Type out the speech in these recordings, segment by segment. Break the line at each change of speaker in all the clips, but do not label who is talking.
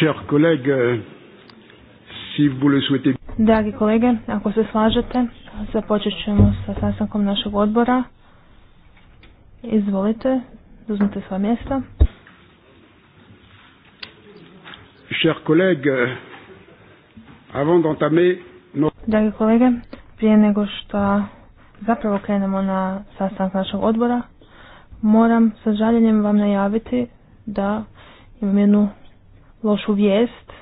Chers collègues, euh, si vous le souhaitez...
Dragi kolege, ako se slažete, započet ćemo sa sastankom našeg odbora. Izvolite, uzmite sva mjesta.
Chers collègues, euh, avant d'entamer...
Dragi kolege, prije nego što zapravo krenemo na sastanak našeg odbora, moram sa žaljenjem vam najaviti da imam jednu lošu vijest.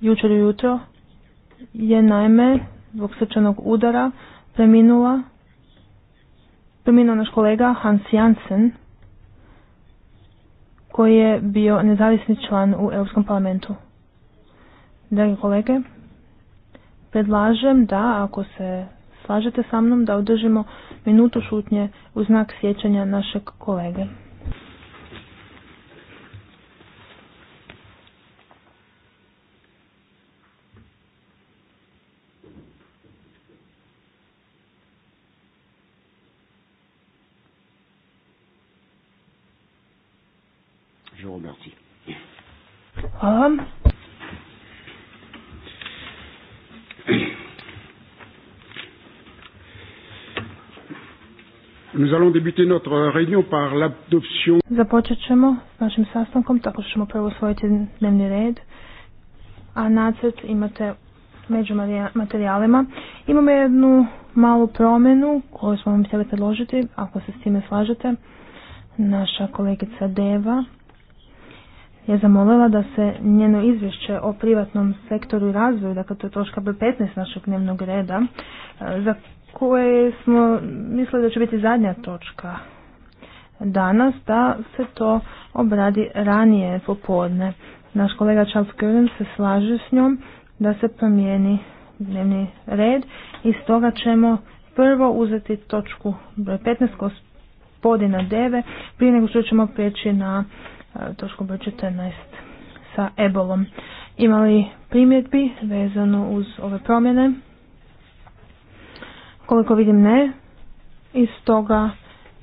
Jučer jutro je naime zbog srčanog udara preminula preminuo naš kolega Hans Jansen koji je bio nezavisni član u Europskom parlamentu. Dragi kolege, predlažem da ako se slažete sa mnom da održimo minutu šutnje u znak sjećanja našeg kolege.
Nous allons débuter par
Započet ćemo s našim sastankom, tako ćemo prvo usvojiti dnevni red, a nacrt imate među materijalima. Imamo jednu malu promjenu koju smo vam htjeli predložiti, ako se s time slažete. Naša kolegica Deva je zamolila da se njeno izvješće o privatnom sektoru i razvoju, dakle to je točka B15 našeg dnevnog reda, e, za koje smo mislili da će biti zadnja točka danas, da se to obradi ranije popodne. Naš kolega Charles Curran se slaže s njom da se promijeni dnevni red i stoga ćemo prvo uzeti točku broj 15 gospodina 9, prije nego što ćemo prijeći na e, točku broj 14 sa ebolom. Imali primjedbi vezano uz ove promjene? Koliko vidim ne, iz toga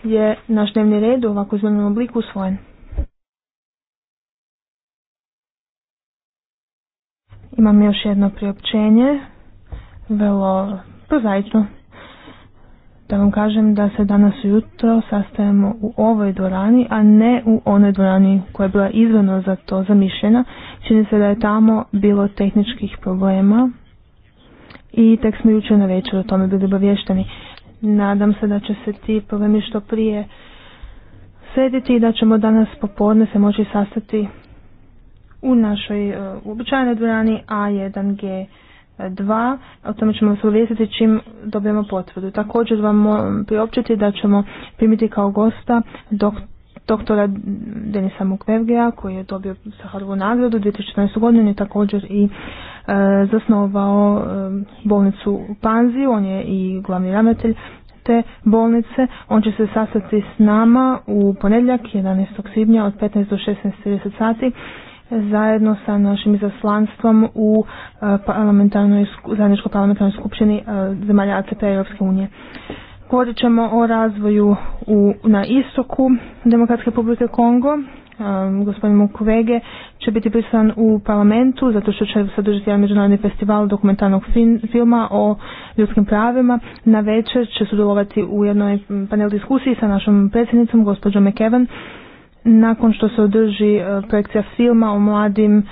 je naš dnevni red u ovako izmjenom obliku usvojen. Imam još jedno priopćenje, velo prozaično. Da vam kažem da se danas ujutro sastajemo u ovoj dvorani, a ne u onoj dvorani koja je bila izvrno za to zamišljena. Čini se da je tamo bilo tehničkih problema i tek smo jučer na večer o tome bili obavješteni. Nadam se da će se ti problemi što prije srediti i da ćemo danas popodne se moći sastati u našoj uh, e, uobičajenoj dvorani A1G. 2, o tome ćemo se uvijestiti čim dobijemo potvrdu. Također vam priopćiti da ćemo primiti kao gosta dr doktora Denisa Mukvevgea, koji je dobio Saharovu nagradu 2014. godine je također i e, zasnovao e, bolnicu u Panziju, on je i glavni ravnatelj te bolnice. On će se sastati s nama u ponedjeljak 11. svibnja od 15 do 16.30 sati zajedno sa našim izaslanstvom u e, parlamentarnoj, zajedničkoj parlamentarnoj skupštini zemalja ACP Europske unije. Govorit ćemo o razvoju u, na istoku Demokratske republike Kongo. gospodin Mukwege će biti prisutan u parlamentu zato što će sadržati jedan međunarodni festival dokumentarnog filma o ljudskim pravima. Na večer će sudjelovati u jednoj panel diskusiji sa našom predsjednicom, gospođom McEvan, nakon što se održi e, projekcija filma o mladim e,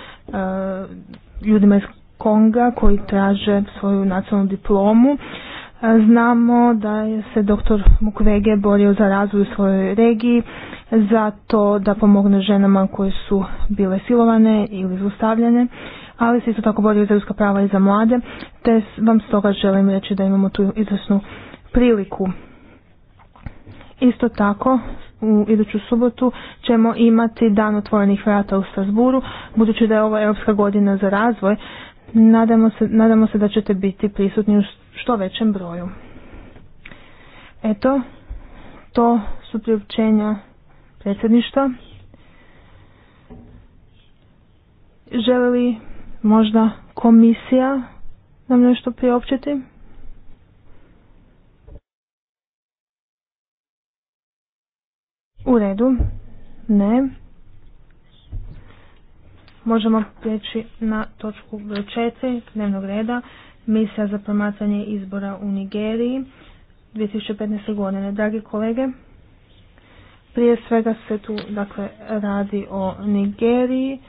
ljudima iz Konga koji traže svoju nacionalnu diplomu. Znamo da se dr. Mukwege borio za razvoj u svojoj regiji, za to da pomogne ženama koje su bile silovane ili zlostavljane, ali se isto tako borio za ljudska prava i za mlade, te vam stoga želim reći da imamo tu izvrsnu priliku. Isto tako, u iduću subotu ćemo imati dan otvorenih vrata u Strasburu, budući da je ovo Europska godina za razvoj, nadamo se, nadamo se da ćete biti prisutni u što većem broju. Eto, to su priopćenja predsjedništva. Želi li možda komisija nam nešto priopćiti? U redu. Ne. Možemo prijeći na točku broj 4 dnevnog reda misija za promatranje izbora u Nigeriji 2015. godine. Dragi kolege, prije svega se tu dakle, radi o Nigeriji,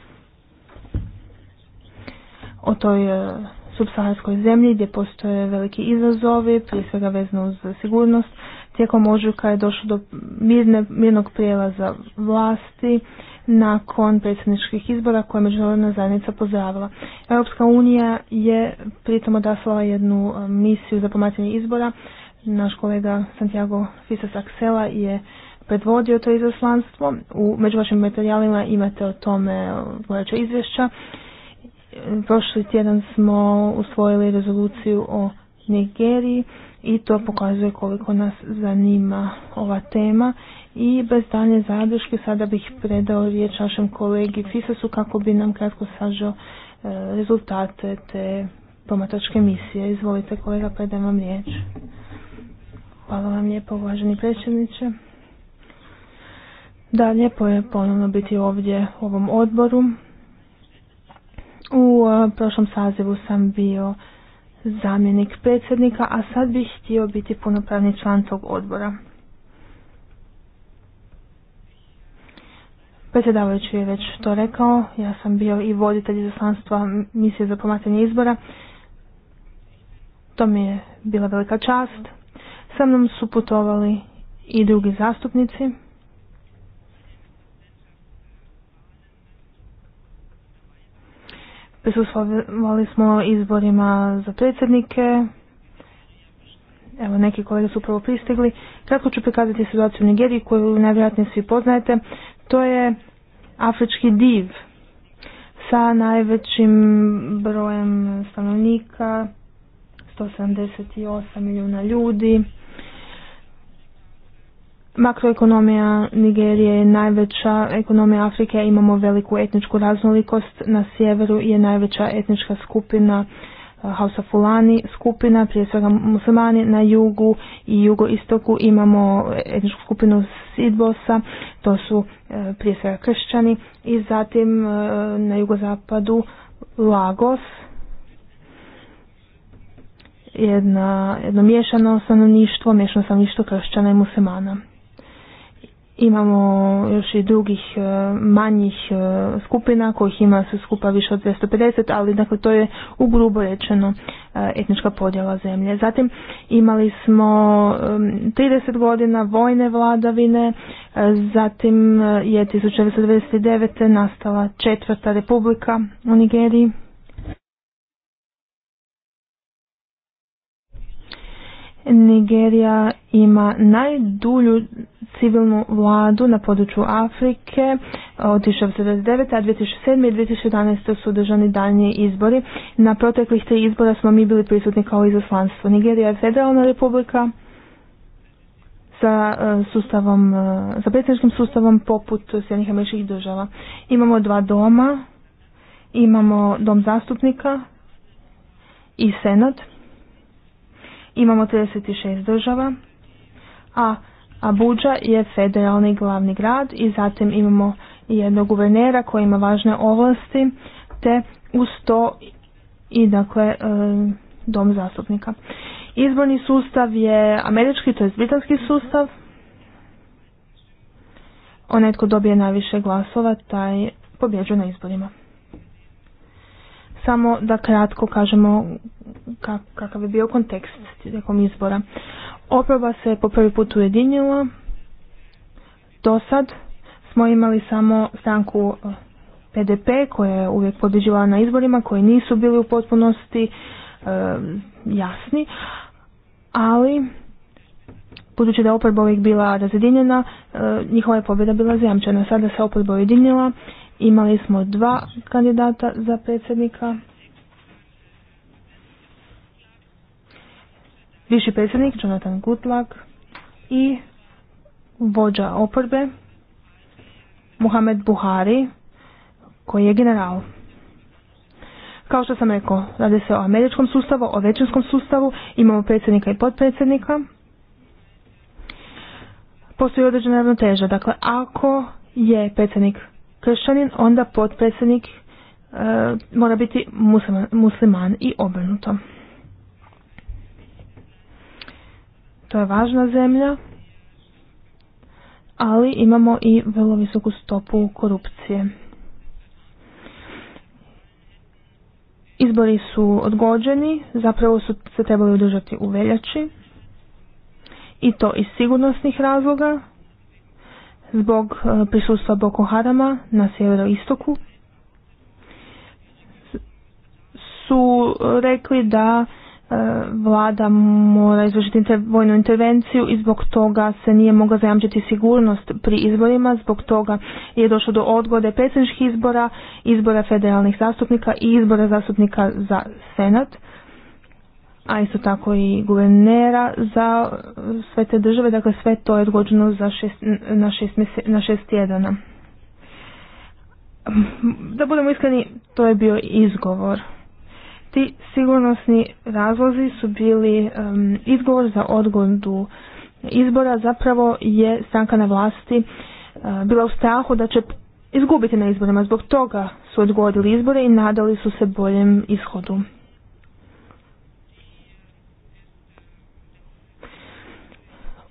o toj e, subsaharskoj zemlji gdje postoje veliki izazovi, prije svega vezano uz sigurnost. Tijekom ožujka je došlo do mirne, mirnog prijelaza vlasti nakon predsjedničkih izbora koje je međunarodna zajednica pozdravila. Europska unija je pritom odaslala jednu e, misiju za pomacanje izbora. Naš kolega Santiago Fisas Axela je predvodio to izaslanstvo. U, među vašim materijalima imate o tome gledače izvješća. E, prošli tjedan smo usvojili rezoluciju o Nigeriji i to pokazuje koliko nas zanima ova tema i bez dalje zadrške sada bih predao riječ našem kolegi Fisasu kako bi nam kratko sažao e, rezultate te pomatačke misije. Izvolite kolega, predajem vam riječ. Hvala vam lijepo uvaženi predsjedniče. Da, lijepo je ponovno biti ovdje u ovom odboru. U e, prošlom sazivu sam bio zamjenik predsjednika, a sad bih htio biti punopravni član tog odbora. Predsjedavajući je već to rekao, ja sam bio i voditelj izaslanstva misije za pomatanje izbora. To mi je bila velika čast. Sa mnom su putovali i drugi zastupnici. Prisustvovali smo izborima za predsjednike. Evo, neki kolege su upravo pristigli. Kratko ću prikazati situaciju u Nigeriji koju najvjerojatnije svi poznajete. To je afrički div sa najvećim brojem stanovnika, 178 milijuna ljudi. Makroekonomija Nigerije je najveća ekonomija Afrike, imamo veliku etničku raznolikost, na sjeveru je najveća etnička skupina Hausafulani Fulani skupina, prije svega muslimani na jugu i jugoistoku imamo etničku skupinu Sidbosa, to su e, prije svega kršćani i zatim e, na jugozapadu Lagos, jedna, jedno miješano stanovništvo, miješano stanovništvo kršćana i muslimana. Imamo još i drugih e, manjih e, skupina kojih ima se skupa više od 250, ali dakle to je u grubo rečeno e, etnička podjela zemlje. Zatim imali smo 30 godina vojne vladavine, zatim je 1999. nastala četvrta republika u Nigeriji. Nigerija ima najdulju civilnu vladu na području Afrike od 1999. a 2007. i 2011. su održani daljnji izbori. Na proteklih tri izbora smo mi bili prisutni kao izaslanstvo. Nigerija je federalna republika sa e, sustavom, e, sa predsjedničkim sustavom poput Sjednih američkih država. Imamo dva doma, imamo dom zastupnika i senat. Imamo 36 država, a Abuđa je federalni glavni grad i zatim imamo jednog guvernera koji ima važne ovlasti te uz to i dakle e, dom zastupnika. Izborni sustav je američki, to je britanski sustav. Onaj tko dobije najviše glasova, taj pobjeđuje na izborima samo da kratko kažemo kakav je bio kontekst tijekom izbora. Oprava se po prvi put ujedinila. Do sad smo imali samo stranku PDP e, koja je uvijek pobjeđivala na izborima koji nisu bili u potpunosti e, jasni, ali budući da je oporba uvijek bila razjedinjena, e, njihova je pobjeda bila zajamčena. Sada se oporba ujedinila Imali smo dva kandidata za predsjednika. Viši predsjednik Jonathan Gutlag i vođa oporbe Muhammed Buhari koji je general. Kao što sam rekao, radi se o američkom sustavu, o većinskom sustavu, imamo predsjednika i potpredsjednika. Postoji određena ravnoteža, dakle ako je predsjednik kršćanin, onda potpredsjednik e, mora biti musliman, musliman i obrnuto. To je važna zemlja, ali imamo i vrlo visoku stopu korupcije. Izbori su odgođeni, zapravo su se trebali održati u veljači i to iz sigurnosnih razloga, zbog e, prisustva Boko Harama na sjeveroistoku su rekli da e, vlada mora izvršiti vojnu intervenciju i zbog toga se nije mogla zajamčiti sigurnost pri izborima, zbog toga je došlo do odgode predsjedničkih izbora, izbora federalnih zastupnika i izbora zastupnika za senat a isto tako i guvernera za e, sve te države, dakle sve to je odgođeno za na, šest mjese, tjedana. Da budemo iskreni, to je bio izgovor. Ti sigurnosni razlozi su bili izgovor za odgodu izbora, zapravo je stranka na vlasti e, bila u strahu da će izgubiti na izborima. Zbog toga su odgodili izbore i nadali su se boljem ishodu.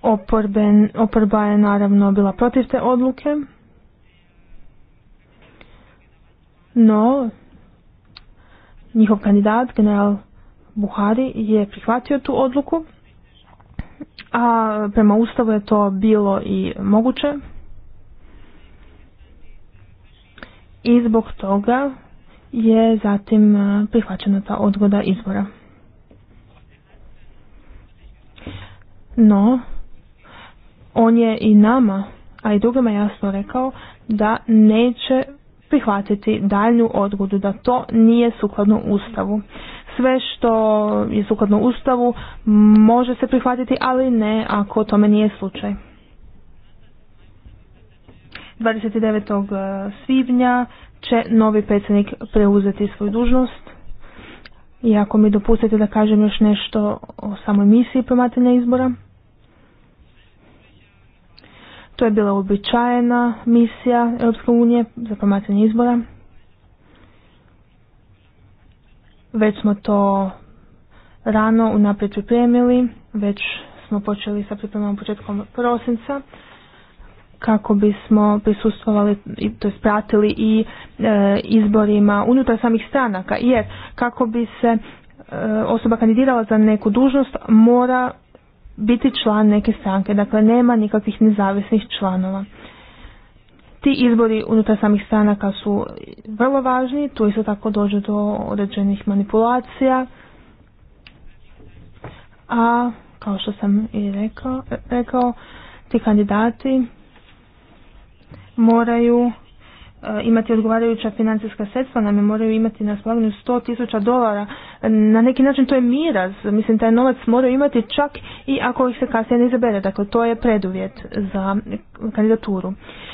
Oporben, oporba je naravno bila protiv te odluke, no njihov kandidat, general Buhari, je prihvatio tu odluku, a prema Ustavu je to bilo i moguće. I zbog toga je zatim prihvaćena ta odgoda izbora. No, on je i nama, a i drugima jasno rekao da neće prihvatiti daljnju odgodu, da to nije sukladno Ustavu. Sve što je sukladno Ustavu može se prihvatiti, ali ne ako tome nije slučaj. 29. E, svibnja će novi predsjednik preuzeti svoju dužnost. I ako mi dopustite da kažem još nešto o samoj misiji promatelja izbora. To je bila uobičajena misija Europske unije za promacanje izbora. Već smo to rano unaprijed pripremili, već smo počeli sa pripremom početkom prosinca kako bismo prisustvovali i to pratili i e, izborima unutar samih stranaka jer kako bi se e, osoba kandidirala za neku dužnost mora biti član neke stranke, dakle nema nikakvih nezavisnih članova. Ti izbori unutar samih stranaka su vrlo važni, tu isto tako dođe do određenih manipulacija, a kao što sam i rekao, rekao ti kandidati moraju E, imati odgovarajuća financijska sredstva, nam moraju imati na raspolaganju 100 tisuća dolara. Na neki način to je miraz, mislim taj novac moraju imati čak i ako ih se kasnije ne izabere, dakle to je preduvjet za kandidaturu.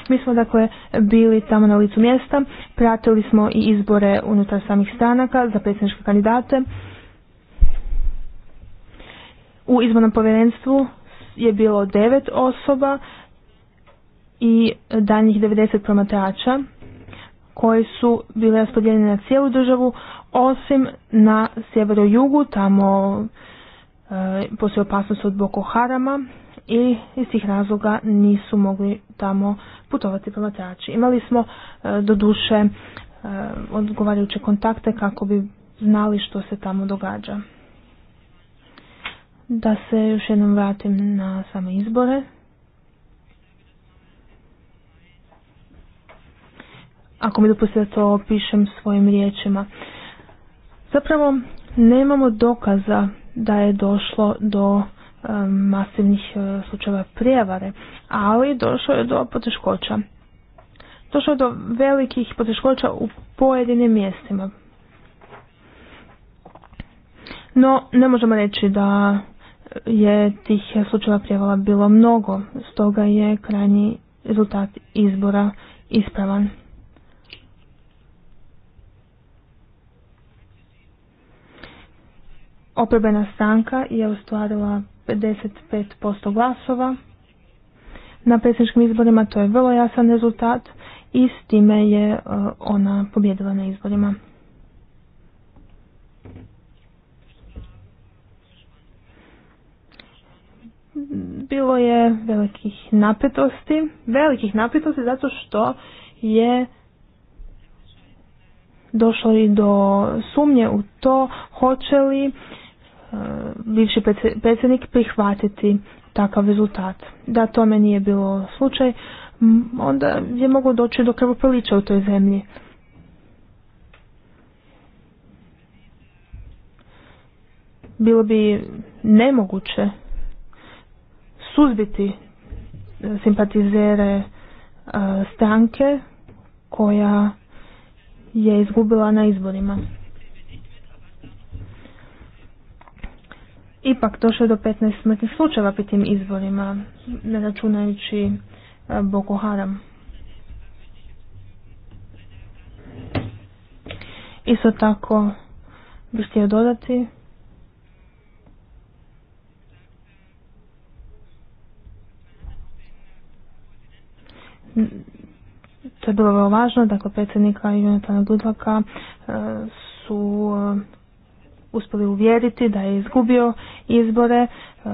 Mi smo dakle bili tamo na licu mjesta, pratili smo i izbore unutar samih stranaka za predsjedničke kandidate. U izbornom povjerenstvu je bilo devet osoba, i daljnjih 90 promatrača koji su bile raspodijeljene na cijelu državu, osim na sjeveru-jugu, tamo e, opasnosti opasnost od Boko Harama i iz tih razloga nisu mogli tamo putovati promatrači. Imali smo e, do duše e, odgovarajuće kontakte kako bi znali što se tamo događa. Da se još jednom vratim na same izbore. ako mi dopustite da to opišem svojim riječima. Zapravo nemamo dokaza da je došlo do masivnih e, slučajeva prijevare, ali došlo je do poteškoća. Došlo je do velikih poteškoća u pojedinim mjestima. No, ne možemo reći da je tih slučajeva prijevala bilo mnogo, stoga je krajnji rezultat izbora ispravan. Oprebena stranka je ostvarila 55% glasova. Na predsjedničkim izborima to je vrlo jasan rezultat i s time je e, ona pobjedila na izborima. Bilo je velikih napetosti, velikih napetosti zato što je došlo i do sumnje u to hoće li Eh, bivši predsjednik prihvatiti takav rezultat. Da tome nije bilo slučaj, onda je moglo doći do krvoprolića u toj zemlji. Bilo bi nemoguće suzbiti eh, simpatizere eh, stranke koja je izgubila na izborima. ipak došlo do 15 smrtnih slučajeva pri tim izborima, ne računajući e, Boko Haram. Isto tako bih htio dodati to je bilo vrlo važno, dakle predsjednika Jonatana Dudlaka e, su uspjeli uvjeriti da je izgubio izbore, e,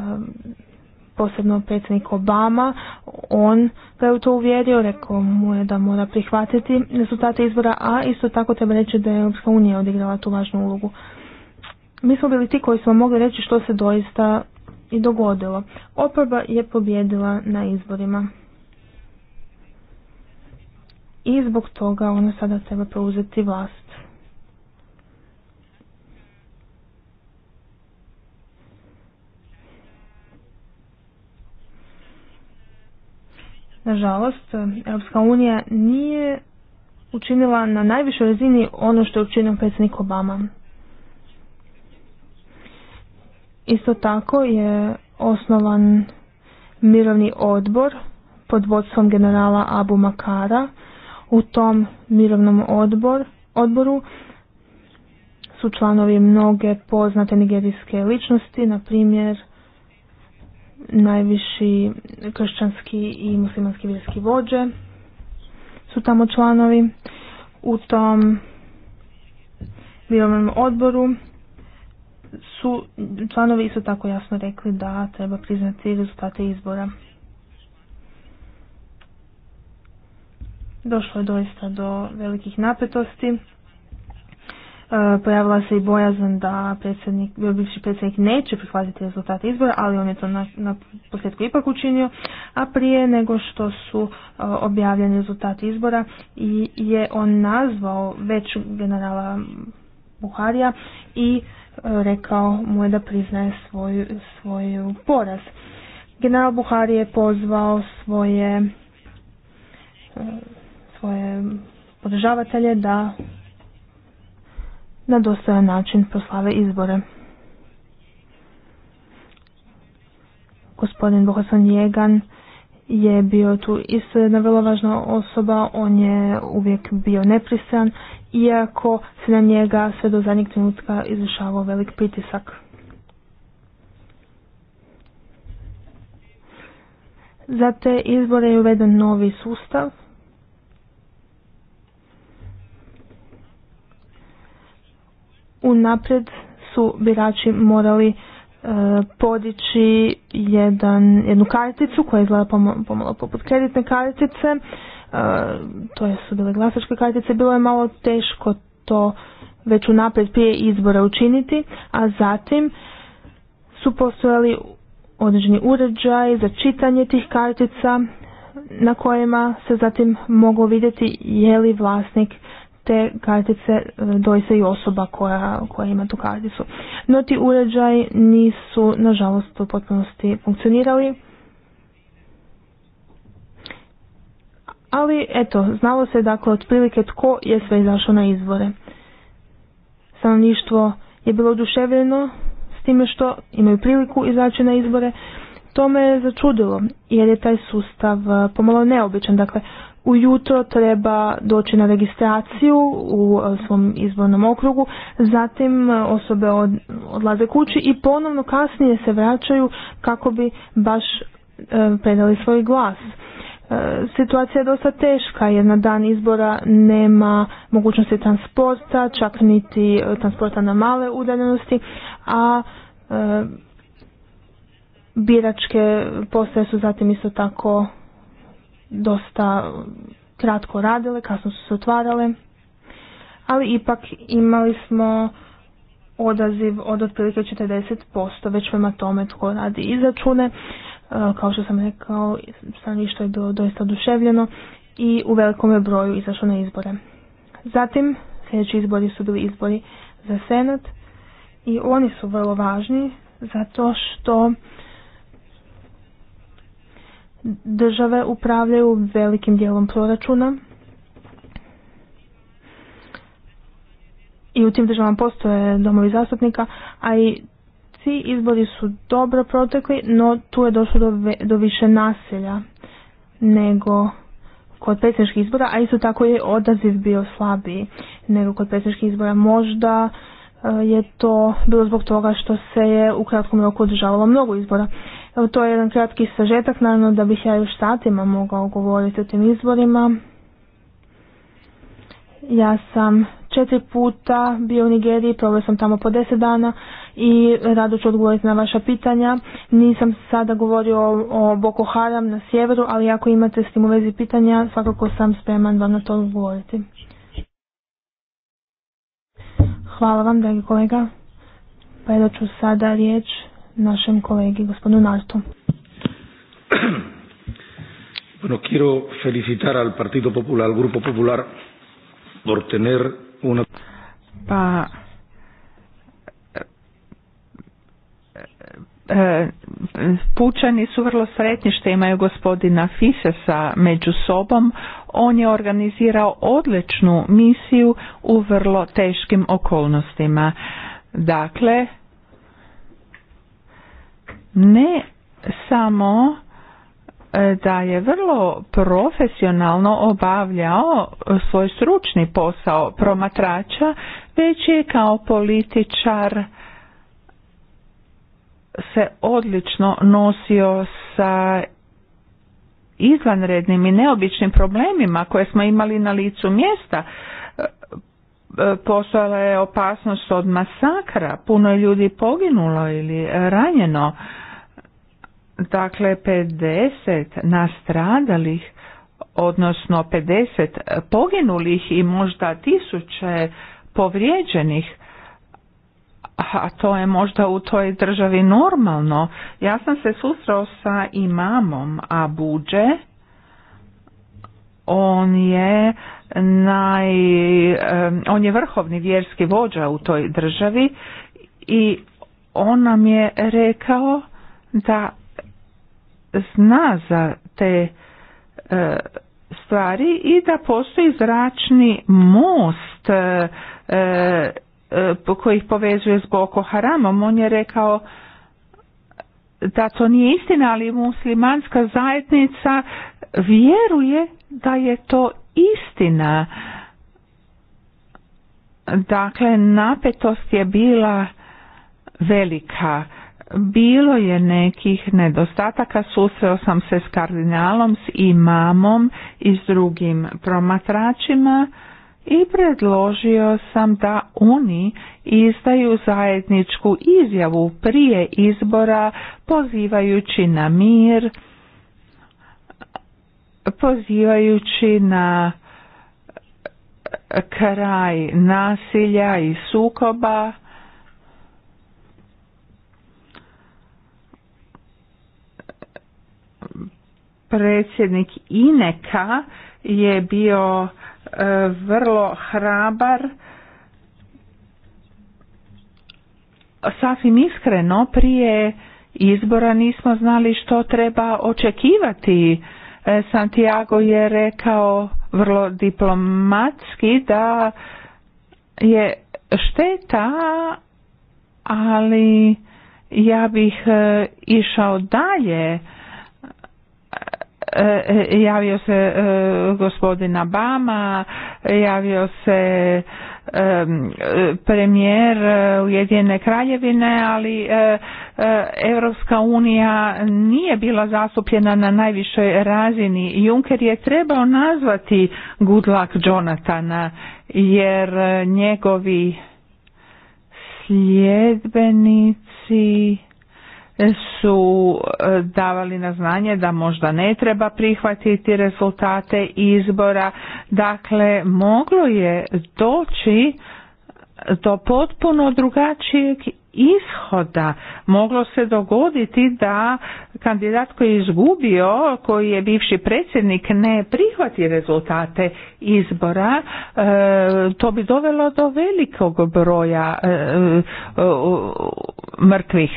posebno predsjednik Obama, on ga je u to uvjerio, rekao mu je da mora prihvatiti rezultate izbora, a isto tako treba reći da je Europska unija odigrala tu važnu ulogu. Mi smo bili ti koji smo mogli reći što se doista i dogodilo. Oporba je pobjedila na izborima. I zbog toga ona sada treba preuzeti vlast. Nažalost, Europska unija nije učinila na najvišoj razini ono što je učinio predsjednik Obama. Isto tako je osnovan mirovni odbor pod vodstvom generala Abu Makara. U tom mirovnom odbor, odboru su članovi mnoge poznate nigerijske ličnosti, na primjer najviši kršćanski i muslimanski vjerski vođe su tamo članovi. U tom mirovnom odboru su članovi isto tako jasno rekli da treba priznati rezultate izbora. Došlo je doista do velikih napetosti E, pojavila se i bojazan da predsjednik, bivši predsjednik neće prihvatiti rezultate izbora, ali on je to na, na posljedku ipak učinio, a prije nego što su e, objavljeni rezultati izbora i je on nazvao već generala Buharija i e, rekao mu je da priznaje svoju, svoju poraz. General Buhari je pozvao svoje svoje podržavatelje da na dostojan način proslave izbore. Gospodin Bohosan Jegan je bio tu isto jedna vrlo važna osoba, on je uvijek bio nepristran, iako se na njega sve do zadnjeg trenutka izvršavao velik pritisak. Za te izbore je uveden novi sustav – unaprijed su birači morali e, podići jedan, jednu karticu koja izgleda pomalo poput kreditne kartice. E, to su bile glasačke kartice. Bilo je malo teško to već unaprijed prije izbora učiniti, a zatim su postojali određeni uređaj za čitanje tih kartica na kojima se zatim moglo vidjeti je li vlasnik te kartice e, doista i osoba koja, koja ima tu karticu. No ti uređaj nisu nažalost u potpunosti funkcionirali. Ali eto, znalo se dakle otprilike tko je sve izašao na izbore. Stanovništvo je bilo oduševljeno s time što imaju priliku izaći na izbore, to me začudilo, jer je taj sustav e, pomalo neobičan. Dakle, ujutro treba doći na registraciju u e, svom izbornom okrugu, zatim e, osobe odlaze kući i ponovno kasnije se vraćaju kako bi baš predali svoj glas. Situacija je dosta teška jer na dan izbora nema mogućnosti transporta, čak niti transporta na male udaljenosti, a Biračke postaje su zatim isto tako dosta kratko radile, kasno su se otvarale, ali ipak imali smo odaziv od otprilike 40%, već prema tome tko radi izračune, e, kao što sam rekao, stanovništvo je bilo doista oduševljeno i u velikom je broju izašlo na izbore. Zatim, sljedeći izbori su bili izbori za Senat i oni su vrlo važni zato što Države upravljaju velikim dijelom proračuna i u tim državama postoje domovi zastupnika, a i ti izbori su dobro protekli, no tu je došlo do, do više naselja nego kod predsjedničkih izbora, a isto tako je odaziv bio slabiji nego kod predsjedničkih izbora. Možda je to bilo zbog toga što se je u kratkom roku održavalo mnogo izbora. Evo to je jedan kratki sažetak, naravno da bih ja još satima mogao govoriti o tim izborima. Ja sam četiri puta bio u Nigeriji, proveo sam tamo po deset dana i rado ću odgovoriti na vaša pitanja. Nisam sada govorio o, Boko Haram na sjeveru, ali ako imate s tim u vezi pitanja, svakako sam spreman vam na to odgovoriti. Hvala vam, dragi kolega. Predat pa ću sada riječ našem kolegi, gospodinu Nartu.
Bueno, quiero felicitar al Partido Popular, al Grupo Popular, por tener una...
Pa, e, e, Pučani su vrlo sretni što imaju gospodina Fisesa među sobom on je organizirao odličnu misiju u vrlo teškim okolnostima. Dakle, ne samo e, da je vrlo profesionalno obavljao svoj stručni posao promatrača, već je kao političar se odlično nosio sa izvanrednim i neobičnim problemima koje smo imali na licu mjesta. E,
e, postojala je
opasnost od masakra, puno je ljudi poginulo ili ranjeno. Dakle, 50 nastradalih, odnosno 50 poginulih i možda tisuće povrijeđenih a to je možda u toj državi normalno. Ja sam se susreo sa imamom Abuđe, on je naj, on je vrhovni vjerski vođa u toj državi i on nam je rekao da zna za te e, stvari i da postoji zračni most e, E, koji ih povezuje s Boko Haramom. On je rekao da to nije istina, ali muslimanska zajednica vjeruje da je to istina. Dakle, napetost je bila velika. Bilo je nekih nedostataka, susreo sam se s kardinalom, s imamom i s drugim promatračima i predložio sam da oni izdaju zajedničku izjavu prije izbora pozivajući na mir, pozivajući na eh, kraj nasilja i sukoba. Predsjednik Ineka je bio vrlo hrabar sasvim iskreno prije izbora nismo znali što treba očekivati e, Santiago je rekao vrlo diplomatski da je šteta ali ja bih e, išao dalje E, e, javio se e, gospodina Bama, javio se premijer Ujedinjene kraljevine, ali Europska unija nije bila zastupljena na najvišoj razini. Juncker je trebao nazvati good luck Jonathana jer njegovi sljedbenici su e, davali na znanje da možda ne treba prihvatiti rezultate izbora. Dakle, moglo je doći do potpuno drugačijeg ishoda moglo se dogoditi da kandidat koji je izgubio, koji je bivši predsjednik, ne prihvati rezultate izbora, e, to bi dovelo do velikog broja e, e, mrtvih.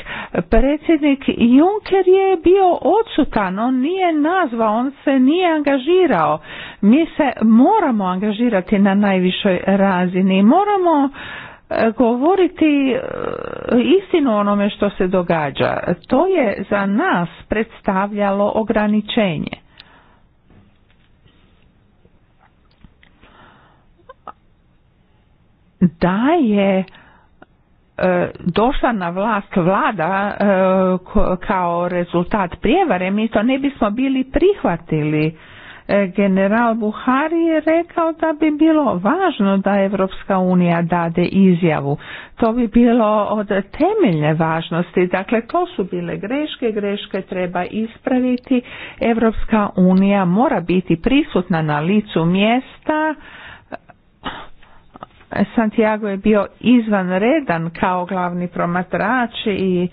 Predsjednik Juncker je bio odsutan, on nije nazvao, on se nije angažirao. Mi se moramo angažirati na najvišoj razini, moramo govoriti e, istinu onome što se događa. To je za nas predstavljalo ograničenje. Da je e, došla na vlast vlada e, kao rezultat prijevare, mi to ne bismo bili prihvatili. E, general Buhari je rekao da bi bilo važno da Evropska unija dade izjavu. To bi bilo od temeljne važnosti. Dakle, to su bile greške, greške treba ispraviti. Evropska unija mora biti prisutna na licu mjesta Santiago je bio izvanredan kao glavni promatrač i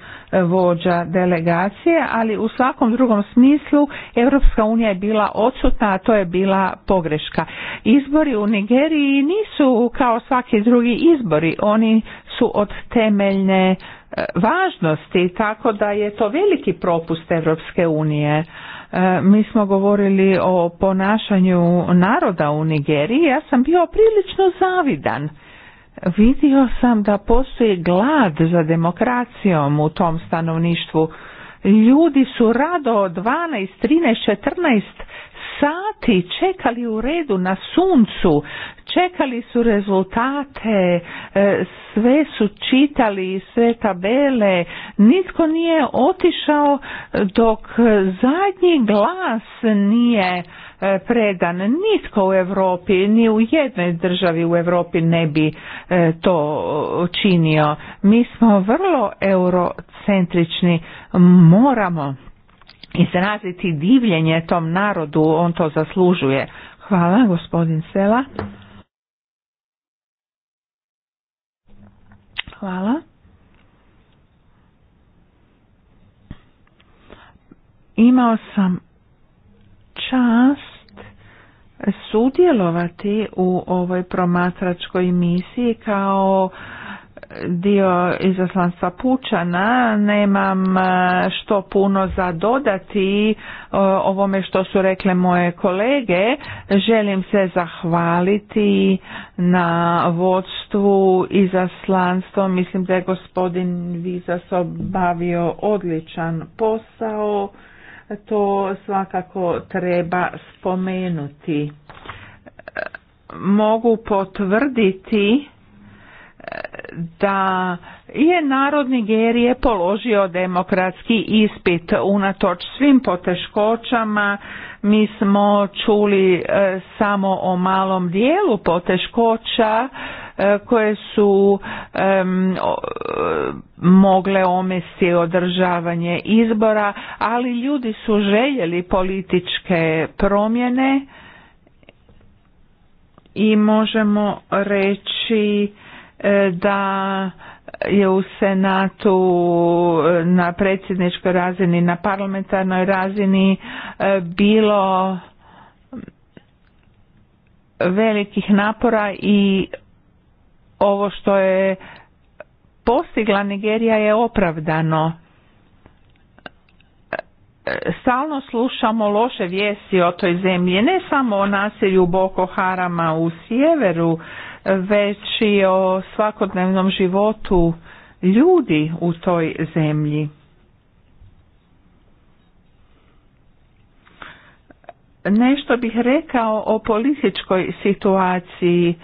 vođa delegacije, ali u svakom drugom smislu Europska unija je bila odsutna, a to je bila pogreška. Izbori u Nigeriji nisu kao svaki drugi izbori, oni su od temeljne e, važnosti, tako da je to veliki propust Europske unije E, mi smo govorili o ponašanju naroda u Nigeriji, ja sam bio prilično zavidan. Vidio sam da postoji glad za demokracijom u tom stanovništvu. Ljudi su rado 12, 13, 14 sati čekali u redu na suncu, čekali su rezultate, e, sve su čitali, sve tabele, nitko nije otišao dok zadnji glas nije e, predan. Nitko u Europi, ni u jednoj državi u Europi ne bi e, to činio. Mi smo vrlo eurocentrični, moramo izraziti divljenje tom narodu, on to zaslužuje. Hvala, gospodin Sela. Hvala. Imao sam čast sudjelovati u ovoj promatračkoj misiji kao dio izaslanstva Pučana, nemam e, što puno za dodati e, ovome što su rekle moje kolege. Želim se zahvaliti na vodstvu izaslanstva. Mislim da je gospodin Vizas obavio odličan posao. To svakako treba spomenuti. E, mogu potvrditi da je narod Nigerije položio demokratski ispit unatoč svim poteškoćama. Mi smo čuli e, samo o malom dijelu poteškoća e, koje su mogle omesti održavanje izbora, ali ljudi su željeli političke promjene i možemo reći E, da je u Senatu e, na predsjedničkoj razini, na parlamentarnoj razini e, bilo velikih napora i ovo što je postigla Nigerija je opravdano. Stalno slušamo loše vijesti o toj zemlji, ne samo o nasilju Boko Harama u sjeveru već i o svakodnevnom životu ljudi u toj zemlji. Nešto bih rekao o političkoj situaciji.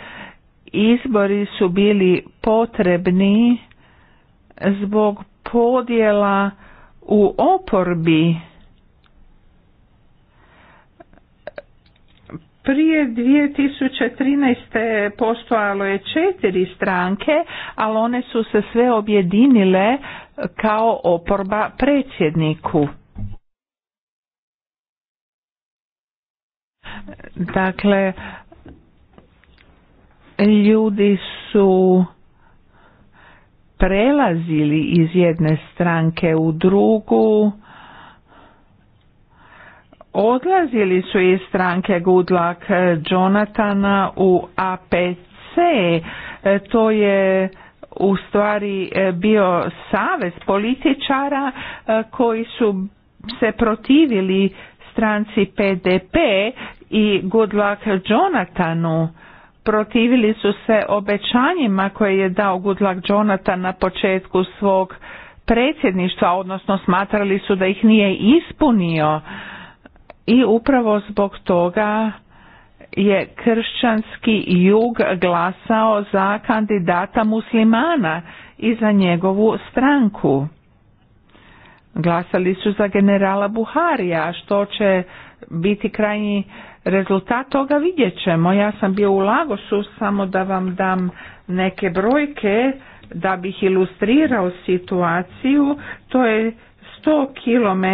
Izbori su bili potrebni zbog podjela u oporbi prije 2013. postojalo je četiri stranke, ali one su se sve objedinile kao oporba predsjedniku. Dakle, ljudi su prelazili iz jedne stranke u drugu odlazili su iz stranke Good Luck eh, Jonathana u APC. Eh, to je u stvari eh, bio savez političara koji su se protivili stranci PDP i Good Luck Jonathanu. Protivili su se obećanjima koje je dao Good Luck Jonathan na početku svog predsjedništva, odnosno smatrali su da ih nije ispunio i upravo zbog toga je kršćanski jug glasao za kandidata muslimana i za njegovu stranku. Glasali su za generala Buharija, što će biti krajnji rezultat toga vidjet ćemo. Ja sam bio u Lagosu, samo da vam dam neke brojke da bih ilustrirao situaciju. To je 100 km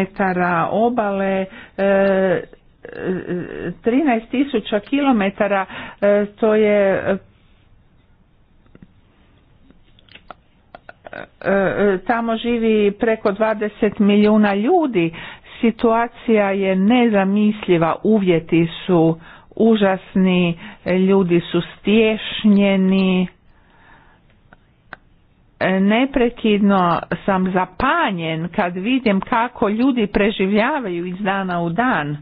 obale 13.000 e, e, km e, to je tamo živi preko 20 milijuna ljudi situacija je nezamisljiva, uvjeti su užasni ljudi su stješnjeni neprekidno sam zapanjen kad vidim kako ljudi preživljavaju iz dana u dan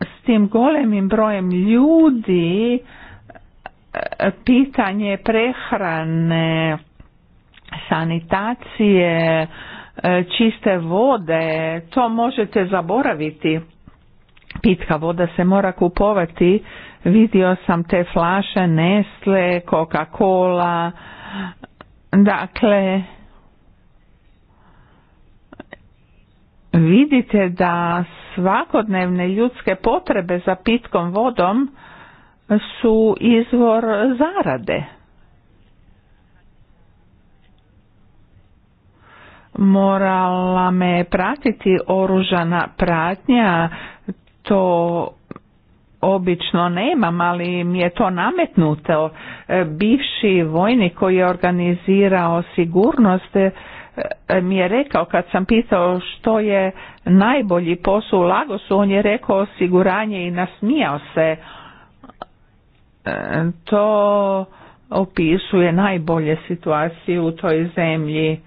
s tim golemim brojem ljudi e, pitanje prehrane sanitacije e, čiste vode to možete zaboraviti pitka voda se mora kupovati Vidio sam te flaše Nestle, Coca-Cola. Dakle, vidite da svakodnevne ljudske potrebe za pitkom vodom su izvor zarade. Morala me pratiti oružana pratnja, to obično nemam, ali mi je to nametnuto. E, bivši vojnik koji je organizirao sigurnost e, e, mi je rekao kad sam pitao što je najbolji posao u Lagosu, on je rekao osiguranje i nasmijao se. To opisuje najbolje situacije u toj zemlji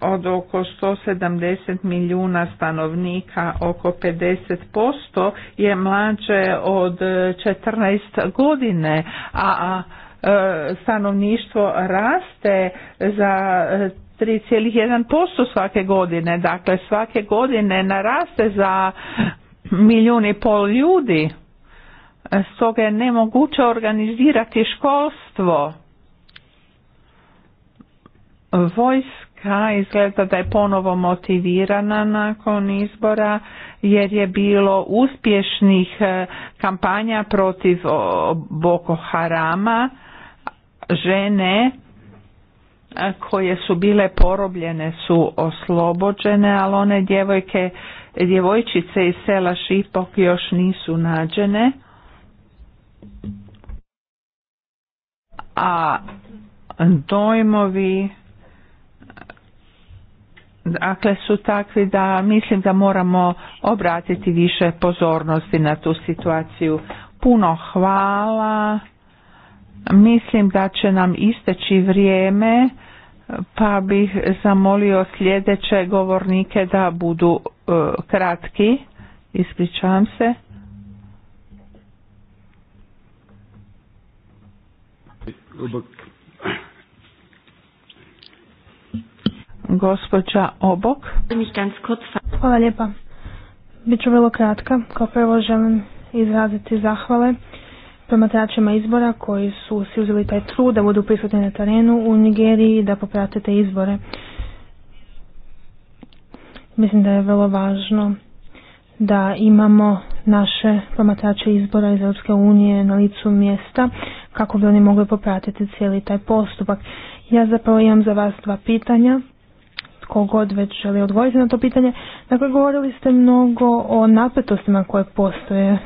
od oko 170 milijuna stanovnika oko 50% je mlađe od 14 godine, a e, stanovništvo raste za 3,1% svake godine, dakle svake godine naraste za milijun i pol ljudi, stoga je nemoguće organizirati školstvo. Vojska ha izgleda da je ponovo motivirana nakon izbora jer je bilo uspješnih e, kampanja protiv Boko Harama žene e, koje su bile porobljene su oslobođene, ali one djevojke, djevojčice iz sela Šipok još nisu nađene. A dojmovi dakle su takvi da mislim da moramo obratiti više pozornosti na tu situaciju. Puno hvala. Mislim da će nam isteći vrijeme pa bih zamolio sljedeće govornike da budu e, kratki. Ispričavam se. Gospođa Obok.
Hvala lijepa. Biću vrlo kratka. Kao prvo želim izraziti zahvale promatračima izbora koji su si uzeli taj trud da budu prisutni na terenu u Nigeriji i da poprate izbore. Mislim da je vrlo važno da imamo naše promatrače izbora iz Europske unije na licu mjesta kako bi oni mogli popratiti cijeli taj postupak. Ja zapravo imam za vas dva pitanja tko god već želi odgovoriti na to pitanje. Dakle, govorili ste mnogo o napetostima koje postoje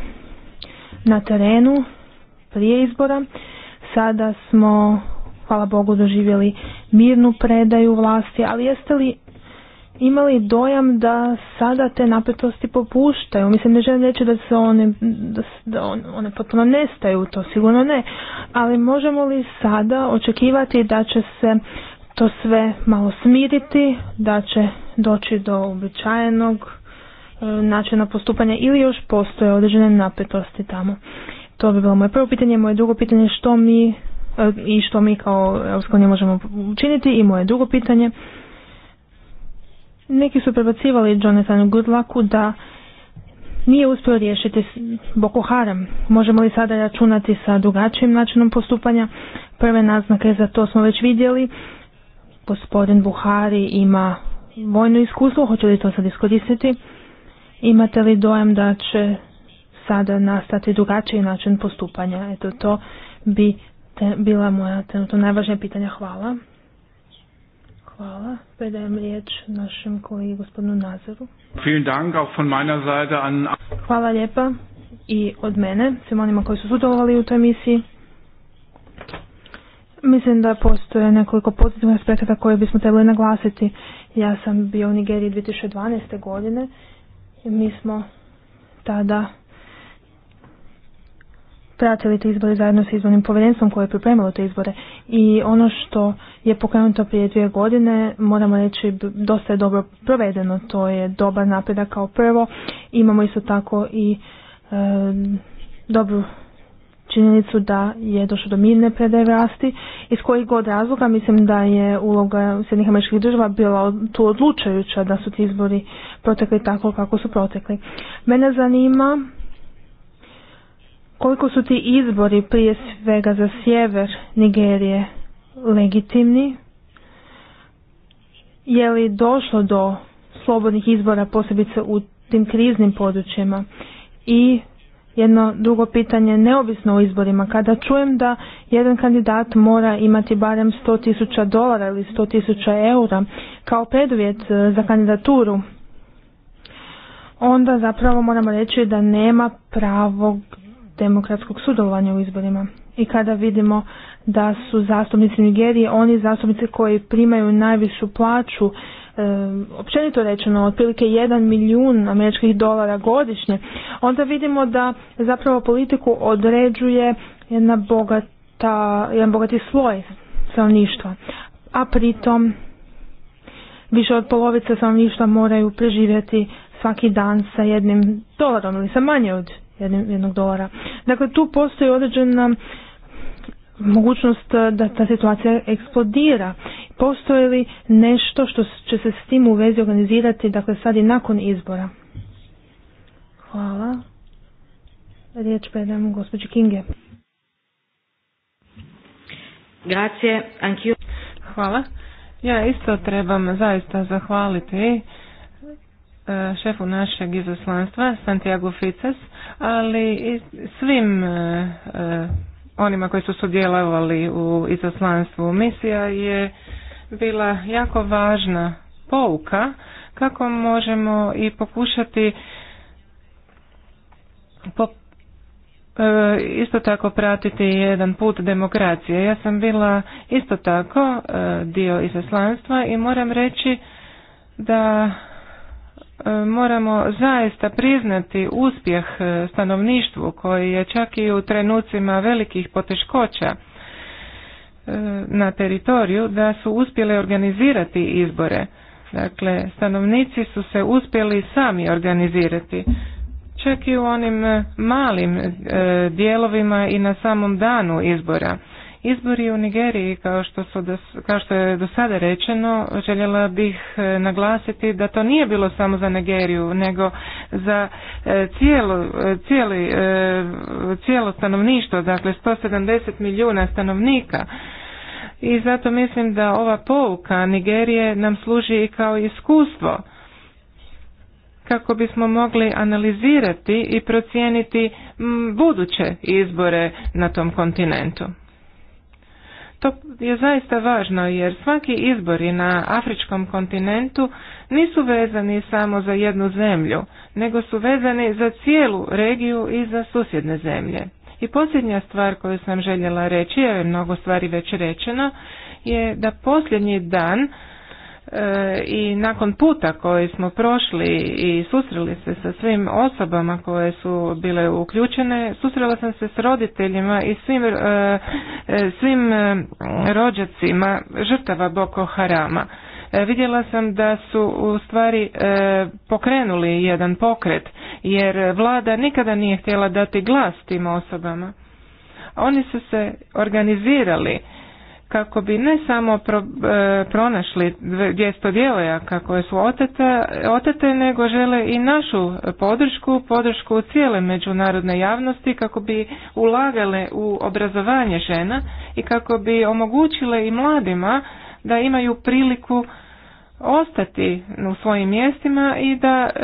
na terenu prije izbora. Sada smo, hvala Bogu, doživjeli mirnu predaju vlasti, ali jeste li imali dojam da sada te napetosti popuštaju. Mislim, ne želim reći da se one, da, da one potpuno nestaju, to sigurno ne, ali možemo li sada očekivati da će se to sve malo smiriti, da će doći do uobičajenog e, načina postupanja ili još postoje određene napetosti tamo. To bi bilo moje prvo pitanje. Moje drugo pitanje što mi e, i što mi kao Europska možemo učiniti i moje drugo pitanje. Neki su prebacivali Jonathanu Goodlucku da nije uspio riješiti Boko Haram. Možemo li sada računati sa drugačijim načinom postupanja? Prve naznake za to smo već vidjeli Gospodin Buhari ima vojno iskustvo, hoće li to sad iskoristiti? Imate li dojam da će sada nastati drugačiji način postupanja? Eto, to bi te, bila moja trenutno najvažnija pitanja. Hvala. Hvala. Predajem riječ našem kolegi gospodinu Nazaru. Hvala lijepa i od mene, svim onima koji su sudjelovali u toj misiji. Mislim da postoje nekoliko pozitivnih aspekata koje bismo trebali naglasiti. Ja sam bio u Nigeriji 2012. godine i mi smo tada pratili te izbore zajedno sa izbornim povjerenstvom koje je pripremilo te izbore. I ono što je pokrenuto prije dvije godine, moramo reći, dosta je dobro provedeno. To je dobar napredak kao prvo. Imamo isto tako i e, dobru činjenicu da je došlo do mirne predaje vlasti. Iz kojih god razloga mislim da je uloga Sjednih američkih država bila tu odlučajuća da su ti izbori protekli tako kako su protekli. Mene zanima koliko su ti izbori prije svega za sjever Nigerije legitimni. Je li došlo do slobodnih izbora posebice u tim kriznim područjima i jedno drugo pitanje neovisno o izborima. Kada čujem da jedan kandidat mora imati barem 100.000 dolara ili 100.000 eura kao preduvjet e, za kandidaturu, onda zapravo moramo reći da nema pravog demokratskog sudovanja u izborima. I kada vidimo da su zastupnici Nigerije oni zastupnici koji primaju najvišu plaću općenito rečeno otprilike 1 milijun američkih dolara godišnje, onda vidimo da zapravo politiku određuje jedna bogata, jedan bogati sloj stanovništva. A pritom više od polovice stanovništva moraju preživjeti svaki dan sa jednim dolarom ili sa manje od jednog dolara. Dakle, tu postoji određena mogućnost eh, da ta situacija eksplodira. Postoji li nešto što će se s tim u vezi organizirati, dakle sad i nakon izbora? Hvala. Riječ predajem gospođi Kinge.
Grazie, anch'io. Hvala. Ja isto trebam zaista zahvaliti eh, šefu našeg izaslanstva Santiago Fices, ali i svim eh, onima koji su sudjelovali u izaslanstvu. Misija je bila jako važna pouka kako možemo i pokušati e, isto tako pratiti jedan put demokracije. Ja sam bila isto tako e, dio izaslanstva i moram reći da E, moramo zaista priznati uspjeh e, stanovništvu koji je čak i u trenucima velikih poteškoća e, na teritoriju da su uspjele organizirati izbore. Dakle, stanovnici su se uspjeli sami organizirati. Čak i u onim malim dijelovima i na samom danu izbora. Izbori u Nigeriji, kao što, su kao što je do sada rečeno, željela bih e, naglasiti da to nije bilo samo za Nigeriju, nego za e, cijelo, e, cijeli, cijelo stanovništvo, dakle 170 milijuna stanovnika. I zato mislim da ova pouka Nigerije nam služi i kao iskustvo kako bismo mogli analizirati i procijeniti buduće izbore na tom kontinentu. To je zaista važno jer svaki izbori na afričkom kontinentu nisu vezani samo za jednu zemlju, nego su vezani za cijelu regiju i za susjedne zemlje. I posljednja stvar koju sam željela reći, jer je mnogo stvari već rečeno, je da posljednji dan E, i nakon puta koji smo prošli i susreli se sa svim osobama koje su bile uključene, susrela sam se s roditeljima i svim, e, e, svim rođacima žrtava Boko Harama. Vidjela sam da su u stvari pokrenuli jedan pokret jer vlada nikada nije htjela dati glas tim osobama. Oni su se organizirali kako bi ne samo pro, e, pronašli 200 kako koje su otete, otete, nego žele i našu podršku, podršku cijele međunarodne javnosti kako bi ulagale u obrazovanje žena i kako bi omogućile i mladima da imaju priliku ostati u svojim mjestima i da e,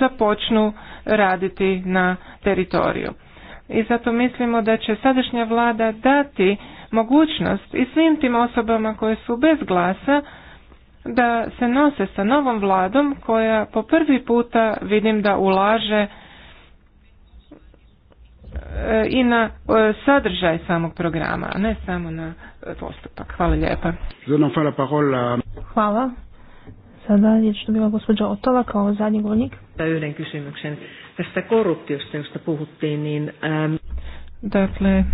započnu raditi na teritoriju. I zato mislimo da će sadašnja vlada dati mogućnost i svim tim osobama koje su bez glasa da se nose sa novom vladom koja po prvi puta vidim da ulaže e, i na e, sadržaj samog programa, a ne samo na postupak. Hvala lijepa. Hvala. Sada je što bila gospođa Otova kao zadnji govornik. Tästä ähm, Dakle,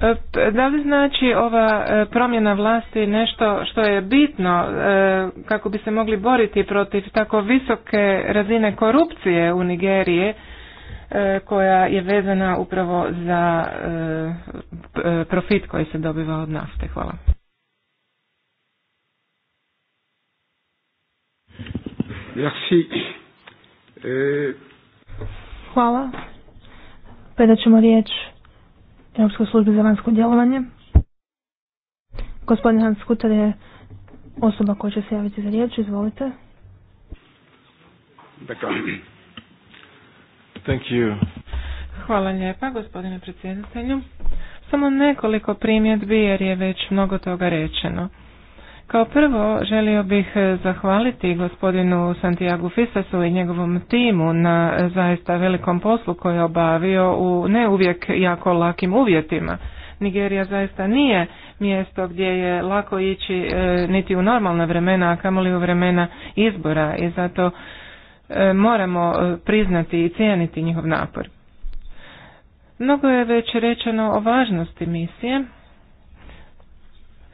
E, da li znači ova e, promjena vlasti nešto što je bitno e, kako bi se mogli boriti protiv tako visoke razine korupcije u Nigerije koja je vezana upravo za profit koji se dobiva od nafte?
Hvala. Merci.
Hvala. Predat ćemo riječ Europskoj službi za vanjsko djelovanje. Gospodin Hans Kutar je osoba koja će se javiti za riječ. Izvolite.
Dakle, thank you.
Hvala lijepa gospodine predsjedatelju. Samo nekoliko primjedbi jer je već mnogo toga rečeno. Kao prvo želio bih e, zahvaliti gospodinu Santiago Fisasu i njegovom timu na e, zaista velikom poslu koji je obavio u ne uvijek jako lakim uvjetima. Nigerija zaista nije mjesto gdje je lako ići e, niti u normalna vremena, a kamoli u vremena izbora i zato moramo priznati i cijeniti njihov napor. Mnogo je već rečeno o važnosti misije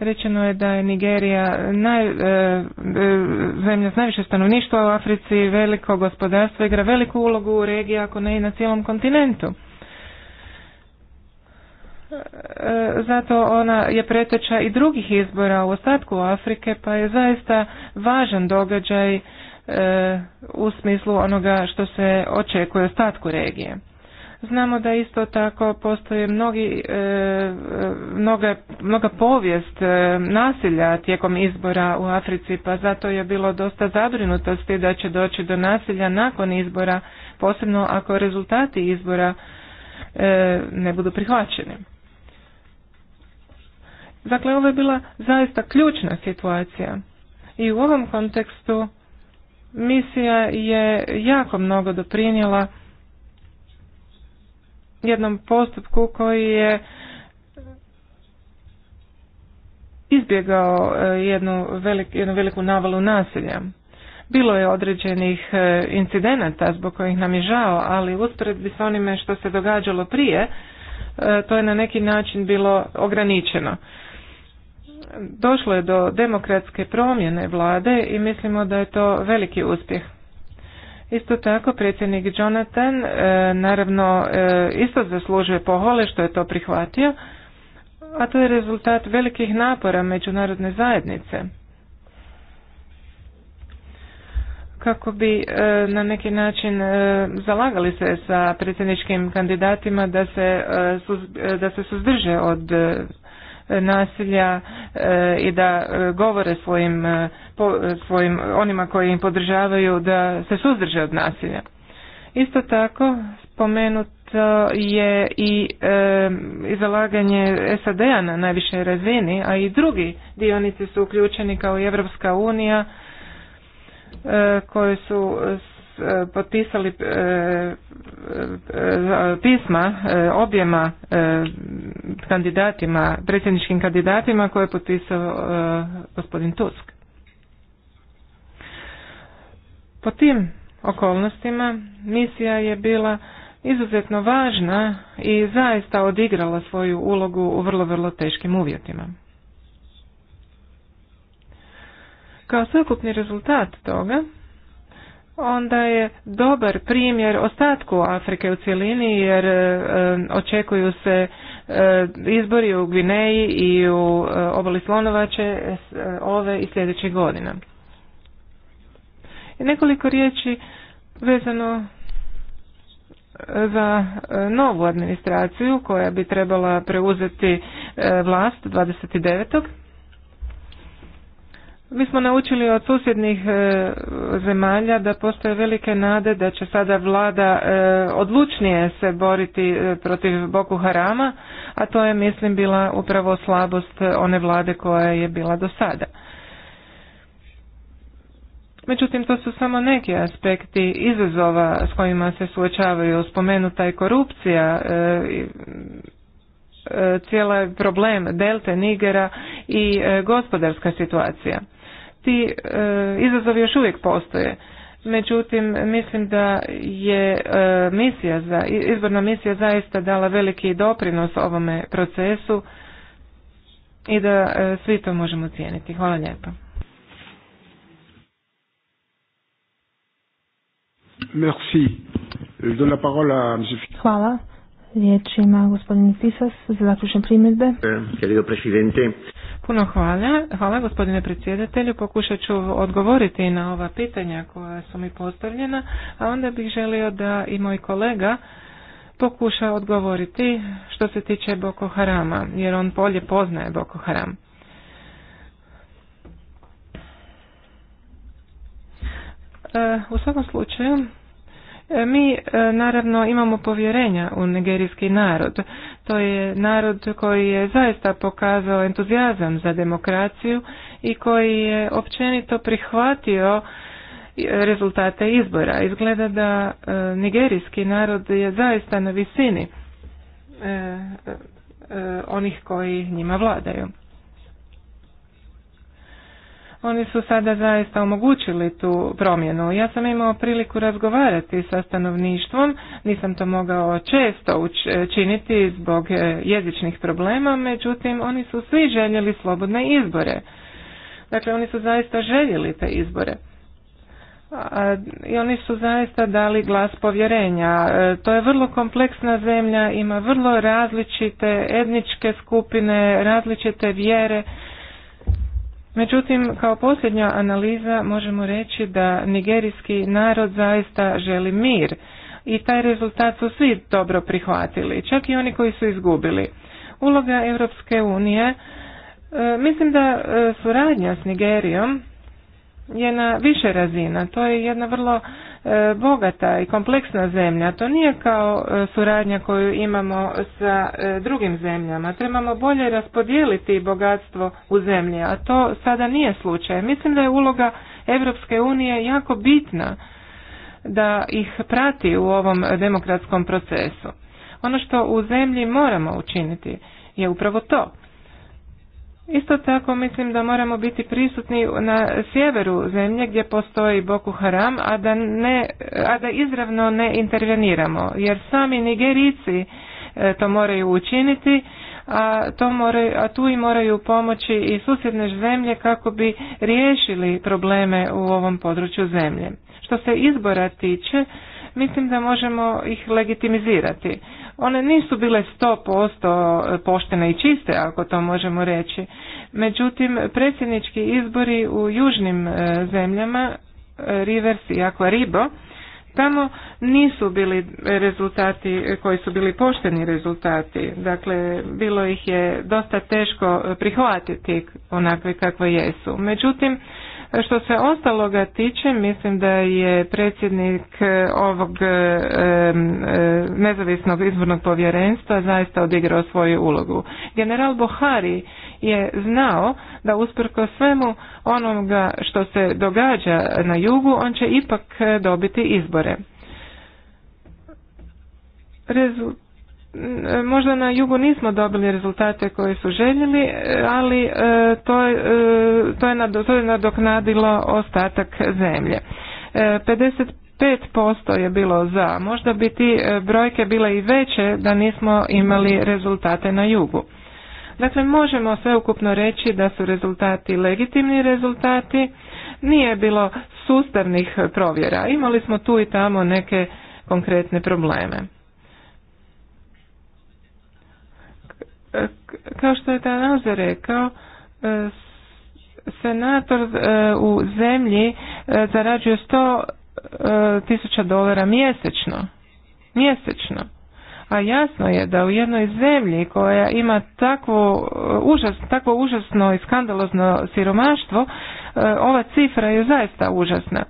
Rečeno je da je Nigerija naj, e, e, zemlja s najviše stanovništva u Africi, veliko gospodarstvo, igra veliku ulogu u regiji, ako ne i na cijelom kontinentu. E, zato ona je preteča i drugih izbora u ostatku Afrike, pa je zaista važan događaj u smislu onoga što se očekuje u ostatku regije. Znamo da isto tako postoje mnogi, e, e, mnoga, mnoga povijest e, nasilja tijekom izbora u Africi, pa zato je bilo dosta zabrinutosti da će doći do nasilja nakon izbora, posebno ako rezultati izbora ne budu prihvaćeni. Dakle, ovo je bila zaista ključna situacija. I u ovom kontekstu misija je jako mnogo doprinijela jednom postupku koji je izbjegao e, jednu, velik, jednu veliku navalu nasilja. Bilo je određenih e, incidenata zbog kojih nam je žao, ali usporedbi s onime što se događalo prije, e, to je na neki način bilo ograničeno. Došlo je do demokratske promjene vlade i mislimo da je to veliki uspjeh. Isto tako predsjednik Jonathan e, naravno e, isto zaslužuje pohvale što je to prihvatio, a to je rezultat velikih napora međunarodne zajednice. kako bi e, na neki način zalagali se sa predsjedničkim kandidatima da se, da se suzdrže od nasilja e, i da e, govore svojim, e, svojim onima koji im podržavaju da se suzdrže od nasilja. Isto tako spomenuto je i e, zalaganje SAD-a na najvišoj razini, a i drugi dionici su uključeni kao i Evropska unija e, koji su potpisali e, e, e, pisma objema kandidatima, predsjedničkim kandidatima koje je potpisao gospodin Tusk. Po tim okolnostima misija je bila izuzetno važna i zaista odigrala svoju ulogu u vrlo, vrlo teškim uvjetima. Kao sveukupni rezultat toga, onda je dobar primjer ostatku Afrike u cjelini jer e, očekuju se e, izbori u Gvineji i u e, obali Slonovače ove i sljedeće godina. I nekoliko riječi vezano za novu administraciju koja bi trebala preuzeti vlast 29. Mi smo naučili od susjednih e, zemalja da postoje velike nade da će sada vlada e, odlučnije se boriti e, protiv Boku Harama, a to je mislim bila upravo slabost one vlade koja je bila do sada. Međutim, to su samo neki aspekti izazova s kojima se suočavaju. Spomenuta je korupcija, cijela problem Delte, Nigera i gospodarska situacija ti e, izazovi još uvijek postoje. Međutim, mislim da je e, misija za, izborna misija zaista dala veliki doprinos ovome procesu i da e, svi to možemo cijeniti. Hvala lijepa.
Merci. la parole
Hvala. ima gospodin za zaključne primjedbe hvala. Hvala gospodine predsjedatelju. Pokušat ću odgovoriti na ova pitanja koja su mi postavljena, a onda bih želio da i moj kolega pokuša odgovoriti što se tiče Boko Harama, jer on bolje poznaje Boko Haram. Eh, u svakom slučaju, eh, mi eh, naravno imamo povjerenja u nigerijski narod. To je narod koji je zaista pokazao entuzijazam za demokraciju i koji je općenito prihvatio e, rezultate izbora. Izgleda da e, nigerijski narod je zaista na visini e, onih koji njima vladaju oni su sada zaista omogućili tu promjenu. Ja sam imao priliku razgovarati sa stanovništvom, nisam to mogao često učiniti zbog e, jezičnih problema, međutim oni su svi željeli slobodne izbore. Dakle, oni su zaista željeli te izbore. I oni su zaista dali glas povjerenja. E, to je vrlo kompleksna zemlja, ima vrlo različite etničke skupine, različite vjere Međutim, kao posljednja analiza možemo reći da nigerijski narod zaista želi mir i taj rezultat su svi dobro prihvatili, čak i oni koji su izgubili. Uloga Europske unije, e, mislim da e, suradnja s Nigerijom je na više razina, to je jedna vrlo E, bogata i kompleksna zemlja. To nije kao e, suradnja koju imamo sa e, drugim zemljama. Trebamo bolje raspodijeliti bogatstvo u zemlji, a to sada nije slučaj. Mislim da je uloga Europske unije jako bitna da ih prati u ovom demokratskom procesu. Ono što u zemlji moramo učiniti je upravo to. Isto tako mislim da moramo biti prisutni na sjeveru zemlje gdje postoji Boku Haram, a da, ne, a da izravno ne interveniramo, jer sami Nigerici e, to moraju učiniti, a, to moraju, a tu i moraju pomoći i susjedne zemlje kako bi riješili probleme u ovom području zemlje. Što se izbora tiče, mislim da možemo ih legitimizirati. One nisu bile 100% e, poštene i čiste, ako to možemo reći. Međutim, predsjednički izbori u južnim e, zemljama, e, Rivers i Aquaribo, tamo nisu bili rezultati koji su bili pošteni rezultati. Dakle, bilo ih je dosta teško prihvatiti onakve kakve jesu. Međutim, što se ostaloga tiče, mislim da je predsjednik eh, ovog eh, eh, nezavisnog izbornog povjerenstva zaista odigrao svoju ulogu. General Bohari je znao da usprko svemu onoga što se događa na jugu, on će ipak dobiti izbore možda na jugu nismo dobili rezultate koje su željeli, e, ali e, to je, e, to je, nadoknadilo ostatak zemlje. 55% je bilo za, možda bi ti brojke bile i veće da nismo imali rezultate na jugu. Dakle, možemo sveukupno reći da su rezultati legitimni rezultati, nije bilo sustavnih provjera, imali smo tu i tamo neke konkretne probleme. Kao što je Tanazo rekao, e, senator e, u zemlji e, zarađuje 100 tisuća dolara mjesečno. Mjesečno. A jasno je da u jednoj zemlji koja ima takvo, takvo užasno i skandalozno siromaštvo, ova cifra je zaista užasna.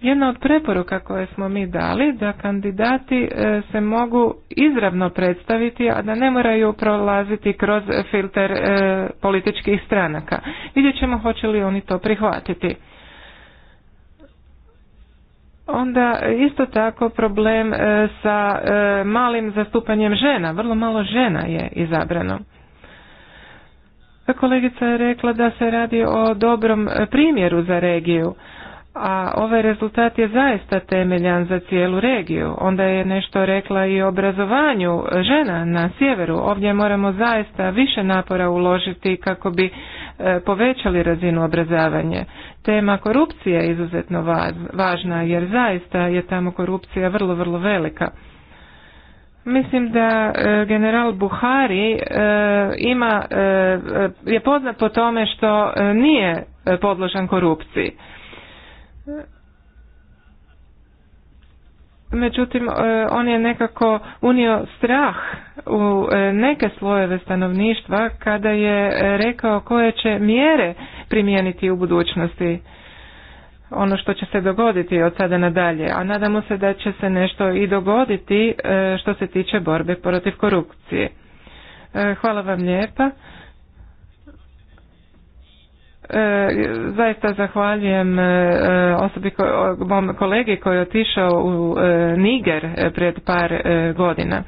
Jedna od preporuka koje smo mi dali da kandidati e, se mogu izravno predstaviti, a da ne moraju prolaziti kroz filter e, političkih stranaka. Vidjet ćemo hoće li oni to prihvatiti. Onda isto tako problem e, sa malim zastupanjem žena. Vrlo malo žena je izabrano. Kolegica je rekla da se radi o dobrom primjeru za regiju a ovaj rezultat je zaista temeljan za cijelu regiju. Onda je nešto rekla i o obrazovanju žena na sjeveru. Ovdje moramo zaista više napora uložiti kako bi e, povećali razinu obrazavanja. Tema korupcije je izuzetno važna jer zaista je tamo korupcija vrlo, vrlo velika. Mislim da e, general Buhari e, ima, je poznat po tome što nije podložan korupciji međutim e, on je nekako unio strah u e, neke slojeve stanovništva kada je e, rekao koje će mjere primijeniti u budućnosti ono što će se dogoditi od sada nadalje, a nadamo se da će se nešto i dogoditi što se tiče borbe protiv korupcije. Hvala vam lijepa. E, zaista zahvaljujem e, osobi mom kolegi koji je otišao u e, Niger pred par godina.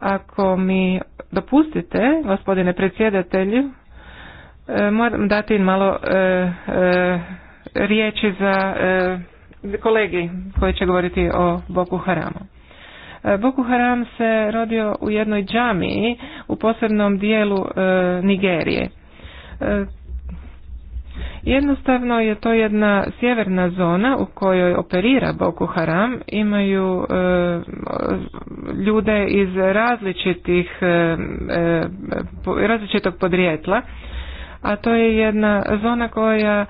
Ako mi dopustite, gospodine predsjedatelju, moram dati malo riječi za kolegi koji će govoriti o Boku Haramu. Boku Haram se rodio u jednoj džamiji u posebnom dijelu Nigerije Jednostavno je to jedna sjeverna zona u kojoj operira Boko Haram, imaju e, ljude iz različitih e, e različitog podrijetla, a to je jedna zona koja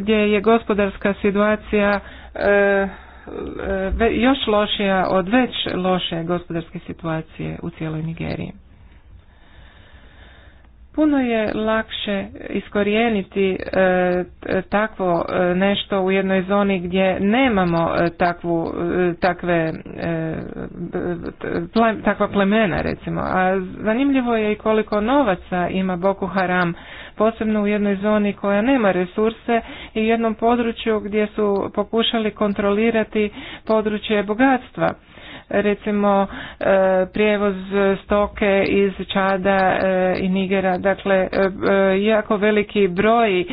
gdje je gospodarska situacija e, još lošija od već loše gospodarske situacije u cijeloj Nigeriji. Puno je lakše iskorijeniti e, takvo e, nešto u jednoj zoni gdje nemamo e, takvu, takve, takva plemena recimo. A zanimljivo je i koliko novaca ima Boku Haram, posebno u jednoj zoni koja nema resurse i u jednom području gdje su pokušali kontrolirati područje bogatstva recimo e, prijevoz stoke iz Čada e, i Nigera, dakle e, jako veliki broj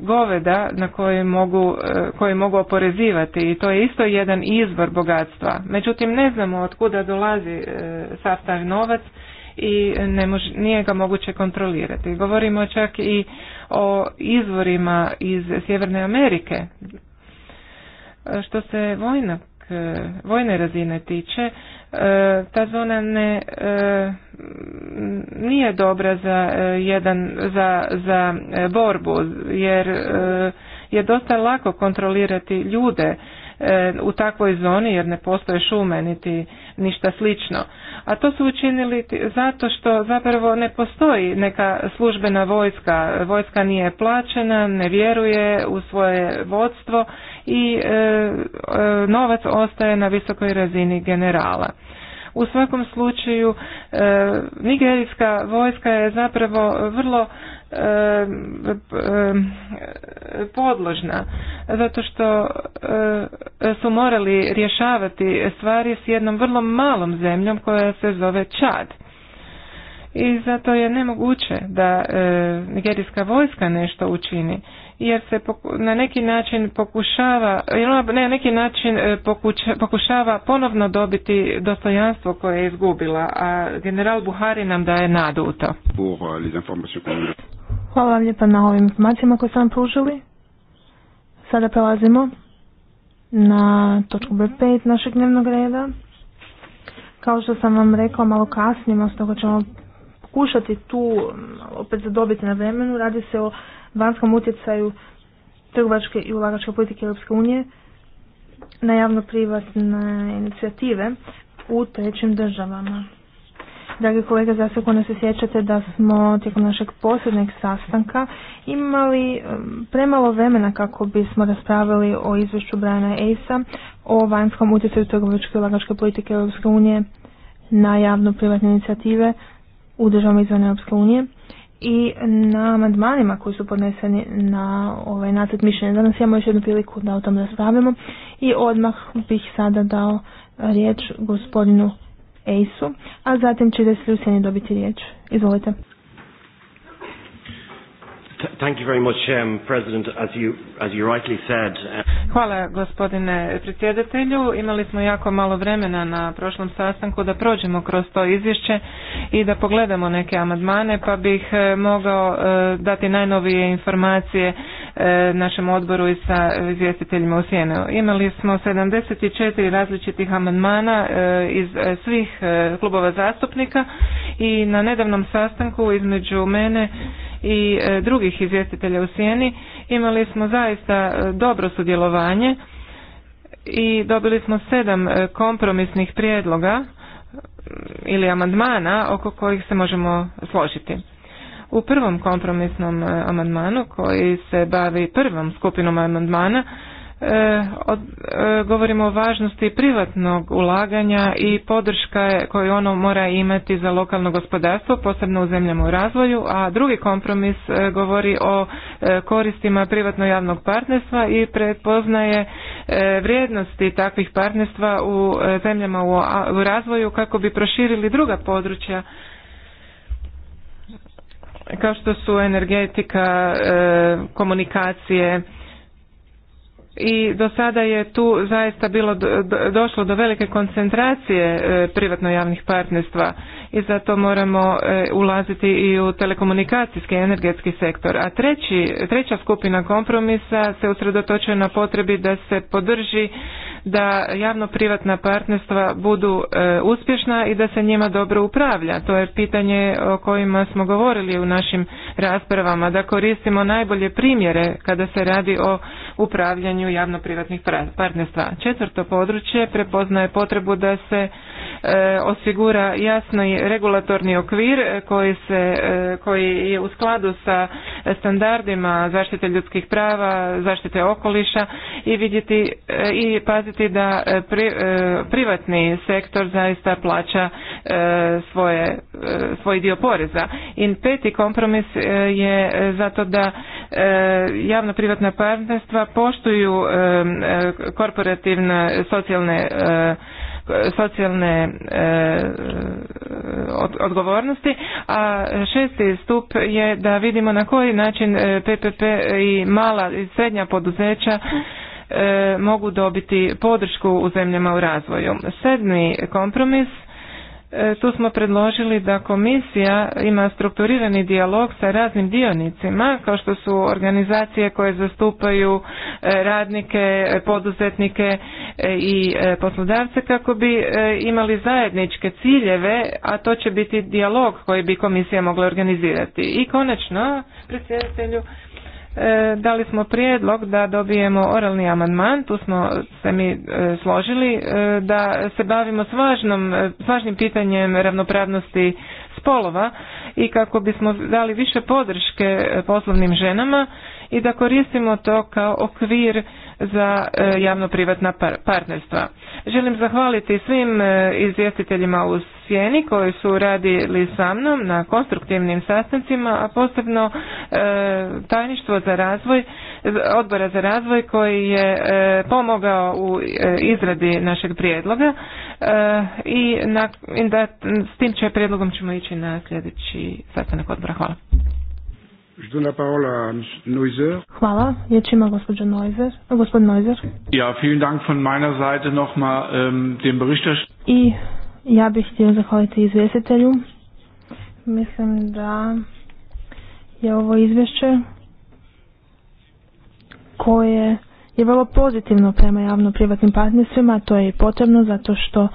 goveda na koje mogu, koje mogu oporezivati i to je isto jedan izvor bogatstva. Međutim, ne znamo od kuda dolazi sav taj novac i ne mož, nije ga moguće kontrolirati. Govorimo čak i o izvorima iz Sjeverne Amerike. Što se vojna E, vojne razine tiče, e, ta zona ne e, nije dobra za jedan za, za borbu jer je dosta lako kontrolirati ljude u takvoj zoni jer ne postoje šume niti ništa slično. A to su učinili zato što zapravo ne postoji neka službena vojska. Vojska nije plaćena, ne vjeruje u svoje vodstvo i e, e, novac ostaje na visokoj razini generala. U svakom slučaju e, nigerijska vojska je zapravo vrlo podložna zato što su morali rješavati stvari s jednom vrlo malom zemljom koja se zove Čad. I zato je nemoguće da nigerijska vojska nešto učini jer se na neki način pokušava, ne, na neki način e, pokušava ponovno dobiti dostojanstvo koje je izgubila, a general Buhari nam daje nadu u to.
Euh,
Hvala vam lijepa na ovim informacijama koje sam pružili. Sada prelazimo na točku B5 našeg dnevnog reda. Kao što sam vam rekla malo kasnije, stoga ćemo pokušati tu opet zadobiti na vremenu. Radi se o vanjskom utjecaju trgovačke i ulagačke politike Europske unije na javno-privatne inicijative u trećim državama. Dragi kolega, zasigurno se sjećate da smo tijekom našeg posljednjeg sastanka imali premalo vremena kako bismo raspravili o izvješću Brana Ejsa o vanjskom utjecaju trgovačke i ulagačke politike Europske unije na javno-privatne inicijative u državama izvan Europske unije i na amandmanima koji su podneseni na ovaj nacrt mišljenja. Danas imamo još jednu priliku da o tom raspravimo i odmah bih sada dao riječ gospodinu Ejsu, a zatim će Desilju dobiti riječ. Izvolite.
Hvala gospodine predsjedatelju. Imali smo jako malo vremena na prošlom sastanku da prođemo kroz to izvješće i da pogledamo neke amandmane pa bih e, mogao e, dati najnovije informacije e, našem odboru i sa izvjestiteljima u Sjenu. Imali smo 74 različitih amandmana iz svih klubova zastupnika i na nedavnom sastanku između mene i e, drugih izvjestitelja u Sjeni. Imali smo zaista e, dobro sudjelovanje i dobili smo sedam e, kompromisnih prijedloga ili amandmana oko kojih se možemo složiti. U prvom kompromisnom amandmanu koji se bavi prvom skupinom amandmana E, e, govorimo o važnosti privatnog ulaganja i podrška koju ono mora imati za lokalno gospodarstvo, posebno u zemljama u razvoju, a drugi kompromis e, govori o koristima privatno-javnog partnerstva i prepoznaje vrijednosti takvih partnerstva u zemljama u razvoju kako bi proširili druga područja kao što su energetika, komunikacije, i do sada je tu zaista bilo došlo do velike koncentracije e, privatno javnih partnerstva i zato moramo e, ulaziti i u telekomunikacijski energetski sektor. A treći, treća skupina kompromisa se usredotočuje na potrebi da se podrži da javno-privatna partnerstva budu e, uspješna i da se njima dobro upravlja. To je pitanje o kojima smo govorili u našim raspravama, da koristimo najbolje primjere kada se radi o upravljanju javno-privatnih partnerstva. Četvrto područje prepoznaje potrebu da se e, osigura jasno regulatorni okvir e, koji, se, e, koji je u skladu sa standardima zaštite ljudskih prava, zaštite okoliša i vidjeti e, i paziti da privatni sektor zaista plaća svoje, svoj dio poreza. I peti kompromis je zato da javno privatna partnerstva poštuju korporativne socijalne socijalne e, odgovornosti, a šesti stup je da vidimo na koji način PPP e, i mala i srednja poduzeća e, mogu dobiti podršku u zemljama u razvoju. Sedmi kompromis E, tu smo predložili da komisija ima strukturirani dijalog sa raznim dionicima kao što su organizacije koje zastupaju e, radnike, poduzetnike e, i poslodavce kako bi imali zajedničke ciljeve, a to će biti dijalog koji bi komisija mogla organizirati. I konačno, predsjedatelju, E, dali smo prijedlog da dobijemo oralni amandman, tu smo se mi e, složili, e, da se bavimo s, važnom, važnim pitanjem ravnopravnosti spolova i kako bismo dali više podrške poslovnim ženama i da koristimo to kao okvir za e, javno-privatna partnerstva. Želim zahvaliti svim e, izvjestiteljima u Sjeni koji su radili sa mnom na konstruktivnim sastancima, a posebno e, tajništvo za razvoj, odbora za razvoj koji je pomogao u izradi našeg prijedloga i na, da, s tim će prijedlogom ćemo ići na sljedeći sastanak odbora. Hvala. Hvala. Riječ ima gospođa Neuser. Gospod
Ja, vielen Dank von meiner Seite ähm, dem
I ja bih htio zahvaliti izvjestitelju. Mislim da je ovo izvješće koje je vrlo pozitivno prema javno-privatnim partnerstvima, to je i potrebno zato što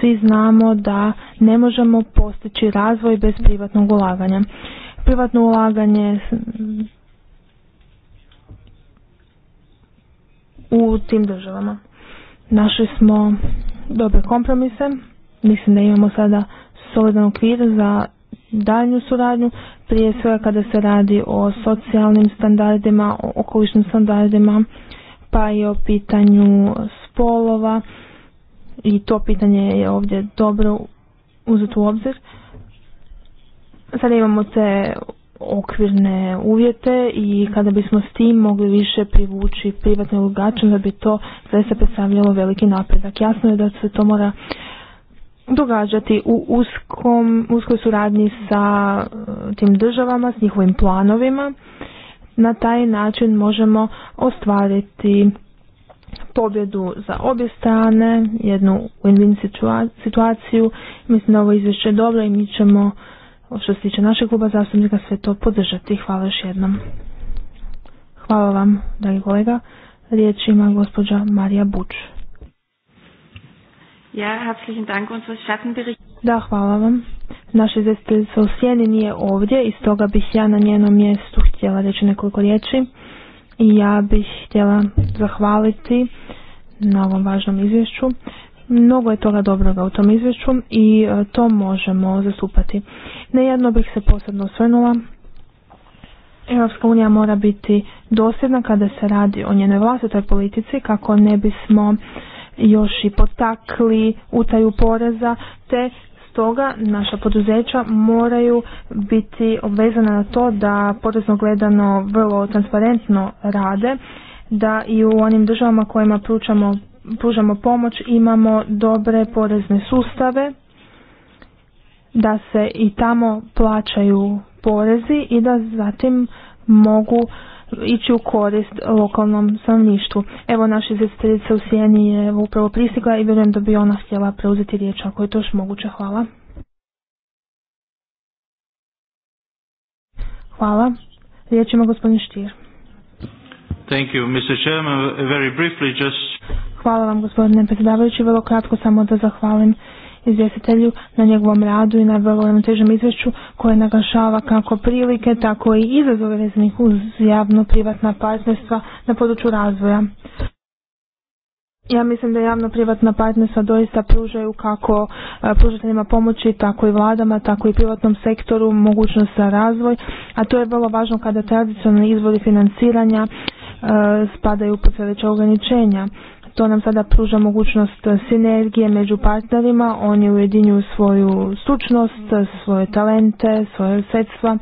svi znamo da ne možemo postići razvoj bez privatnog ulaganja privatno ulaganje u tim državama. Našli smo dobre kompromise, mislim da imamo sada solidan okvir za daljnju suradnju, prije svega kada se radi o socijalnim standardima, o okolišnim standardima, pa i o pitanju spolova i to pitanje je ovdje dobro uzeti u obzir. Sada imamo te okvirne uvjete i kada bismo s tim mogli više privući privatne ulagače, da bi to zaista predstavljalo veliki napredak. Jasno je da se to mora događati u uskom, uskoj suradnji sa eh, tim državama, s njihovim planovima. Na taj način možemo ostvariti pobjedu za obje strane, jednu win-win situaciju. Mislim da ovo izvješće je dobro i mi ćemo što se tiče našeg kluba zastupnika sve to podržati. Hvala još jednom. Hvala vam, dragi kolega. Riječ ima gospođa Marija Buč. Ja, Da, hvala vam. Naša izvjestiteljica u Sjeni nije ovdje i stoga bih ja na njenom mjestu htjela reći nekoliko riječi. I ja bih htjela zahvaliti na ovom važnom izvješću. Mnogo je toga dobroga u tom izvješću i e, to možemo zastupati. Nejedno bih se posebno osvrnula. Europska unija mora biti dosljedna kada se radi o njenoj vlastitoj politici kako ne bismo još i potakli utaju poreza te stoga naša poduzeća moraju biti obvezana na to da porezno gledano vrlo transparentno rade da i u onim državama kojima pručamo pružamo pomoć, imamo dobre porezne sustave, da se i tamo plaćaju porezi i da zatim mogu ići u korist lokalnom stanovništvu. Evo naša izvjestiteljica u Sijeni je upravo pristigla i vjerujem da bi ona htjela preuzeti riječ ako je to još moguće. Hvala. Hvala. Riječ ima gospodin Štir. Very Hvala vam gospodine predsjedavajući, vrlo kratko samo da zahvalim izvjestitelju na njegovom radu i na vrlo težem izvješću koje naglašava kako prilike, tako i izazove vezanih uz javno-privatna partnerstva na području razvoja. Ja mislim da javno-privatna partnerstva doista pružaju kako e, pružateljima pomoći, tako i vladama, tako i privatnom sektoru mogućnost za razvoj, a to je vrlo važno kada tradicionalni izvori financiranja e, spadaju pod sve ograničenja. To nam sada pruža mogućnost sinergije među partnerima, oni ujedinju svoju stručnost, svoje talente, svoje sredstva.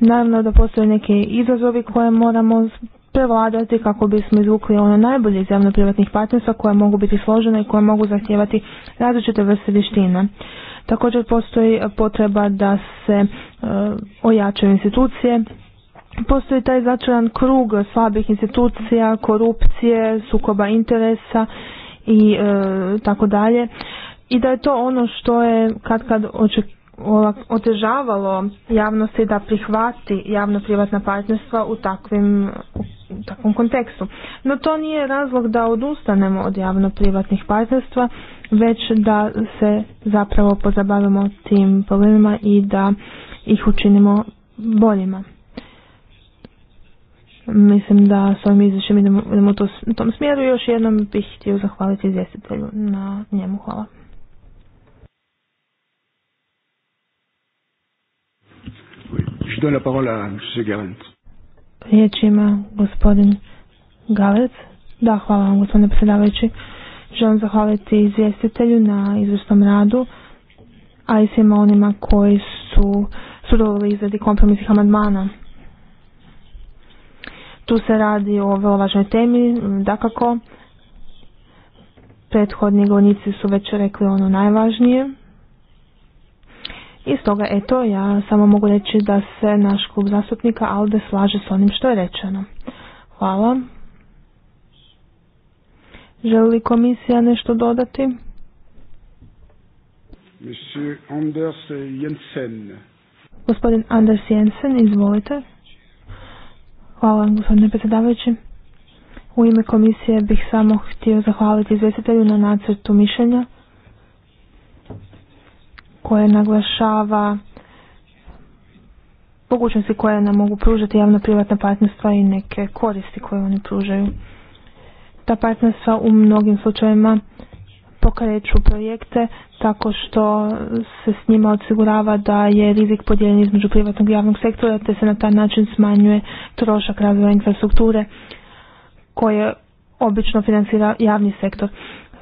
Naravno da postoje neki izazovi koje moramo prevladati kako bismo izvukli ono najbolje iz privatnih partnerstva koje mogu biti složene i koje mogu zahtijevati različite vrste vještina. Također postoji potreba da se e, ojačaju institucije, postoji taj začaran krug slabih institucija, korupcije, sukoba interesa i e, tako dalje. I da je to ono što je kad kad otežavalo javnosti da prihvati javno-privatna partnerstva u takvim takvom kontekstu. No to nije razlog da odustanemo od javno-privatnih partnerstva, već da se zapravo pozabavimo tim problemima i da ih učinimo boljima. Mislim da s ovim izvješćem idemo, idemo u tom smjeru. Još jednom bih htio zahvaliti izvjestitelju na njemu. Hvala. Riječ ima gospodin Galec. Da, hvala vam gospodine predsjedavajući. Želim zahvaliti izvjestitelju na izvrstom radu, a i svima onima koji su sudovali izradi kompromisnih amandmana. Tu se radi o vrlo važnoj temi, mm, dakako prethodni govornici su već rekli ono najvažnije. I stoga, eto, ja samo mogu reći da se naš klub zastupnika ALDE slaže s onim što je rečeno. Hvala. Želi li komisija nešto dodati?
Anders Jensen.
Gospodin Anders Jensen, izvolite. Hvala vam gospodine predsjedavajući. U ime komisije bih samo htio zahvaliti izvjestitelju na nacrtu mišljenja koje naglašava mogućnosti koje nam mogu pružati javno-privatna partnerstva i neke koristi koje oni pružaju. Ta partnerstva u mnogim slučajevima pokreću projekte tako što se s njima osigurava da je rizik podijeljen između privatnog i javnog sektora te se na taj način smanjuje trošak razvoja infrastrukture koje obično financira javni sektor.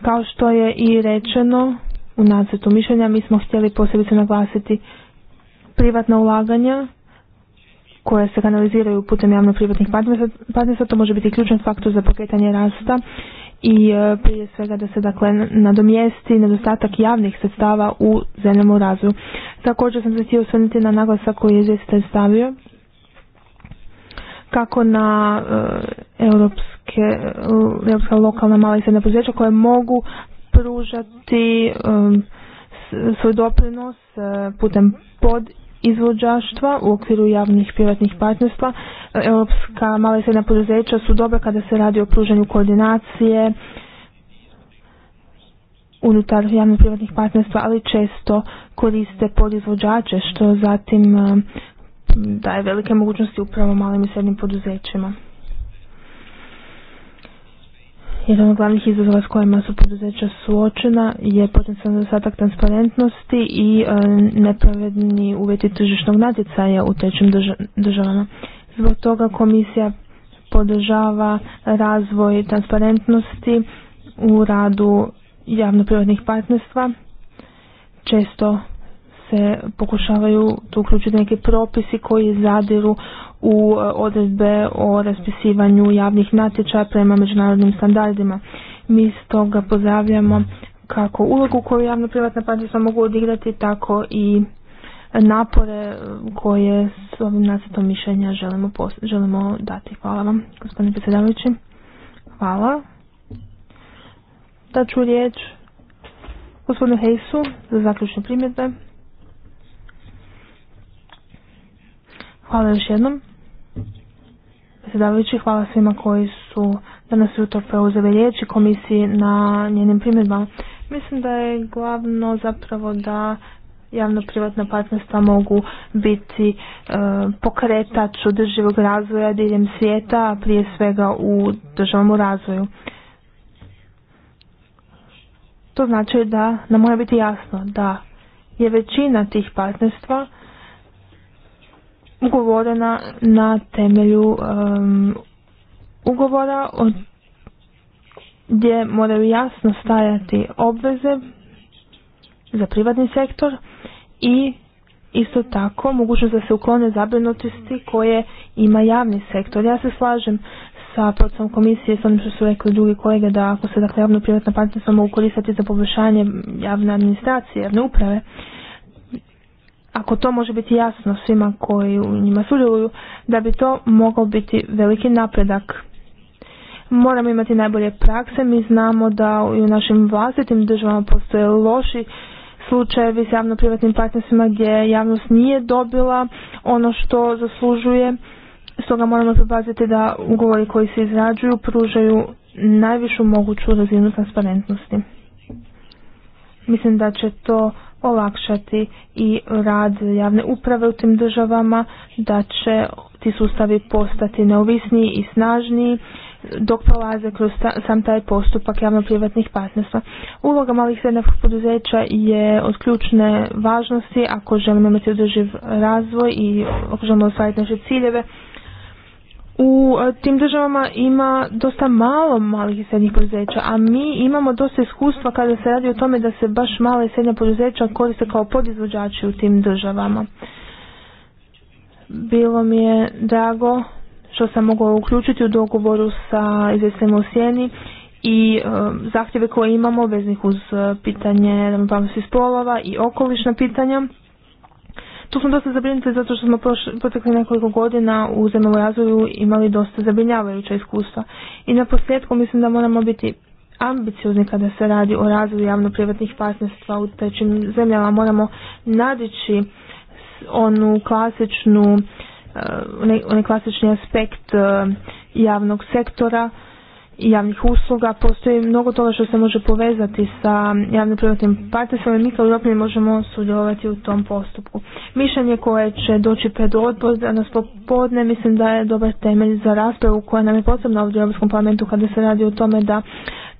Kao što je i rečeno u nacrtu mišljenja mi smo htjeli posebice naglasiti privatna ulaganja koje se kanaliziraju putem javno-privatnih partnerstva, to može biti ključan faktor za pokretanje rasta i e, prije svega da se dakle nadomjesti nedostatak javnih sredstava u zemljama u razvoju. Također sam se htio osvrnuti na naglasak koji je izvjestitelj stavio kako na e, europske, europska lokalna mala i srednja poduzeća koje mogu pružati e, svoj doprinos putem pod izvođaštva u okviru javnih privatnih partnerstva. Europska mala i srednja poduzeća su dobra kada se radi o pružanju koordinacije unutar javnih privatnih partnerstva, ali često koriste podizvođače što zatim eh, daje velike mogućnosti upravo malim i srednim poduzećima. Jedan od glavnih izazova s kojima su poduzeća suočena je potencijalni dostatak transparentnosti i e, nepravedni uvjeti tržišnog natjecaja u trećim državama. Zbog toga komisija podržava razvoj transparentnosti u radu javno-privatnih partnerstva. Često se pokušavaju tu uključiti neke propisi koji zadiru u e, odredbe o raspisivanju javnih natječaja prema međunarodnim standardima. Mi stoga pozdravljamo kako ulogu koju javno-privatna partnerstva mogu odigrati, tako i napore koje s ovim nacetom mišljenja želimo, želimo dati. Hvala vam, gospodine predsjedavajući. Hvala. Da ću riječ gospodinu Hejsu za zaključne primjedbe. Hvala još jednom. Predsjedavajući, hvala svima koji su danas jutro preuzeli riječi komisiji na njenim primjedbama. Mislim da je glavno zapravo da javno-privatna partnerstva mogu biti e, pokretač održivog razvoja diljem svijeta, a prije svega u državnom razvoju. To znači da nam mora biti jasno da je većina tih partnerstva ugovorena na temelju ugovora gdje moraju jasno stajati obveze za privatni sektor i isto tako mogućnost da se uklone zabrinutosti koje ima javni sektor. Ja se slažem sa procesom komisije s onim što su rekli drugi kolege da ako se dakle javno privatna partnerstva mogu koristiti za poboljšanje javne administracije, javne uprave, ako to može biti jasno svima koji u njima sudjeluju, da bi to mogao biti veliki napredak. Moramo imati najbolje prakse, mi znamo da i u našim vlastitim državama postoje loši slučajevi s javno-privatnim partnerstvima gdje javnost nije dobila ono što zaslužuje. Stoga moramo pripaziti da ugovori koji se izrađuju pružaju najvišu moguću razinu transparentnosti. Mislim da će to olakšati i rad javne uprave u tim državama, da će ti sustavi postati neovisniji i snažniji dok prolaze kroz sam taj postupak javno-privatnih partnerstva. Uloga malih srednjih poduzeća je od ključne važnosti ako želimo imati održiv razvoj i ako želimo ostvariti naše ciljeve u e, tim državama ima dosta malo malih i srednjih poduzeća, a mi imamo dosta iskustva kada se radi o tome da se baš mala i srednja poduzeća koriste kao podizvođači u tim državama. Bilo mi je drago što sam mogla uključiti u dogovoru sa izvjesnim u Sjeni i e, zahtjeve koje imamo veznih uz e, pitanje ravnopravnosti spolova i okolišna pitanja tu smo dosta zabrinuti zato što smo protekli nekoliko godina u zemlju razvoju imali dosta zabrinjavajuća iskustva. I na posljedku mislim da moramo biti ambiciozni kada se radi o razvoju javno-privatnih partnerstva u trećim zemljama. Moramo nadići onu klasičnu, eh, onaj klasični aspekt eh, javnog sektora javnih usluga, postoji mnogo toga što se može povezati sa javnim privatnim partnerstvom i mi kao Europljani možemo sudjelovati u tom postupku. Mišljenje koje će doći pred odbor danas popodne mislim da je dobar temelj za raspravu koja nam je potrebna ovdje u Europskom parlamentu kada se radi o tome da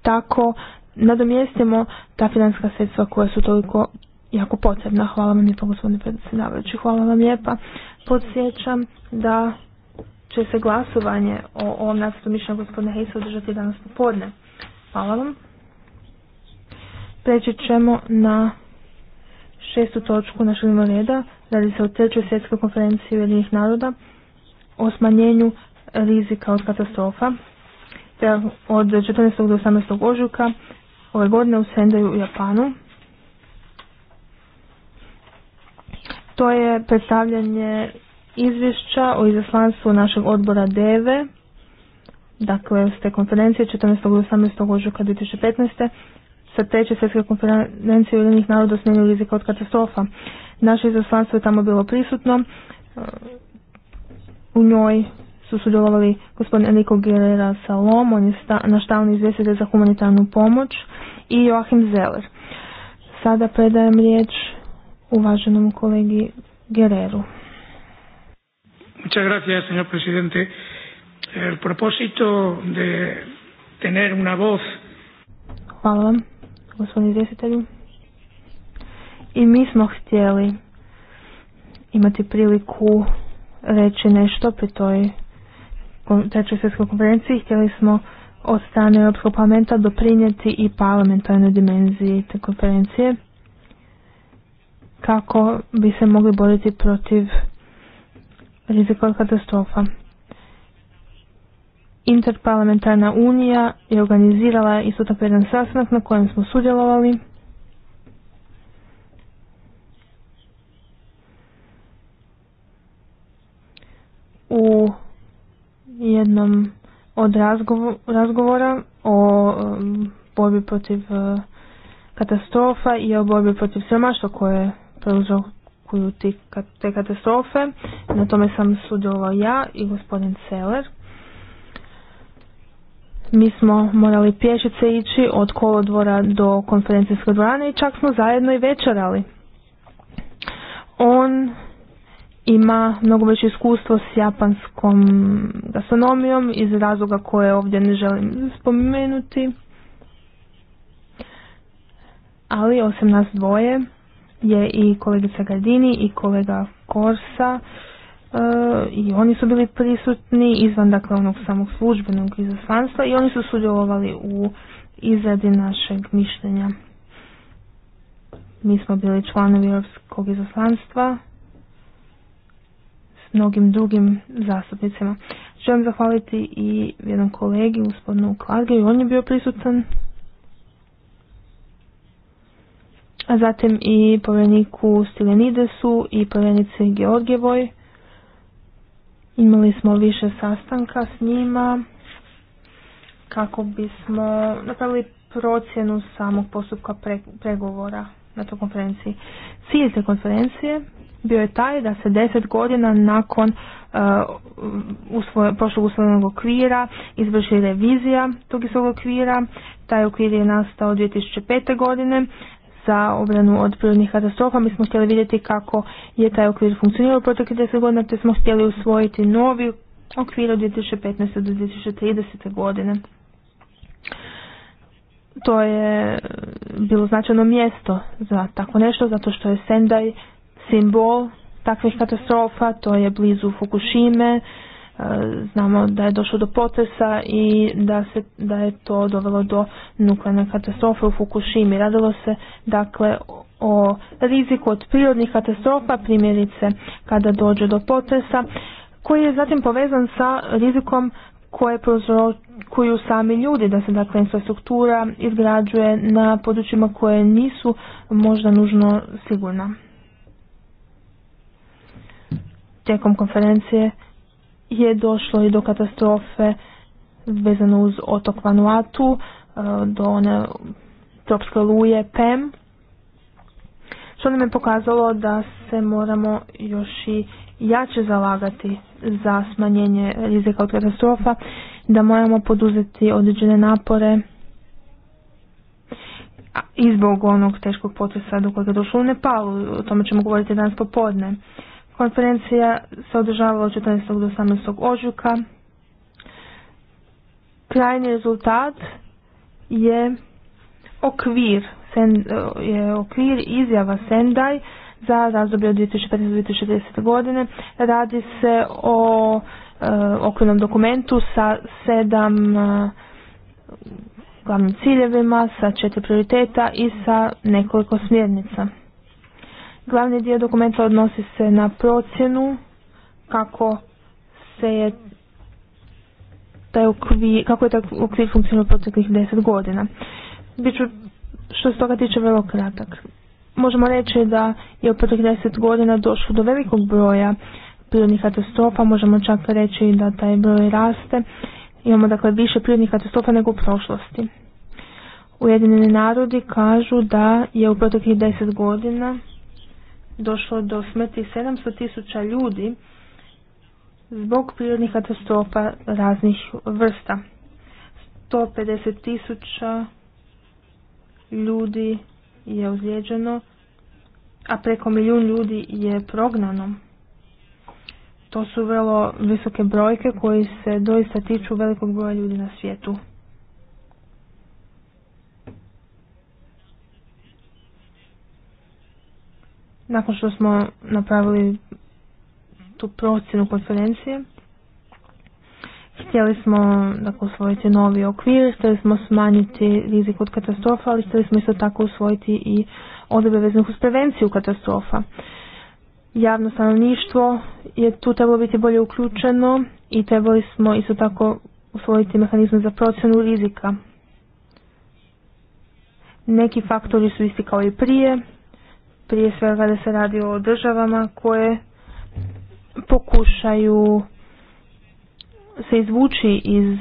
tako nadomjestimo ta financijska sredstva koja su toliko jako potrebna. Hvala vam lijepo gospodine predsjedavajući. Hvala vam lijepa. Podsjećam da će se glasovanje o ovom nacrtu mišljenja gospodine Hejsa održati danas popodne. Hvala vam. Preći ćemo na šestu točku našeg reda. Radi se o trećoj svjetskoj konferenciji Ujedinjenih naroda o smanjenju rizika od katastrofa od 14. do 18. ožujka ove godine u Sendaju u Japanu. To je predstavljanje izvješća o izaslanstvu našeg odbora DEVE, dakle s te konferencije 14. i 18. ožujka 2015. sa treće svjetske konferencije Ujedinih naroda o rizika od katastrofa. Naše izaslanstvo je tamo bilo prisutno. U njoj su sudjelovali gospodin Enrico Guerrera Salom, on je sta, stalni za humanitarnu pomoć i Joachim Zeller. Sada predajem riječ uvaženom kolegi Guerreru.
Muchas gracias, señor presidente.
El propósito de tener una voz...
Hvala vam, izvjestitelju. I mi smo htjeli imati priliku reći nešto pri toj trećoj svjetskoj konferenciji. Htjeli smo od strane Europskog parlamenta doprinijeti i parlamentarnoj dimenziji te konferencije kako bi se mogli boriti protiv rizika katastrofa. Interparlamentarna unija je organizirala isto tako jedan sastanak na kojem smo sudjelovali. U jednom od razgovora o um, borbi protiv uh, katastrofa i o borbi protiv siromaštva koje je uzrokuju te katastrofe. Na tome sam sudjelovao ja i gospodin Celer. Mi smo morali pješice ići od kolodvora do konferencijskog dvorane i čak smo zajedno i večerali. On ima mnogo veće iskustvo s japanskom gastronomijom iz razloga koje ovdje ne želim spomenuti. Ali osim nas dvoje je i kolegica Gardini i kolega Korsa e, i oni su bili prisutni izvan dakle onog samog službenog izaslanstva i oni su sudjelovali u izradi našeg mišljenja. Mi smo bili članovi Europskog izaslanstva s mnogim drugim zastupnicima. Želim zahvaliti i jednom kolegi, gospodinu Klarge, i on je bio prisutan a zatim i povjereniku Stilenidesu i povjerenici Georgjevoj. Imali smo više sastanka s njima kako bismo napravili procjenu samog postupka pre, pregovora na toj konferenciji. Cilj te konferencije bio je taj da se deset godina nakon uh, prošlog usvojenog okvira izvrši revizija tog istog okvira. Taj okvir je nastao 2005. godine za obranu od prirodnih katastrofa. Mi smo htjeli vidjeti kako je taj okvir funkcionirao u proteklih 10 godina, te smo htjeli usvojiti novi okvir od 2015. do 2030. godine. To je bilo značajno mjesto za tako nešto, zato što je Sendai simbol takvih katastrofa, to je blizu Fukushime, znamo da je došlo do potresa i da, se, da je to dovelo do nuklearne katastrofe u Fukushimi. Radilo se dakle o riziku od prirodnih katastrofa, primjerice kada dođe do potresa, koji je zatim povezan sa rizikom koje prozrokuju sami ljudi, da se dakle infrastruktura izgrađuje na područjima koje nisu možda nužno sigurna. Tijekom konferencije je došlo i do katastrofe vezano uz otok Vanuatu, e, do one tropske luje PEM, što nam je pokazalo da se moramo još i jače zalagati za smanjenje rizika od katastrofa, da moramo poduzeti određene napore i zbog onog teškog potresa do kojeg je došlo u Nepalu, o tome ćemo govoriti danas popodne. Konferencija se održavala od 14. do 18. ožujka. Krajni rezultat je okvir, sen, je okvir izjava Sendai za razdoblje od 2015-2030 godine. Radi se o e, okvirnom dokumentu sa sedam e, glavnim ciljevima, sa četiri prioriteta i sa nekoliko smjernica. Glavni dio dokumenta odnosi se na procjenu kako se je taj okvir, kako je taj okvir proteklih deset godina. Biću što se toga tiče vrlo kratak. Možemo reći da je u proteklih deset godina došlo do velikog broja prirodnih katastrofa, možemo čak reći da taj broj raste. Imamo dakle više prirodnih katastrofa nego u prošlosti. Ujedinjeni narodi kažu da je u proteklih deset godina došlo do smrti 700 tisuća ljudi zbog prirodnih katastrofa raznih vrsta. 150 tisuća ljudi je ozlijeđeno, a preko milijun ljudi je prognano. To su vrlo visoke brojke koji se doista tiču velikog broja ljudi na svijetu. Nakon što smo napravili tu procjenu konferencije, htjeli smo dakle, usvojiti novi okvir, htjeli smo smanjiti rizik od katastrofa, ali htjeli smo isto tako usvojiti i odrebe veznih uz prevenciju katastrofa. Javno stanovništvo je tu trebalo biti bolje uključeno i trebali smo isto tako usvojiti mehanizme za procjenu rizika. Neki faktori su isti kao i prije, prije svega kada se radi o državama koje pokušaju se izvući iz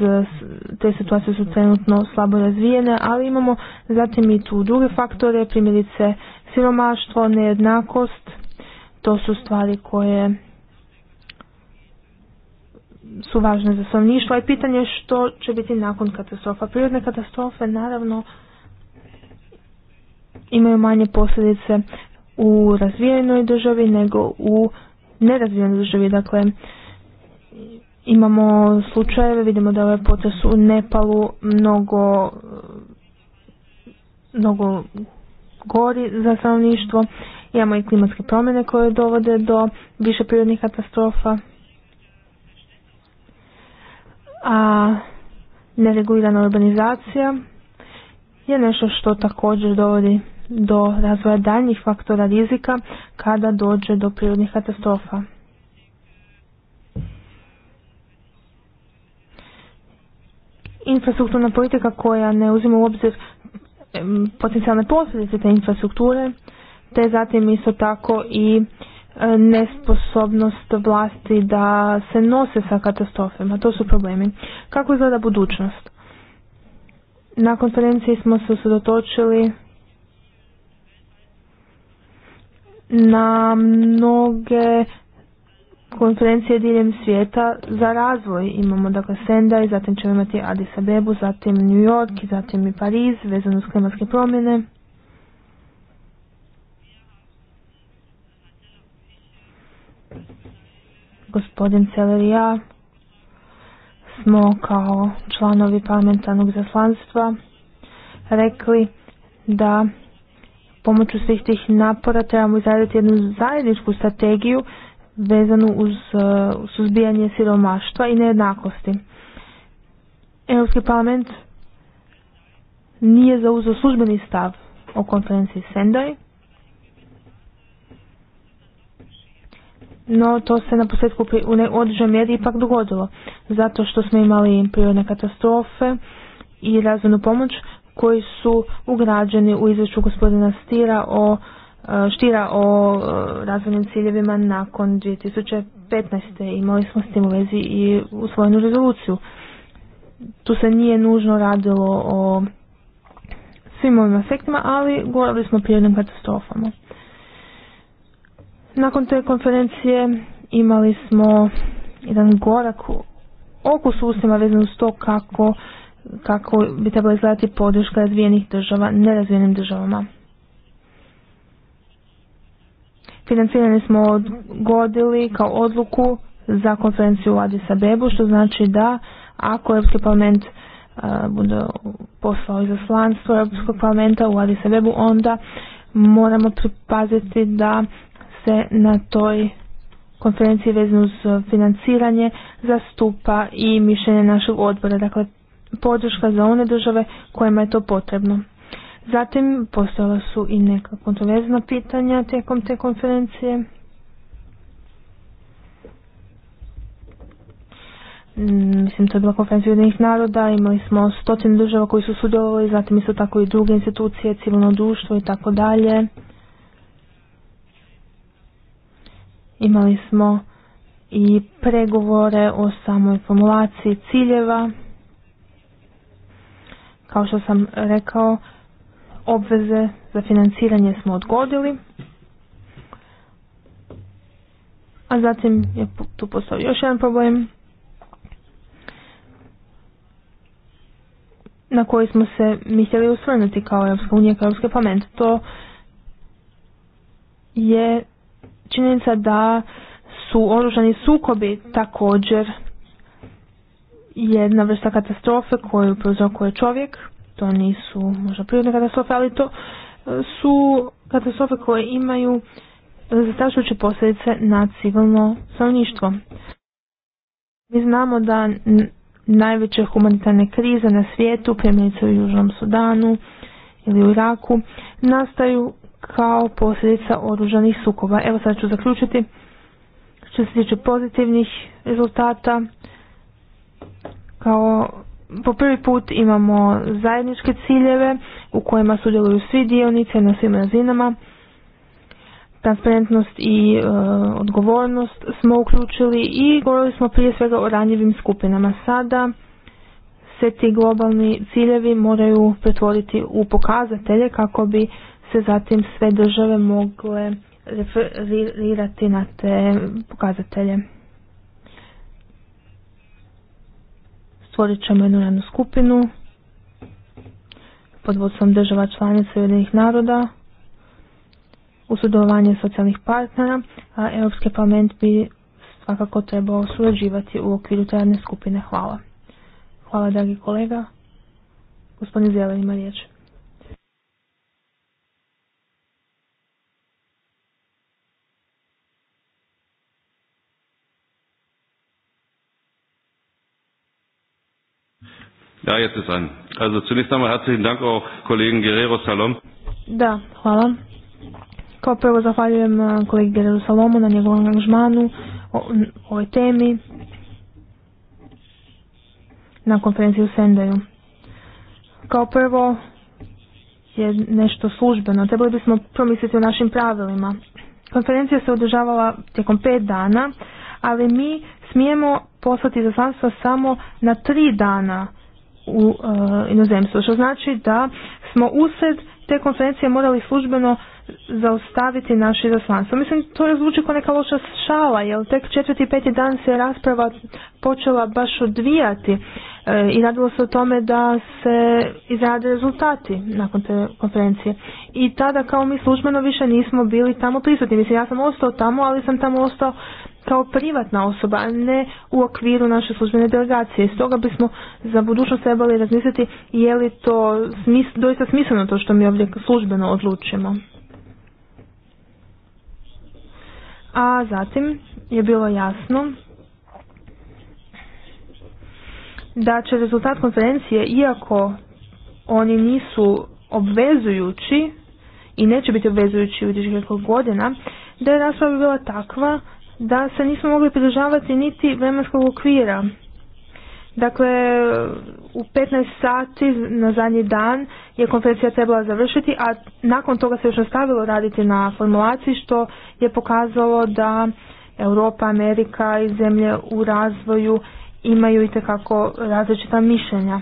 te situacije su trenutno slabo razvijene, ali imamo zatim i tu druge faktore, primjerice siromaštvo, nejednakost, to su stvari koje su važne za stanovništvo i pitanje što će biti nakon katastrofa. Prirodne katastrofe naravno imaju manje posljedice u razvijenoj državi nego u nerazvijenoj državi. Dakle, imamo slučajeve, vidimo da je ovaj potres u Nepalu mnogo, mnogo gori za stanovništvo. Imamo i klimatske promjene koje dovode do više prirodnih katastrofa. A neregulirana urbanizacija je nešto što također dovodi do razvoja daljnjih faktora rizika kada dođe do prirodnih katastrofa. Infrastrukturna politika koja ne uzima u obzir potencijalne posljedice te infrastrukture, te zatim isto tako i e, nesposobnost vlasti da se nose sa katastrofima. To su problemi. Kako izgleda budućnost? Na konferenciji smo se usredotočili na mnoge konferencije diljem svijeta za razvoj. Imamo dakle Sendaj, zatim ćemo imati Addis Abebu, zatim New York, zatim i Pariz vezano s klimatske promjene. Gospodin Celer ja smo kao članovi parlamentarnog zaslanstva rekli da pomoću svih tih napora trebamo izraditi jednu zajedničku strategiju vezanu uz e, suzbijanje siromaštva i nejednakosti. Europski parlament nije zauzeo službeni stav o konferenciji Sendoj, no to se na posljedku u određenoj mjeri ipak dogodilo, zato što smo imali prirodne katastrofe i razvojnu pomoć, koji su ugrađeni u izvješću gospodina Stira o e, Štira o e, razvojnim ciljevima nakon 2015. Imali smo s tim u vezi i usvojenu rezoluciju. Tu se nije nužno radilo o svim ovim efektima, ali govorili smo o prirodnim katastrofama. Nakon te konferencije imali smo jedan gorak okus ustima vezan uz to kako kako bi trebalo izgledati podrška razvijenih država nerazvijenim državama. Financiranje smo odgodili kao odluku za konferenciju u Adisa Bebu, što znači da ako Europski parlament uh, bude poslao izaslanstvo Europskog parlamenta u Adisa Bebu, onda moramo pripaziti da se na toj konferenciji vezano uz financiranje zastupa i mišljenje našeg odbora. Dakle, podrška za one države kojima je to potrebno. Zatim postojala su i neka kontroverzna pitanja tijekom te konferencije. Mislim, to je bila konferencija jednih naroda, imali smo stotine država koji su sudjelovali, zatim isto tako i druge institucije, civilno društvo i tako dalje. Imali smo i pregovore o samoj formulaciji ciljeva kao što sam rekao, obveze za financiranje smo odgodili. A zatim je tu postao još jedan problem na koji smo se mislili usvrnuti kao Europska unija, kao Europski parlament. To je činjenica da su oružani sukobi također jedna vrsta katastrofe koju prouzrokuje čovjek. To nisu možda prirodne katastrofe, ali to e, su katastrofe koje imaju zastrašujuće posljedice na civilno stanovništvo. Mi znamo da najveće humanitarne krize na svijetu, primjerice u Južnom Sudanu ili u Iraku, nastaju kao posljedica oružanih sukoba. Evo sad ću zaključiti što se tiče pozitivnih rezultata kao po prvi put imamo zajedničke ciljeve u kojima sudjeluju svi dionice na svim razinama. Transparentnost i e, odgovornost smo uključili i govorili smo prije svega o ranjivim skupinama. Sada se ti globalni ciljevi moraju pretvoriti u pokazatelje kako bi se zatim sve države mogle referirati na te pokazatelje. Stvorit ćemo jednu radnu skupinu pod vodstvom država članica Ujedinih naroda u sudovanje socijalnih partnera, a Europski parlament bi svakako trebao surađivati u okviru te skupine. Hvala. Hvala, dragi kolega. Gospodin Zeleni ima riječ.
Ja, jetzt ist Also zunächst einmal herzlichen Dank auch
Kollegen Guerrero Salom. Da, hvala. Kao prvo zahvaljujem eh, kolegi Guerrero Salomu na njegovom angažmanu o ovoj temi na konferenciji u Sendaju. Kao prvo je nešto službeno. Trebali bismo promisliti o našim pravilima. Konferencija se održavala tijekom pet dana, ali mi smijemo poslati izaslanstva samo na tri dana u e, inozemstvu. Što znači da smo usred te konferencije morali službeno zaustaviti naše izaslanstvo. Mislim, to je zvuči kao neka loša šala, jer tek četvrti i peti dan se rasprava počela baš odvijati e, i radilo se o tome da se izrade rezultati nakon te konferencije. I tada kao mi službeno više nismo bili tamo prisutni. Mislim, ja sam ostao tamo, ali sam tamo ostao kao privatna osoba, a ne u okviru naše službene delegacije. Stoga bismo za budućnost trebali razmisliti je li to smis, doista smisleno to što mi ovdje službeno odlučimo. A zatim je bilo jasno da će rezultat konferencije, iako oni nisu obvezujući i neće biti obvezujući u nekoliko godina, da je rasprava bila takva da se nismo mogli pridržavati niti vremenskog okvira. Dakle, u 15 sati na zadnji dan je konferencija trebala završiti, a nakon toga se još nastavilo raditi na formulaciji što je pokazalo da Europa, Amerika i zemlje u razvoju imaju i različita mišljenja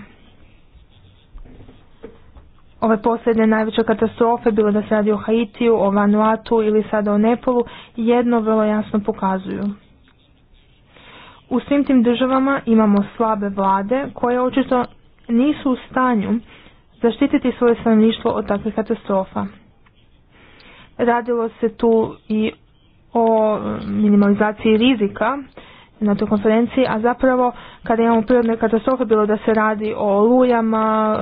ove posljednje najveće katastrofe, bilo da se radi o Haitiju, o Vanuatu ili sada o Nepolu, jedno vrlo jasno pokazuju. U svim tim državama imamo slabe vlade koje očito nisu u stanju zaštititi svoje stanovništvo od takvih katastrofa. Radilo se tu i o minimalizaciji rizika na toj konferenciji, a zapravo kada imamo prirodne katastrofe, bilo da se radi o lujama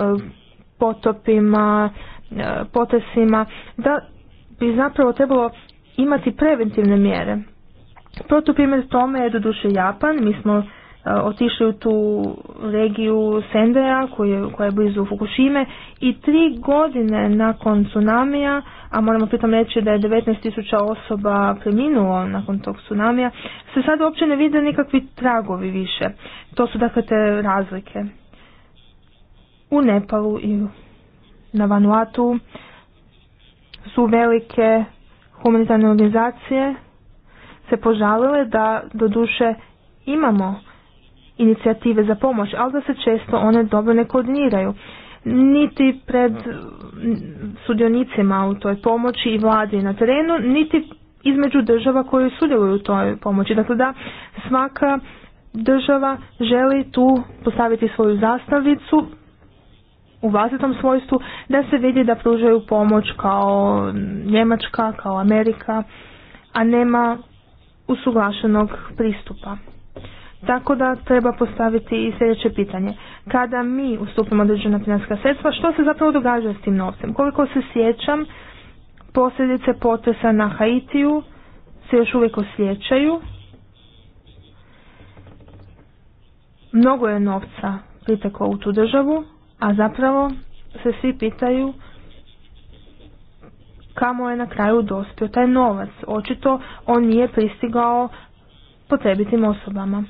potopima, e, potesima, da bi zapravo trebalo imati preventivne mjere. primjer tome je doduše Japan, mi smo e, otišli u tu regiju Sendera koja je, blizu Fukushima i tri godine nakon tsunamija, a moramo pritom reći da je 19.000 osoba preminulo nakon tog tsunamija, se sad uopće ne vide nikakvi tragovi više. To su dakle te razlike. U Nepalu i na Vanuatu su velike humanitarne organizacije se požalile da doduše imamo inicijative za pomoć, ali da se često one dobro ne koordiniraju. Niti pred sudionicima u toj pomoći i vladi na terenu, niti između država koje sudjeluju u toj pomoći. Dakle da svaka država želi tu postaviti svoju zastavicu u vlastitom svojstvu da se vidi da pružaju pomoć kao Njemačka, kao Amerika, a nema usuglašenog pristupa. Tako da treba postaviti i sljedeće pitanje. Kada mi ustupimo određena financijska sredstva, što se zapravo događa s tim novcem? Koliko se sjećam, posljedice potresa na Haitiju se još uvijek osjećaju. Mnogo je novca priteklo u tu državu, a zapravo se svi pitaju kamo je na kraju dospio taj novac. Očito on nije pristigao potrebitim osobama.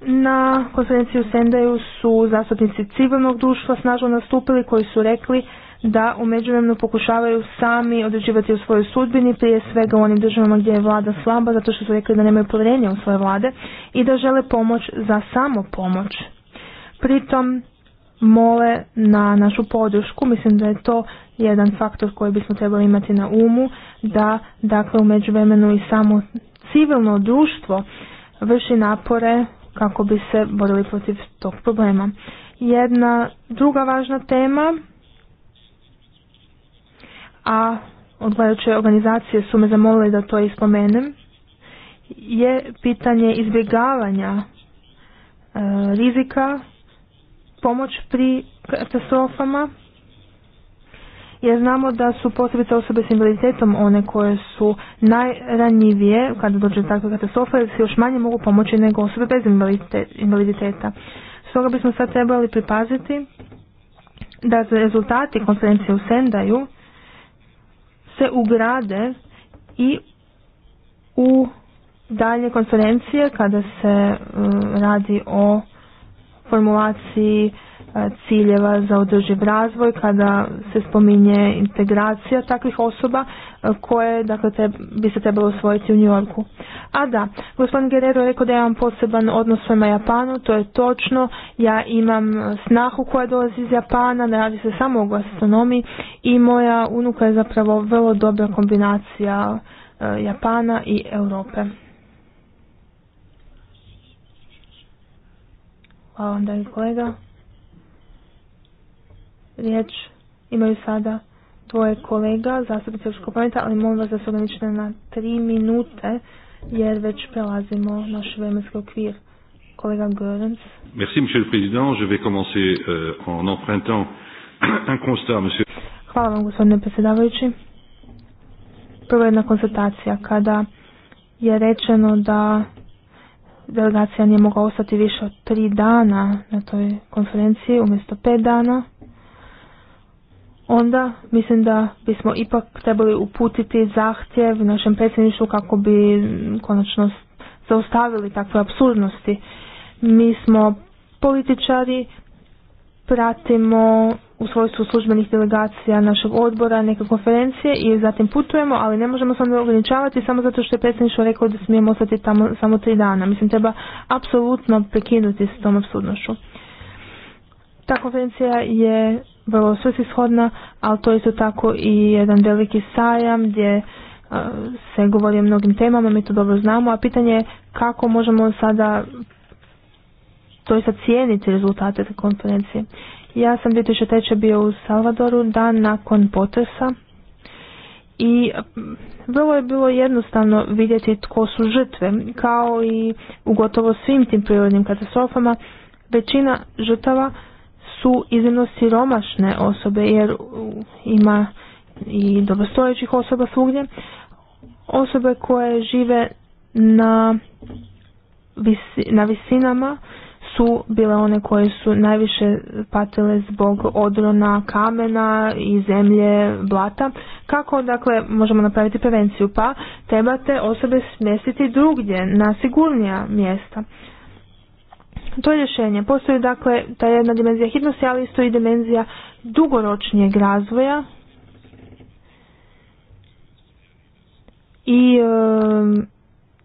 Na konferenciji u Sendaju su zastupnici civilnog društva snažno nastupili koji su rekli da u međuvremenu pokušavaju sami određivati u svojoj sudbini, prije svega u onim državama gdje je vlada slaba, zato što su rekli da nemaju povjerenja u svoje vlade i da žele pomoć za samo pomoć pritom mole na našu podršku. Mislim da je to jedan faktor koji bismo trebali imati na umu, da dakle u međuvremenu i samo civilno društvo vrši napore kako bi se borili protiv tog problema. Jedna druga važna tema, a odgledajuće organizacije su me zamolile da to ispomenem, je pitanje izbjegavanja e, rizika pomoć pri katastrofama jer znamo da su posebice osobe s invaliditetom one koje su najranjivije kada dođe do takve katastrofe jer se još manje mogu pomoći nego osobe bez invaliditeta. Stoga bismo sad trebali pripaziti da rezultati konferencije u Sendaju se ugrade i u dalje konferencije kada se e, radi o formulaciji e, ciljeva za održiv razvoj, kada se spominje integracija takvih osoba e, koje dakle, te, bi se trebalo osvojiti u Njorku. A da, gospodin Guerrero je rekao da imam poseban odnos prema Japanu, to je točno, ja imam snahu koja dolazi iz Japana, ne radi se samo o gastronomiji i moja unuka je zapravo vrlo dobra kombinacija e, Japana i Europe. Hvala vam, dragi kolega. Riječ imaju sada tvoje kolega, zastupnici Europskog parlamenta, ali molim vas da se ograničite na tri minute, jer već prelazimo naš vremenski okvir. Kolega Görens.
Merci, monsieur le président. Je vais commencer euh, en empruntant
un constat, monsieur.
Hvala vam, gospodine predsjedavajući. Prvo jedna konstatacija. Kada je rečeno da delegacija nije mogla ostati više od tri dana na toj konferenciji umjesto pet dana, onda mislim da bismo ipak trebali uputiti zahtjev našem predsjedništvu kako bi konačno zaustavili takve apsurdnosti. Mi smo političari, pratimo u svojstvu službenih delegacija našeg odbora, neke konferencije i zatim putujemo, ali ne možemo samo ograničavati samo zato što je predsjedništvo rekao da smijemo ostati tamo samo tri dana. Mislim, treba apsolutno prekinuti s tom absurdnošću. Ta konferencija je vrlo svrsishodna, ali to je isto tako i jedan veliki sajam gdje e, se govori o mnogim temama, mi to dobro znamo, a pitanje je kako možemo sada to sad cijeniti rezultate te konferencije. Ja sam 2003. bio u Salvadoru dan nakon potresa i mm, vrlo je bilo jednostavno vidjeti tko su žrtve, kao i u gotovo svim tim prirodnim katastrofama većina žrtava su iznimno siromašne osobe jer mm, ima i dobrostojećih osoba svugdje, osobe koje žive na, na visinama tu bile one koje su najviše patile zbog odrona kamena i zemlje blata. Kako dakle možemo napraviti prevenciju? Pa trebate osobe smjestiti drugdje na sigurnija mjesta. To je rješenje. Postoji dakle ta jedna dimenzija hitnosti, ali isto i dimenzija dugoročnijeg razvoja i ehm,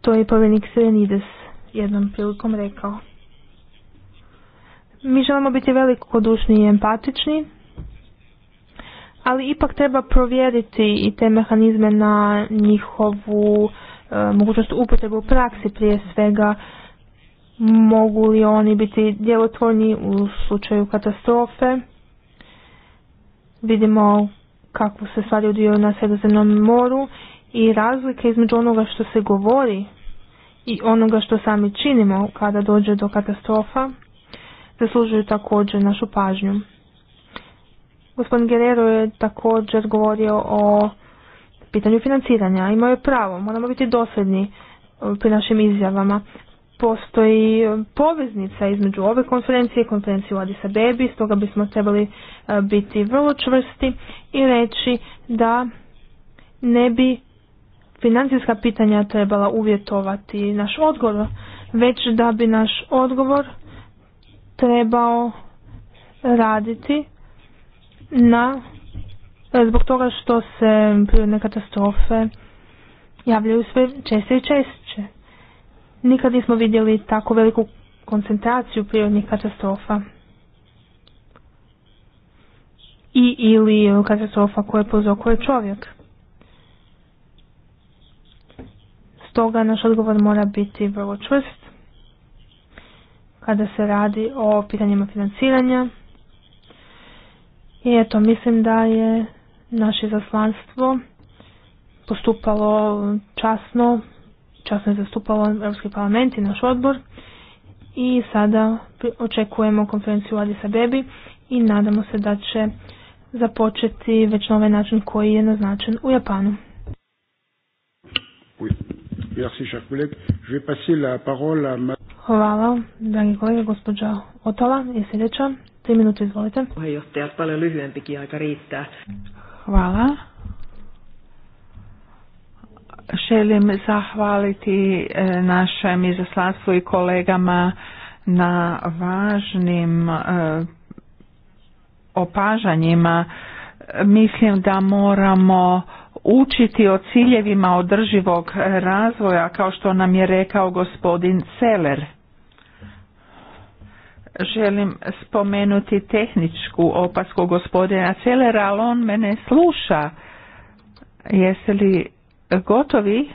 to je povijenik Sirenides jednom prilikom rekao. Mi želimo biti velikodušni i empatični, ali ipak treba provjeriti i te mehanizme na njihovu e, mogućnost upotrebe u praksi prije svega mogu li oni biti djelotvorni u slučaju katastrofe. Vidimo kako se stvari odvijaju na sredozemnom moru i razlike između onoga što se govori i onoga što sami činimo kada dođe do katastrofa zaslužuju također našu pažnju. Gospodin Guerrero je također govorio o pitanju financiranja. Imao je pravo, moramo biti dosljedni e, pri našim izjavama. Postoji e, poveznica između ove konferencije i konferencije u BEBI, stoga bismo trebali e, biti vrlo čvrsti i reći da ne bi financijska pitanja trebala uvjetovati naš odgovor, već da bi naš odgovor trebao raditi na zbog toga što se prirodne katastrofe javljaju sve češće i češće. Nikad nismo vidjeli tako veliku koncentraciju prirodnih katastrofa i ili katastrofa koje pozokuje čovjek. Stoga naš odgovor mora biti vrlo čvrst kada se radi o pitanjima financiranja. I eto, mislim da je naše zaslanstvo postupalo časno, časno je zastupalo Europski parlament i naš odbor i sada očekujemo konferenciju Adisa Bebi i nadamo se da će započeti već na ovaj način koji je naznačen u Japanu.
Merci, cher collègue. Je vais passer la parole à ma...
Hvala, dragi kolega, gospođa Otala je sljedeća. Tri minute, izvolite.
Puheenjohtajat, paljon lyhyempikin
aika riittää. Hvala.
Želim zahvaliti e, našem izaslanstvu i kolegama na važnim e, opažanjima. Mislim da moramo učiti o ciljevima održivog razvoja kao što nam je rekao gospodin Seller. Želim spomenuti tehničku opasku gospodina Sellera, ali on mene sluša. Jeste li gotovi?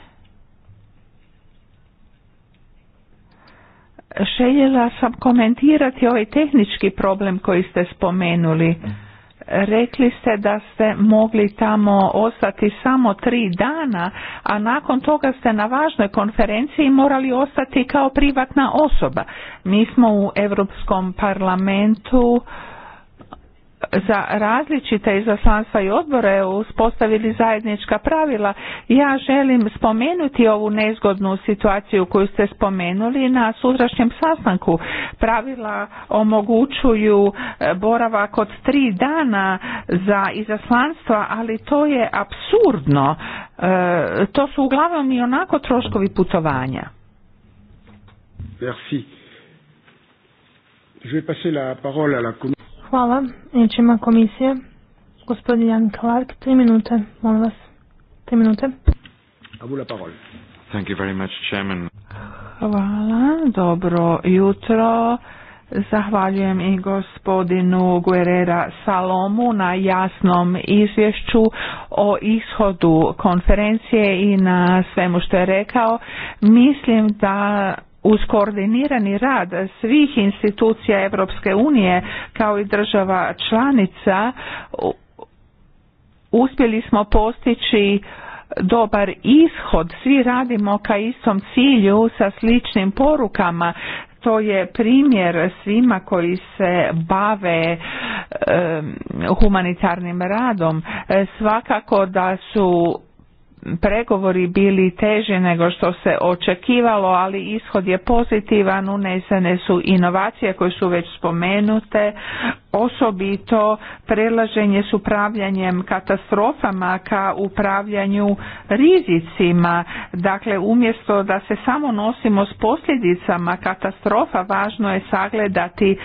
Željela sam komentirati ovaj tehnički problem koji ste spomenuli. Rekli ste da ste mogli tamo ostati samo tri dana, a nakon toga ste na važnoj konferenciji morali ostati kao privatna osoba. Mi smo u Europskom parlamentu za različite izaslanstva i odbore uspostavili zajednička pravila. Ja želim spomenuti ovu nezgodnu situaciju koju ste spomenuli na sutrašnjem sastanku. Pravila omogućuju e, boravak od tri dana za izaslanstva, ali to je apsurdno. E, to su uglavnom
i onako troškovi putovanja.
Merci. Je vais passer la parole à la
Hvala. Riječ ima komisija. Gospodin Jan Clark, tri minute, molim vas. Tri minute.
A vous la
parole. Thank you very much, Chairman.
Hvala, dobro jutro.
Zahvaljujem i gospodinu Guerrera Salomu na jasnom izvješću o ishodu konferencije i na svemu što je rekao. Mislim da uz koordinirani rad svih institucija Europske unije kao i država članica uspjeli smo postići dobar ishod, svi radimo ka istom cilju sa sličnim porukama. To je primjer svima koji se bave humanitarnim radom. E, svakako da su pregovori bili teže nego što se očekivalo, ali ishod je pozitivan, unesene su inovacije koje su već spomenute, osobito prelaženje s upravljanjem katastrofama ka upravljanju rizicima. Dakle, umjesto da se samo nosimo s posljedicama katastrofa, važno je sagledati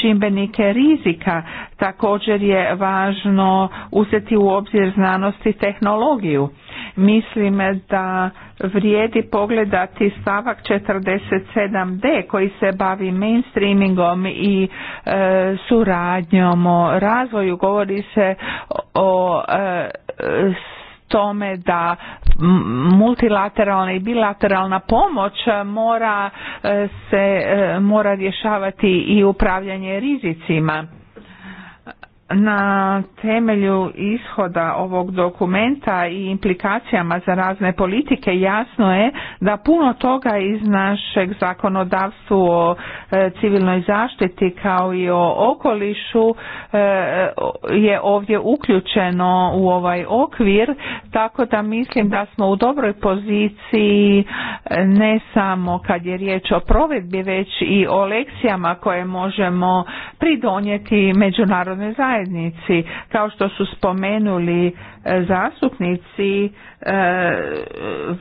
čimbenike rizika. Također je važno uzeti u obzir znanosti i tehnologiju. Mislim da vrijedi pogledati stavak 47d koji se bavi mainstreamingom i e, suradnjom o razvoju. Govori se o e, tome da multilateralna i bilateralna pomoć mora e, se mora rješavati i upravljanje rizicima na temelju ishoda ovog dokumenta i implikacijama za razne politike jasno je da puno toga iz našeg zakonodavstva o e, civilnoj zaštiti kao i o okolišu e, je ovdje uključeno u ovaj okvir tako da mislim da smo u dobroj poziciji ne samo kad je riječ o provedbi već i o lekcijama koje možemo pridonijeti međunarodnoj zajednici zajednici. Kao što su spomenuli e, zastupnici, e,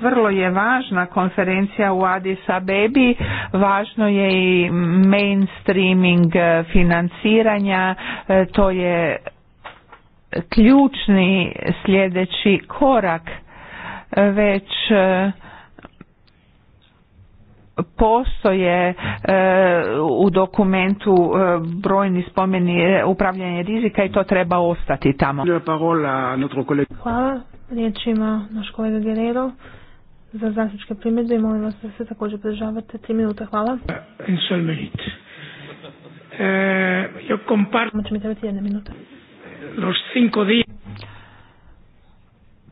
vrlo je važna konferencija u Addis Abebi, važno je i mainstreaming financiranja, e, to je ključni sljedeći korak već postoje e, u dokumentu e, brojni spomeni e, upravljanje rizika i to treba ostati
tamo.
Hvala. Riječ ima naš kolega Guerrero za zaključke primjedbe i molim vas da se također podržavate. Tri minuta, hvala. Eh, eh, Moće mi trebati jedna minuta.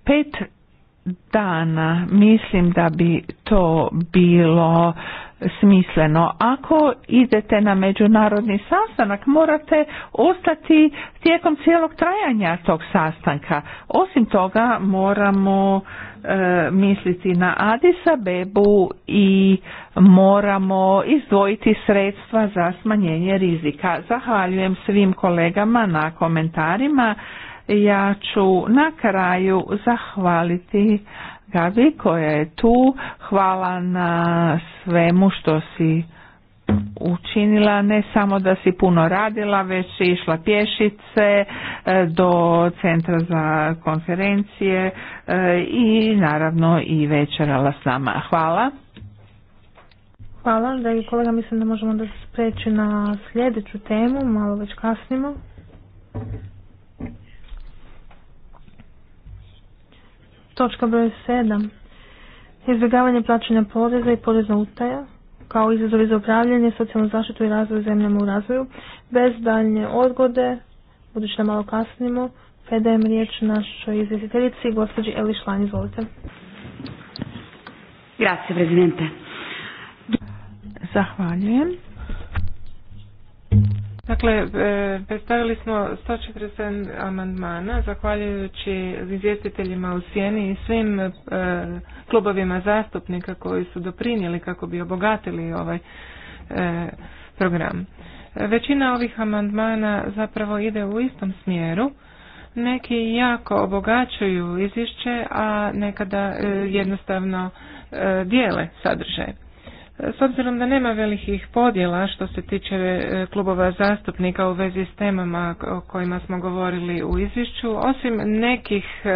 Pet dana. Mislim da bi to bilo smisleno. Ako idete na međunarodni sastanak, morate ostati tijekom cijelog trajanja tog sastanka. Osim toga, moramo e, misliti na Adisa Bebu i moramo izdvojiti sredstva za smanjenje rizika. Zahvaljujem svim kolegama na komentarima. Ja ću na kraju zahvaliti Gabi koja je tu. Hvala na svemu što si učinila ne samo da si puno radila, već si išla pješice e, do centra za konferencije e, i naravno i večerala s nama. Hvala.
Hvala, dragi kolega, mislim da možemo da se spreći na sljedeću temu, malo već kasnimo. Točka broj 7. Izbjegavanje plaćanja poreza i porezna utaja kao izazovi za upravljanje, socijalnu zaštitu i razvoj zemljama u razvoju. Bez daljnje odgode, budući da malo kasnimo, predajem riječ našoj izvjestiteljici, gospođi Eli Šlan, izvolite. Grazie, prezidente. Zahvaljujem.
Dakle, e, predstavili smo 147 amandmana, zahvaljujući izvjestiteljima u sjeni i svim e, klubovima zastupnika koji su doprinijeli kako bi obogatili ovaj e, program. Većina ovih amandmana zapravo ide u istom smjeru. Neki jako obogaćuju izvješće, a nekada jednostavno dijele sadržaj. S obzirom da nema velikih podjela što se tiče e, klubova zastupnika u vezi s temama o kojima smo govorili u izvješću, osim nekih e,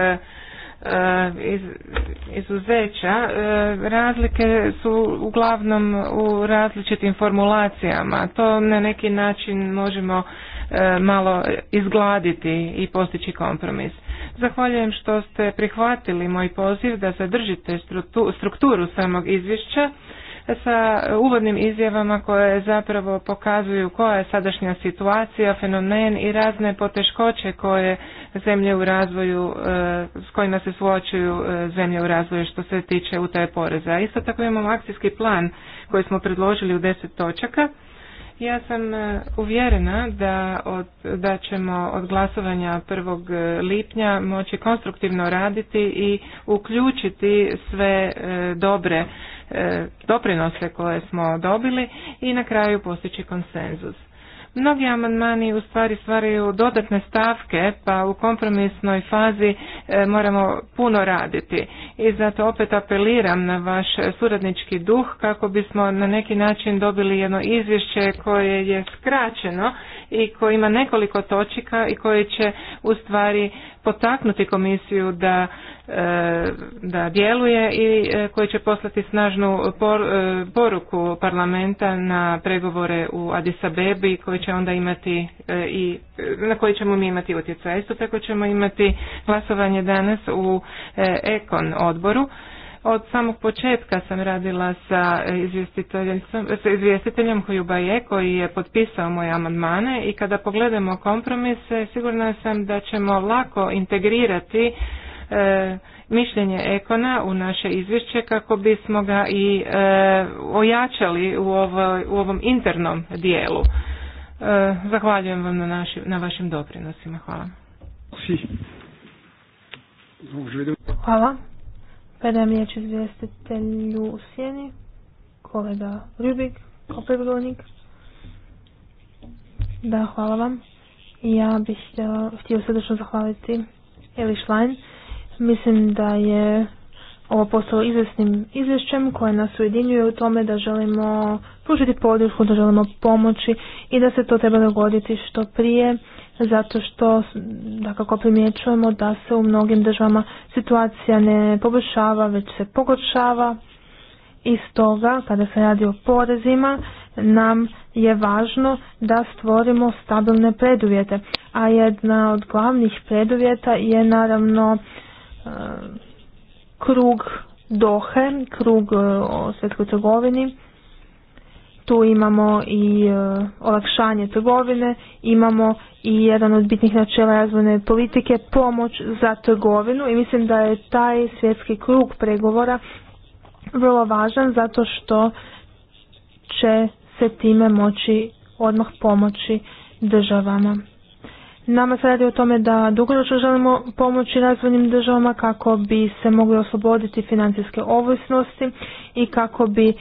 e, izuzeća, razlike su uglavnom u različitim formulacijama. To na neki način možemo malo izgladiti i postići kompromis. Zahvaljujem što ste prihvatili moj poziv da zadržite strukturu samog izvješća sa uvodnim izjavama koje zapravo pokazuju koja je sadašnja situacija, fenomen i razne poteškoće koje zemlje u razvoju, e, s kojima se suočuju e, zemlje u razvoju što se tiče utaje poreza. Isto tako imamo akcijski plan koji smo predložili u deset točaka ja sam e, uvjerena da, od, da ćemo od glasovanja 1. E, lipnja moći konstruktivno raditi i uključiti sve e, dobre doprinose koje smo dobili i na kraju postići konsenzus. Mnogi amandmani u stvari stvaraju dodatne stavke, pa u kompromisnoj fazi e, moramo puno raditi. I zato opet apeliram na vaš suradnički duh kako bismo na neki način dobili jedno izvješće koje je skraćeno i koje ima nekoliko točika i koje će u stvari potaknuti komisiju da, e, da djeluje i e, koji će poslati snažnu e, poruku parlamenta na pregovore u Addis Abebi koji će onda imati i na koji ćemo mi imati utjecaj. Isto tako ćemo imati glasovanje danas u Ekon odboru od samog početka sam radila sa izvjestiteljem, sa izvjestiteljem Hujubaje koji je potpisao moje amandmane i kada pogledamo kompromise sigurna sam da ćemo lako integrirati e, mišljenje Ekona u naše izvješće kako bismo ga i e, ojačali u, u ovom internom dijelu. E, zahvaljujem vam na, naši, na vašim doprinosima. Hvala. Hvala. Predajem pa riječ
izvjestitelju u sjeni, kolega Rubik, opredgovornik. Da, hvala vam. Ja bih htio srdečno zahvaliti Eli Schlein. Mislim da je ovo postalo izvjesnim izvješćem koje nas ujedinjuje u tome da želimo pružiti podršku, da želimo pomoći i da se to treba dogoditi što prije zato što kako primjećujemo da se u mnogim državama situacija ne poboljšava, već se pogoršava i stoga kada se radi o porezima nam je važno da stvorimo stabilne preduvjete, a jedna od glavnih preduvjeta je naravno e, krug Dohe, krug e, o svjetkoj trgovini tu imamo i e, olakšanje trgovine, imamo i jedan od bitnih načela razvojne politike, pomoć za trgovinu i mislim da je taj svjetski krug pregovora vrlo važan zato što će se time moći odmah pomoći državama. Nama se radi o tome da dugoročno želimo pomoći razvojnim državama kako bi se mogli osloboditi financijske ovisnosti i kako bi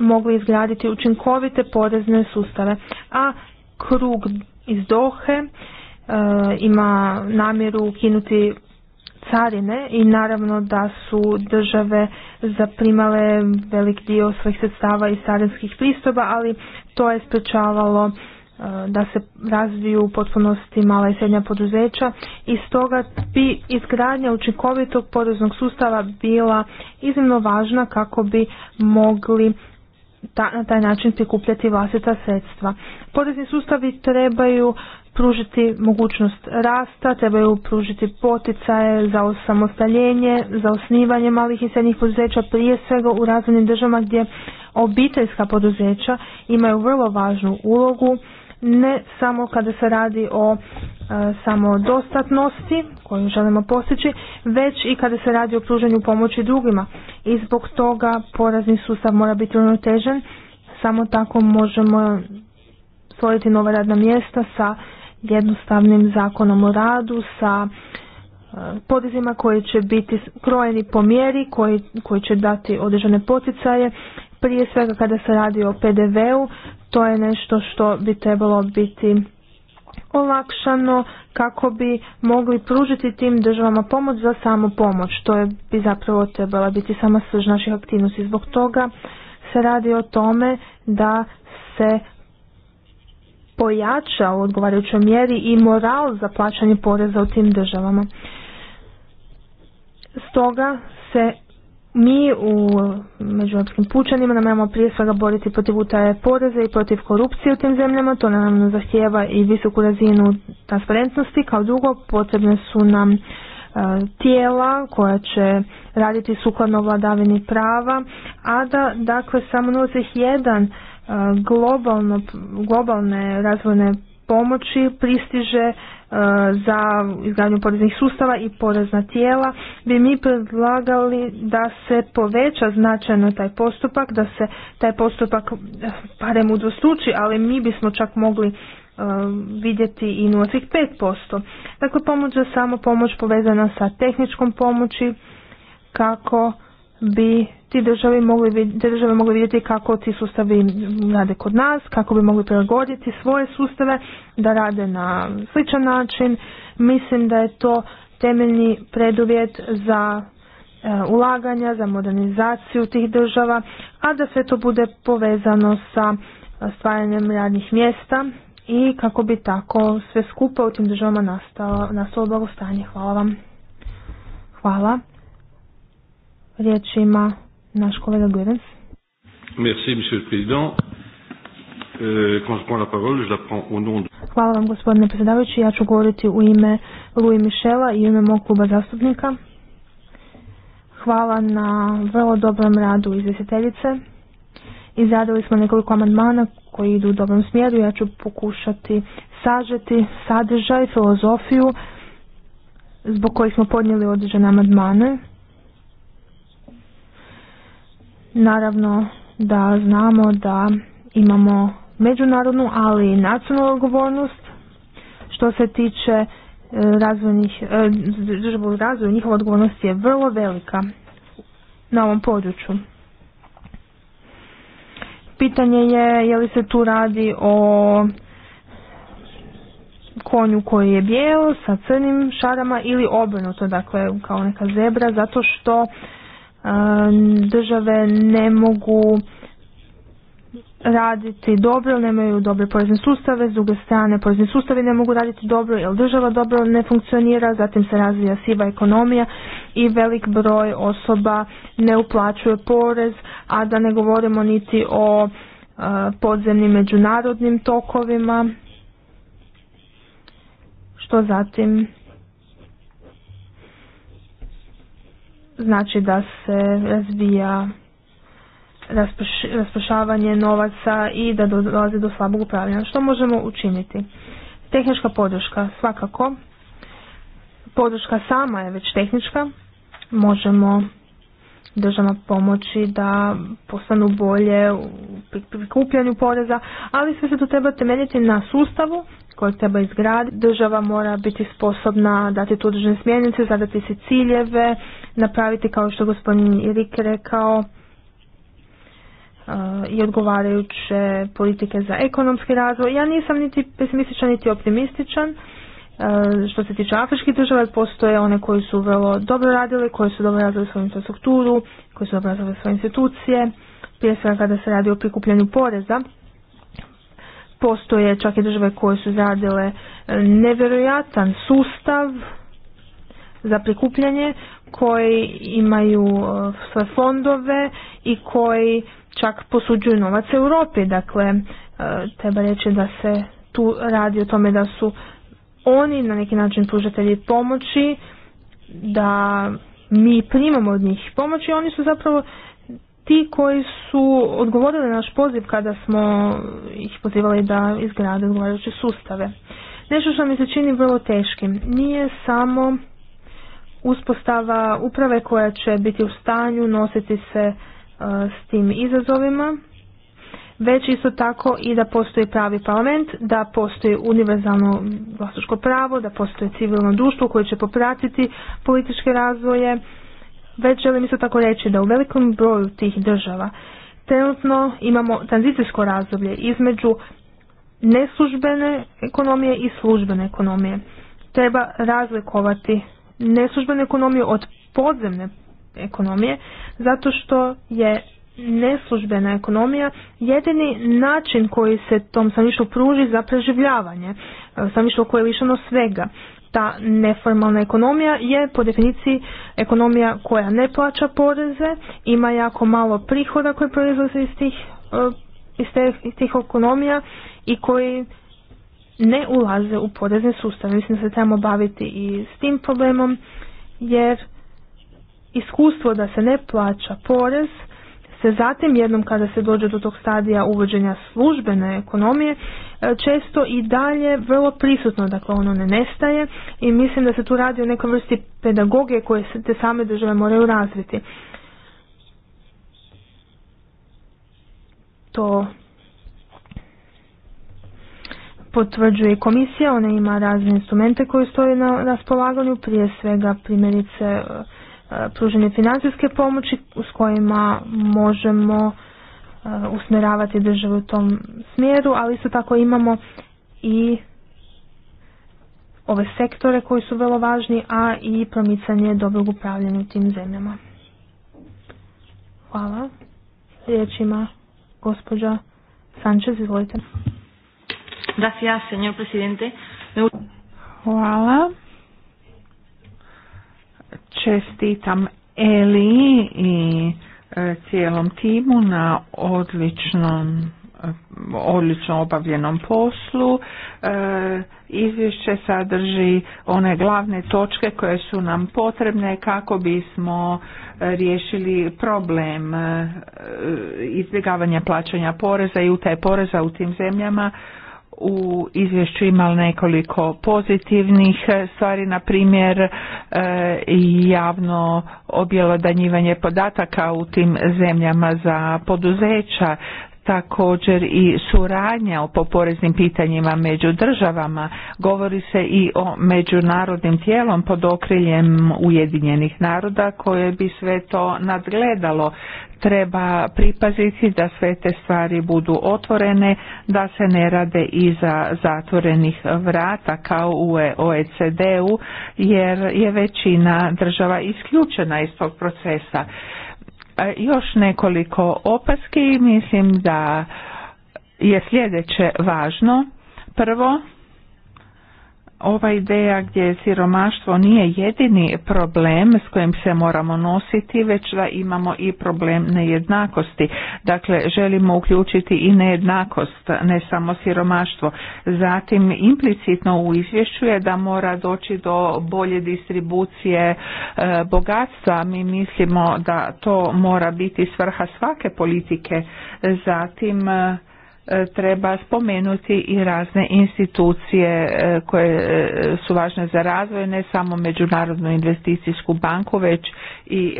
mogli izgraditi učinkovite porezne sustave. A krug iz Dohe e, ima namjeru ukinuti carine i naravno da su države zaprimale velik dio svojih sredstava i carinskih pristoba, ali to je sprečavalo e, da se razviju u potpunosti mala i srednja poduzeća i stoga bi izgradnja učinkovitog poreznog sustava bila iznimno važna kako bi mogli ta, na taj način prikupljati vlastita sredstva. Porezni sustavi trebaju pružiti mogućnost rasta, trebaju pružiti poticaje za osamostaljenje, za osnivanje malih i srednjih poduzeća, prije svega u razvojnim državama gdje obiteljska poduzeća imaju vrlo važnu ulogu, ne samo kada se radi o E, samodostatnosti koju želimo postići, već i kada se radi o pružanju pomoći drugima. I zbog toga porazni sustav mora biti uravnotežen, samo tako možemo stvoriti nova radna mjesta sa jednostavnim zakonom o radu, sa e, podizima koji će biti krojeni po mjeri, koji, koji će dati određene poticaje. Prije svega kada se radi o PDV-u, to je nešto što bi trebalo biti olakšano kako bi mogli pružiti tim državama pomoć za samo pomoć. To je, bi zapravo trebala biti sama srž naših aktivnosti. Zbog toga se radi o tome da se pojača u odgovarajućoj mjeri i moral za plaćanje poreza u tim državama. Stoga se mi u među pučanima namjeramo prije svega boriti protiv utaje poreza i protiv korupcije u tim zemljama. To nam zahtijeva i visoku razinu transparentnosti. Kao drugo, potrebne su nam e, tijela koja će raditi sukladno vladavini prava, a da dakle samo 0,1 e, globalno, globalne razvojne pomoći pristiže E, za izgradnju poreznih sustava i porezna tijela bi mi predlagali da se poveća značajno taj postupak, da se taj postupak barem udvostruči, ali mi bismo čak mogli e, vidjeti i 0,5%. Dakle, pomoć za samo pomoć povezana sa tehničkom pomoći kako bi ti državi mogli, te države mogli vidjeti kako ti sustavi rade kod nas, kako bi mogli prilagoditi svoje sustave da rade na sličan način. Mislim da je to temeljni preduvjet za e, ulaganja, za modernizaciju tih država, a da sve to bude povezano sa stvaranjem radnih mjesta i kako bi tako sve skupa u tim državama nastalo, nastalo blagostanje. Hvala vam. Hvala. Riječ ima naš kolega
Merci, le président.
Hvala vam gospodine predsjedavajući, ja ću govoriti u ime Louis Michela i u ime mog kluba zastupnika. Hvala na vrlo dobrom radu izvjestiteljice. Izradili smo nekoliko amandmana koji idu u dobrom smjeru. Ja ću pokušati sažeti sadržaj, filozofiju zbog kojih smo podnijeli određene amandmane Naravno da znamo da imamo međunarodnu, ali i nacionalnu odgovornost što se tiče e, razvojnih, e, razvoja njihova odgovornost je vrlo velika na ovom području. Pitanje je je li se tu radi o konju koji je bijel sa crnim šarama ili obrnuto, dakle kao neka zebra, zato što države ne mogu raditi dobro, nemaju dobre porezne sustave, s druge strane porezne sustavi ne mogu raditi dobro, jer država dobro ne funkcionira, zatim se razvija siva ekonomija i velik broj osoba ne uplaćuje porez, a da ne govorimo niti o e, podzemnim međunarodnim tokovima, što zatim znači da se razvija raspošavanje novaca i da dolazi do slabog upravljanja. Što možemo učiniti? Tehnička podrška svakako. Podrška sama je već tehnička. Možemo državama pomoći da postanu bolje u prikupljanju poreza, ali sve se to treba temeljiti na sustavu koje treba izgraditi. Država mora biti sposobna dati tu određene smjernice, zadati se ciljeve, napraviti kao što gospodin Irik rekao uh, i odgovarajuće politike za ekonomski razvoj. Ja nisam niti pesimističan niti optimističan. Uh, što se tiče afričkih država, postoje one koji su vrlo dobro radile, koji su dobro razvili svoju infrastrukturu, koji su dobro razvili svoje institucije, prije svega kada se radi o prikupljanju poreza Postoje čak i države koje su zaradile e, nevjerojatan sustav za prikupljanje koji imaju e, svoje fondove i koji čak posuđuju novac Europi. Dakle, e, treba reći da se tu radi o tome da su oni na neki način pružatelji pomoći, da mi primamo od njih pomoći, oni su zapravo ti koji su odgovorili na naš poziv kada smo ih pozivali da izgrade odgovarajuće sustave. Nešto što mi se čini vrlo teškim nije samo uspostava uprave koja će biti u stanju nositi se e, s tim izazovima, već isto tako i da postoji pravi parlament, da postoji univerzalno glasačko pravo, da postoji civilno društvo koje će popratiti političke razvoje, već želim isto tako reći da u velikom broju tih država trenutno imamo tranzicijsko razdoblje između neslužbene ekonomije i službene ekonomije. Treba razlikovati neslužbenu ekonomiju od podzemne ekonomije zato što je neslužbena ekonomija jedini način koji se tom samišlju pruži za preživljavanje, e, samišlju koje je lišeno svega ta neformalna ekonomija je po definiciji ekonomija koja ne plaća poreze, ima jako malo prihoda koji proizlaze iz tih, e, iz, iz tih ekonomija i koji ne ulaze u porezni sustav. Mislim da se trebamo baviti i s tim problemom jer iskustvo da se ne plaća porez se zatim jednom kada se dođe do tog stadija uvođenja službene ekonomije e, često i dalje vrlo prisutno, dakle ono ne nestaje i mislim da se tu radi o nekoj vrsti pedagogije koje se te same države moraju razviti. To potvrđuje komisija, ona ima razne instrumente koji stoje na raspolaganju, prije svega primjerice e, E, pružanje financijske pomoći s kojima možemo e, usmjeravati državu u tom smjeru, ali isto tako imamo i ove sektore koji su vrlo važni, a i promicanje dobrog upravljanja u tim zemljama. Hvala. Riječ ima gospođa Sanchez, izvolite. Gracias, señor presidente. Hvala
čestitam Eli i e, cijelom timu na odličnom odlično obavljenom poslu. E, izvješće sadrži one glavne točke koje su nam potrebne kako bismo e, riješili problem izbjegavanja plaćanja poreza i utaje poreza u tim zemljama u izvješću imali nekoliko pozitivnih stvari, na primjer e, javno objelodanjivanje podataka u tim zemljama za poduzeća, također i suradnja o poreznim pitanjima među državama. Govori se i o međunarodnim tijelom pod okriljem Ujedinjenih naroda koje bi sve to nadgledalo. Treba pripaziti da sve te stvari budu otvorene, da se ne rade iza zatvorenih vrata kao u e- OECD-u jer je većina država isključena iz tog procesa. E, još nekoliko opaski, mislim da je sljedeće važno. Prvo, ova ideja gdje siromaštvo nije jedini problem s kojim se moramo nositi, već da imamo i problem nejednakosti. Dakle, želimo uključiti i nejednakost, ne samo siromaštvo. Zatim, implicitno u izvješću je da mora doći do bolje distribucije e, bogatstva. Mi mislimo da to mora biti svrha svake politike. Zatim, E, treba spomenuti i razne institucije e, koje e, su važne za razvoj, ne samo Međunarodnu investicijsku banku, već i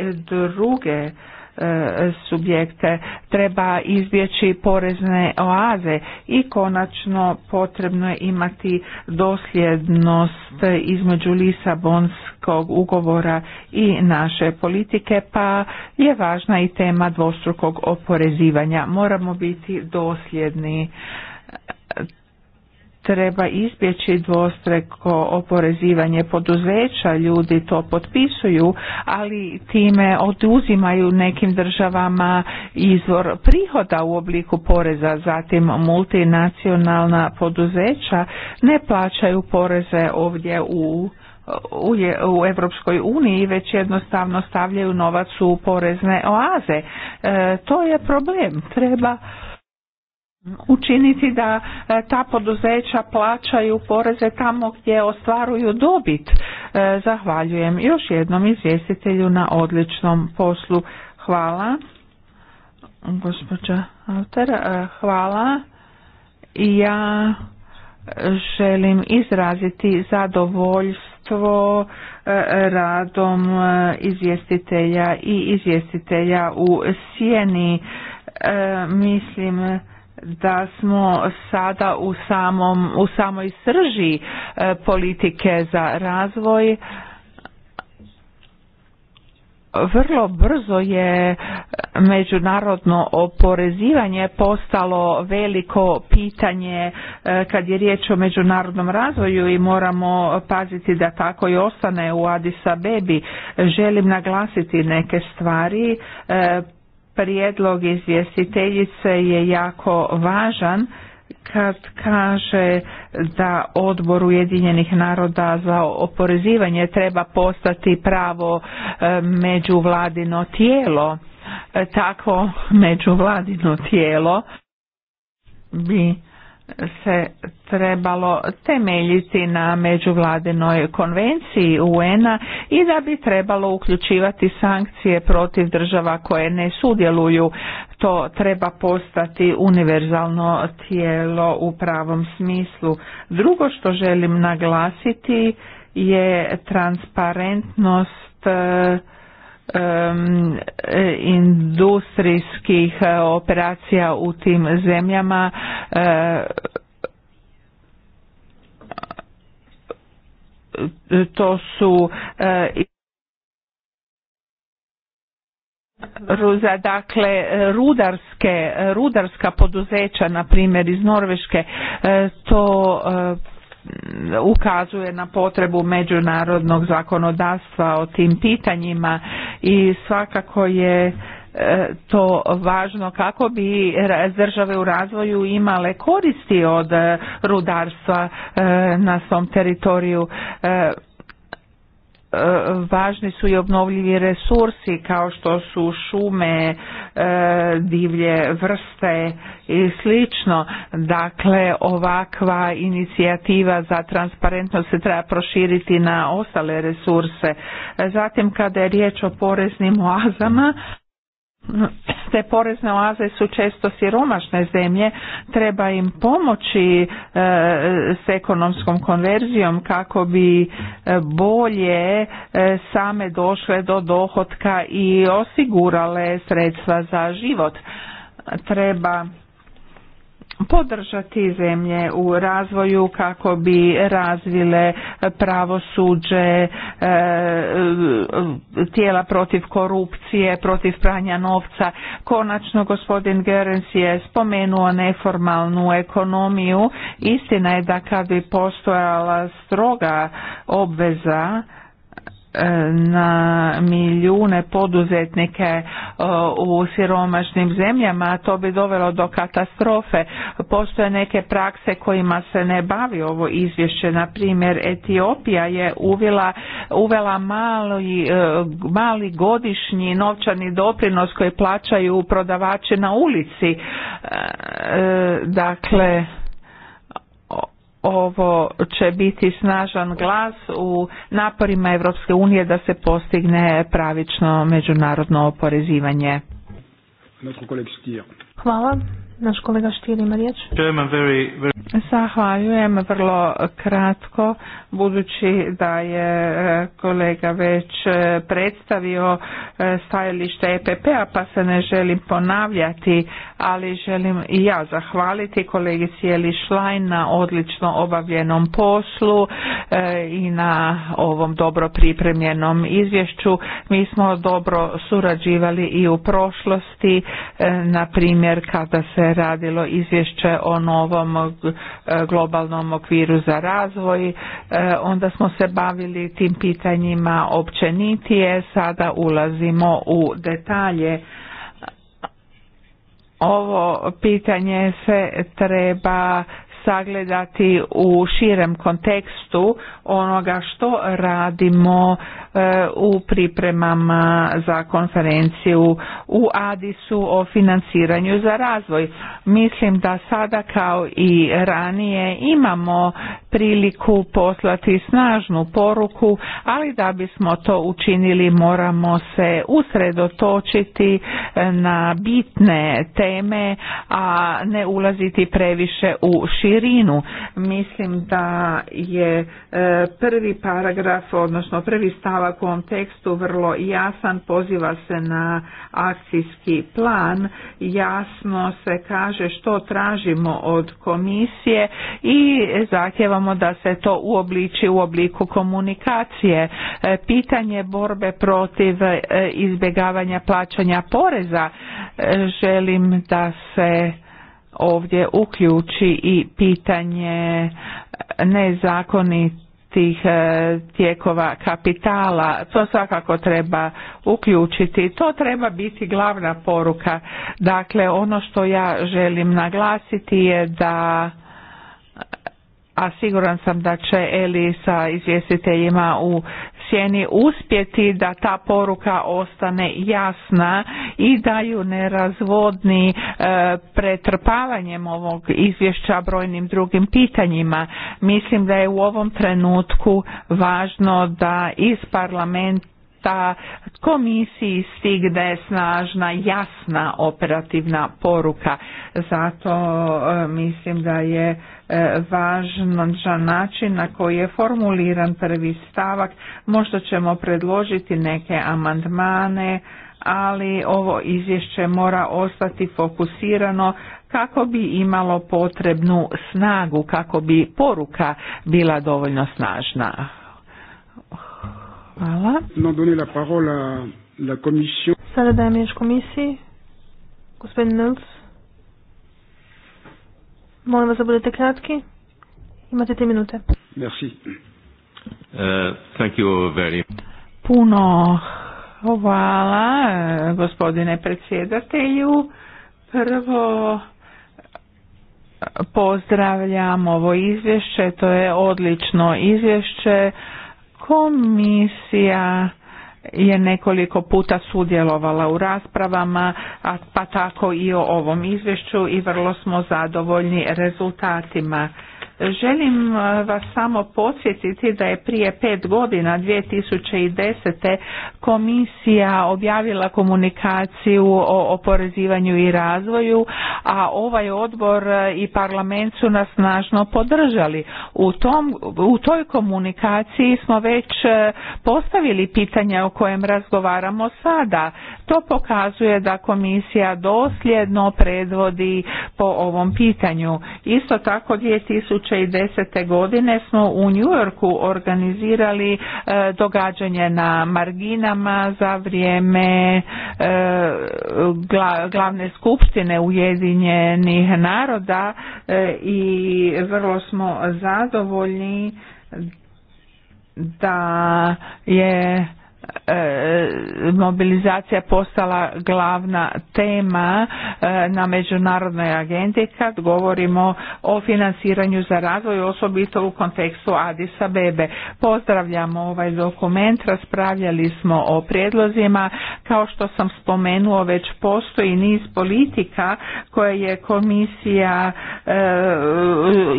druge E, subjekte, treba izbjeći porezne oaze i konačno potrebno je imati dosljednost između Lisabonskog ugovora i naše politike, pa je važna i tema dvostrukog oporezivanja. Moramo biti dosljedni treba izbjeći dvostreko oporezivanje poduzeća, ljudi to potpisuju, ali time oduzimaju nekim državama izvor prihoda u obliku poreza, zatim multinacionalna poduzeća ne plaćaju poreze ovdje u u, Europskoj uniji već jednostavno stavljaju novac u porezne oaze. E, to je problem. Treba učiniti da e, ta poduzeća plaćaju poreze tamo gdje ostvaruju dobit. E, zahvaljujem još jednom izvjestitelju na odličnom poslu. Hvala. Gospođa Alter, e, hvala. Ja želim izraziti zadovoljstvo radom izvjestitelja i izvjestitelja u Sjeni. Mislim da smo sada u, samom, u samoj srži e, politike za razvoj vrlo brzo je međunarodno oporezivanje postalo veliko pitanje e, kad je riječ o međunarodnom razvoju i moramo paziti da tako i ostane u Adisa Bebi. Želim naglasiti neke stvari e, prijedlog izvjestiteljice je jako važan kad kaže da odbor Ujedinjenih naroda za oporezivanje treba postati pravo e, međuvladino tijelo. E, Takvo međuvladino tijelo bi se trebalo temeljiti na međuvladinoj konvenciji UN-a i da bi trebalo uključivati sankcije protiv država koje ne sudjeluju. To treba postati univerzalno tijelo u pravom smislu. Drugo što želim naglasiti je transparentnost industrijskih e, operacija u tim zemljama e, to su e, za dakle rudarske rudarska poduzeća na primjer iz Norveške to ukazuje na potrebu međunarodnog zakonodavstva o tim pitanjima i svakako je e, to važno kako bi države u razvoju imale koristi od e, rudarstva e, na svom teritoriju važni su i obnovljivi resursi kao što su šume, e, divlje vrste i slično. Dakle, ovakva inicijativa za transparentnost se treba proširiti na ostale resurse. Zatim, kada je riječ o poreznim oazama, te porezne oaze su često siromašne zemlje, treba im pomoći e, s ekonomskom konverzijom kako bi e, bolje e, same došle do dohotka i osigurale sredstva za život. Treba podržati zemlje u razvoju kako bi razvile pravosuđe, e, tijela protiv korupcije, protiv pranja novca. Konačno gospodin Gerens je spomenuo neformalnu ekonomiju. Istina je da kad bi postojala stroga obveza E, na milijune poduzetnike e, u siromašnim zemljama, a to bi dovelo do katastrofe. Postoje neke prakse kojima se ne bavi ovo izvješće, na primjer Etiopija je uvela, uvela mali, e, mali godišnji novčani doprinos koji plaćaju prodavači na ulici. Dakle, ovo će biti snažan glas u naporima Europske unije da se postigne pravično međunarodno oporezivanje. Hvala. Naš kolega Štir ima riječ. Zahvaljujem vrlo kratko, budući da je e, kolega već e, predstavio e, stajalište EPP-a, pa se ne želim ponavljati, ali želim i ja zahvaliti kolegici Eli Šlajn na odlično obavljenom poslu e, i na ovom dobro pripremljenom izvješću. Mi smo dobro surađivali i u prošlosti, e, na primjer kada se radilo izvješće o novom e, globalnom okviru za razvoj, onda smo se bavili tim pitanjima općenitije, sada ulazimo u detalje ovo pitanje se treba sagledati u širem kontekstu onoga što radimo E, u pripremama za konferenciju u Adisu o financiranju za razvoj. Mislim da sada kao i ranije imamo priliku poslati snažnu poruku, ali da bismo to učinili moramo se usredotočiti e, na bitne teme, a ne ulaziti previše u širinu. Mislim da je e, prvi paragraf, odnosno prvi stav stavak u tekstu vrlo jasan, poziva se na akcijski plan, jasno se kaže što tražimo od komisije i zahtjevamo da se to uobliči u obliku komunikacije. E, pitanje borbe protiv e, izbjegavanja plaćanja poreza e, želim da se ovdje uključi i pitanje nezakonitih tih e, tijekova kapitala. To svakako treba uključiti. To treba biti glavna poruka. Dakle, ono što ja želim naglasiti je da a siguran sam da će Eli sa izvjestiteljima u sjeni uspjeti da ta poruka ostane jasna i da ju ne razvodni e, pretrpavanjem ovog izvješća brojnim drugim pitanjima. Mislim da je u ovom trenutku važno da iz parlamenta da komisiji stigne snažna, jasna operativna poruka. Zato e, mislim da je e, važan način na koji je formuliran prvi stavak. Možda ćemo predložiti neke amandmane, ali ovo izvješće mora ostati fokusirano kako bi imalo potrebnu snagu, kako bi poruka bila dovoljno snažna.
Hvala. Sada dajem riječ komisiji.
Gospodin Nils. Molim vas da budete kratki. Imate tri minute.
Merci. Uh, thank you very
Puno hvala uh, gospodine predsjedatelju. Prvo uh, pozdravljam ovo izvješće, to je odlično izvješće Komisija je nekoliko puta sudjelovala u raspravama, pa tako i o ovom izvješću i vrlo smo zadovoljni rezultatima. Želim e, vas samo podsjetiti da je prije pet godina 2010. komisija objavila komunikaciju o oporezivanju i razvoju, a ovaj odbor i parlament su nas snažno podržali. U, tom, u toj komunikaciji smo već e, postavili pitanja o kojem razgovaramo sada. To pokazuje da komisija dosljedno predvodi po ovom pitanju. Isto tako 2000 2010. godine smo u New Yorku organizirali e, događanje na marginama za vrijeme e, glavne skupštine Ujedinjenih naroda e, i vrlo smo zadovoljni da je E, mobilizacija postala glavna tema e, na međunarodnoj agendi kad govorimo o financiranju za razvoj osobito u kontekstu Adisa Bebe. Pozdravljamo ovaj dokument, raspravljali smo o prijedlozima. Kao što sam spomenuo već postoji niz politika koje je komisija e,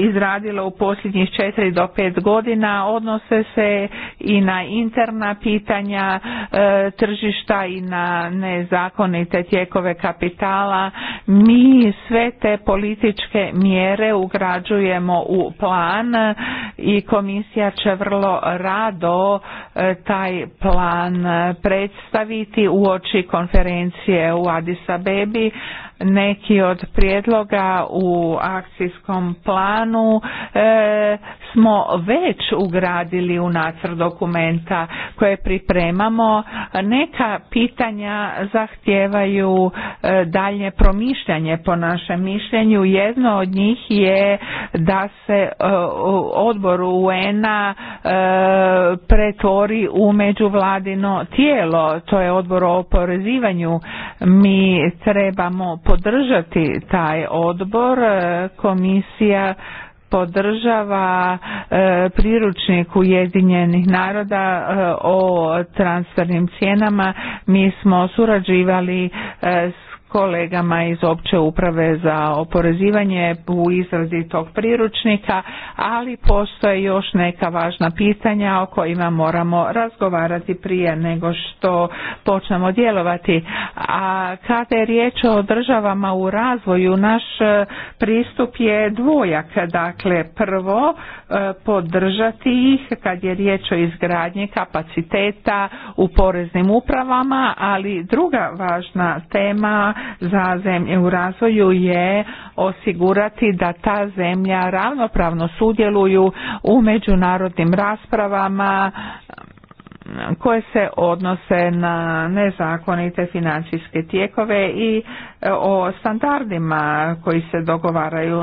izradila u posljednjih 4 do 5 godina. Odnose se i na interna pitanja E, tržišta i na nezakonite tijekove kapitala. Mi sve te političke mjere ugrađujemo u plan i komisija će vrlo rado e, taj plan predstaviti u oči konferencije u Addis Abebi, neki od prijedloga u akcijskom planu e, smo već ugradili u nacrt dokumenta koje pripremamo. Neka pitanja zahtijevaju e, daljnje promišljanje po našem mišljenju. Jedno od njih je da se e, odboru un pretori pretvori u međuvladino tijelo. To je odbor o oporezivanju. Mi trebamo podržati taj odbor. E, komisija podržava e, priručnik Ujedinjenih naroda e, o transfernim cijenama. Mi smo surađivali s kolegama iz opće uprave za oporezivanje u izradi tog priručnika, ali postoje još neka važna pitanja o kojima moramo razgovarati prije nego što počnemo djelovati. A kada je riječ o državama u razvoju, naš e, pristup je dvojak. Dakle, prvo e, podržati ih kad je riječ o izgradnji kapaciteta u poreznim upravama, ali druga važna tema za zemlje u razvoju je osigurati da ta zemlja ravnopravno sudjeluju u međunarodnim raspravama koje se odnose na nezakonite financijske tijekove i e, o standardima koji se dogovaraju.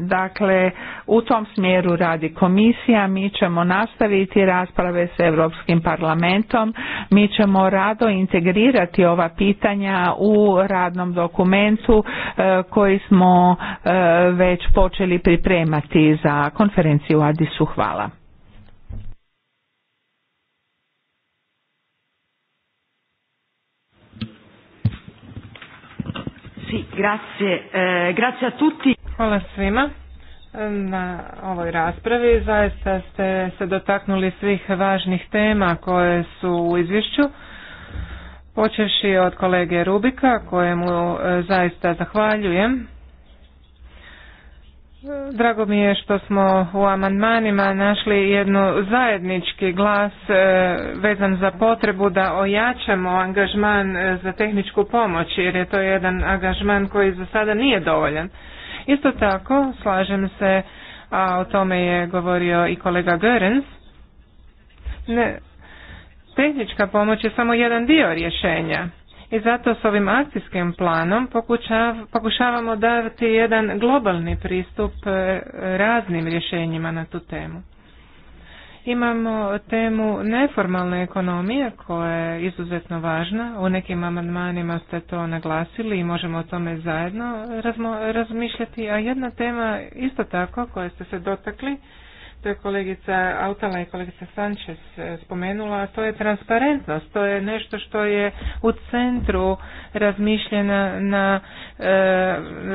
Dakle, u tom smjeru radi komisija, mi ćemo nastaviti rasprave s Europskim parlamentom, mi ćemo rado integrirati ova pitanja u radnom dokumentu e, koji smo e, već počeli pripremati za konferenciju Adisu. Hvala.
grazie, eh, Hvala svima ehm, na ovoj raspravi. Zaista ste se dotaknuli svih važnih tema koje su u izvješću. Počeši od kolege Rubika, kojemu eh, zaista zahvaljujem Drago mi je što smo u amandmanima našli jednu zajednički glas e, vezan za potrebu da ojačamo angažman e, za tehničku pomoć jer je to jedan angažman koji za sada nije dovoljan. Isto tako slažem se, a o tome je govorio i kolega Görens, ne, tehnička pomoć je samo jedan dio rješenja i zato s ovim akcijskim planom pokušavamo dati jedan globalni pristup e, raznim rješenjima na tu temu. Imamo temu neformalne ekonomije koja je izuzetno važna. U nekim amandmanima ste to naglasili i možemo o tome zajedno razmišljati. A jedna tema isto tako koje ste se dotakli to je kolegica Autala i kolegica Sanchez e, spomenula, to je transparentnost, to je nešto što je u centru razmišljena na e,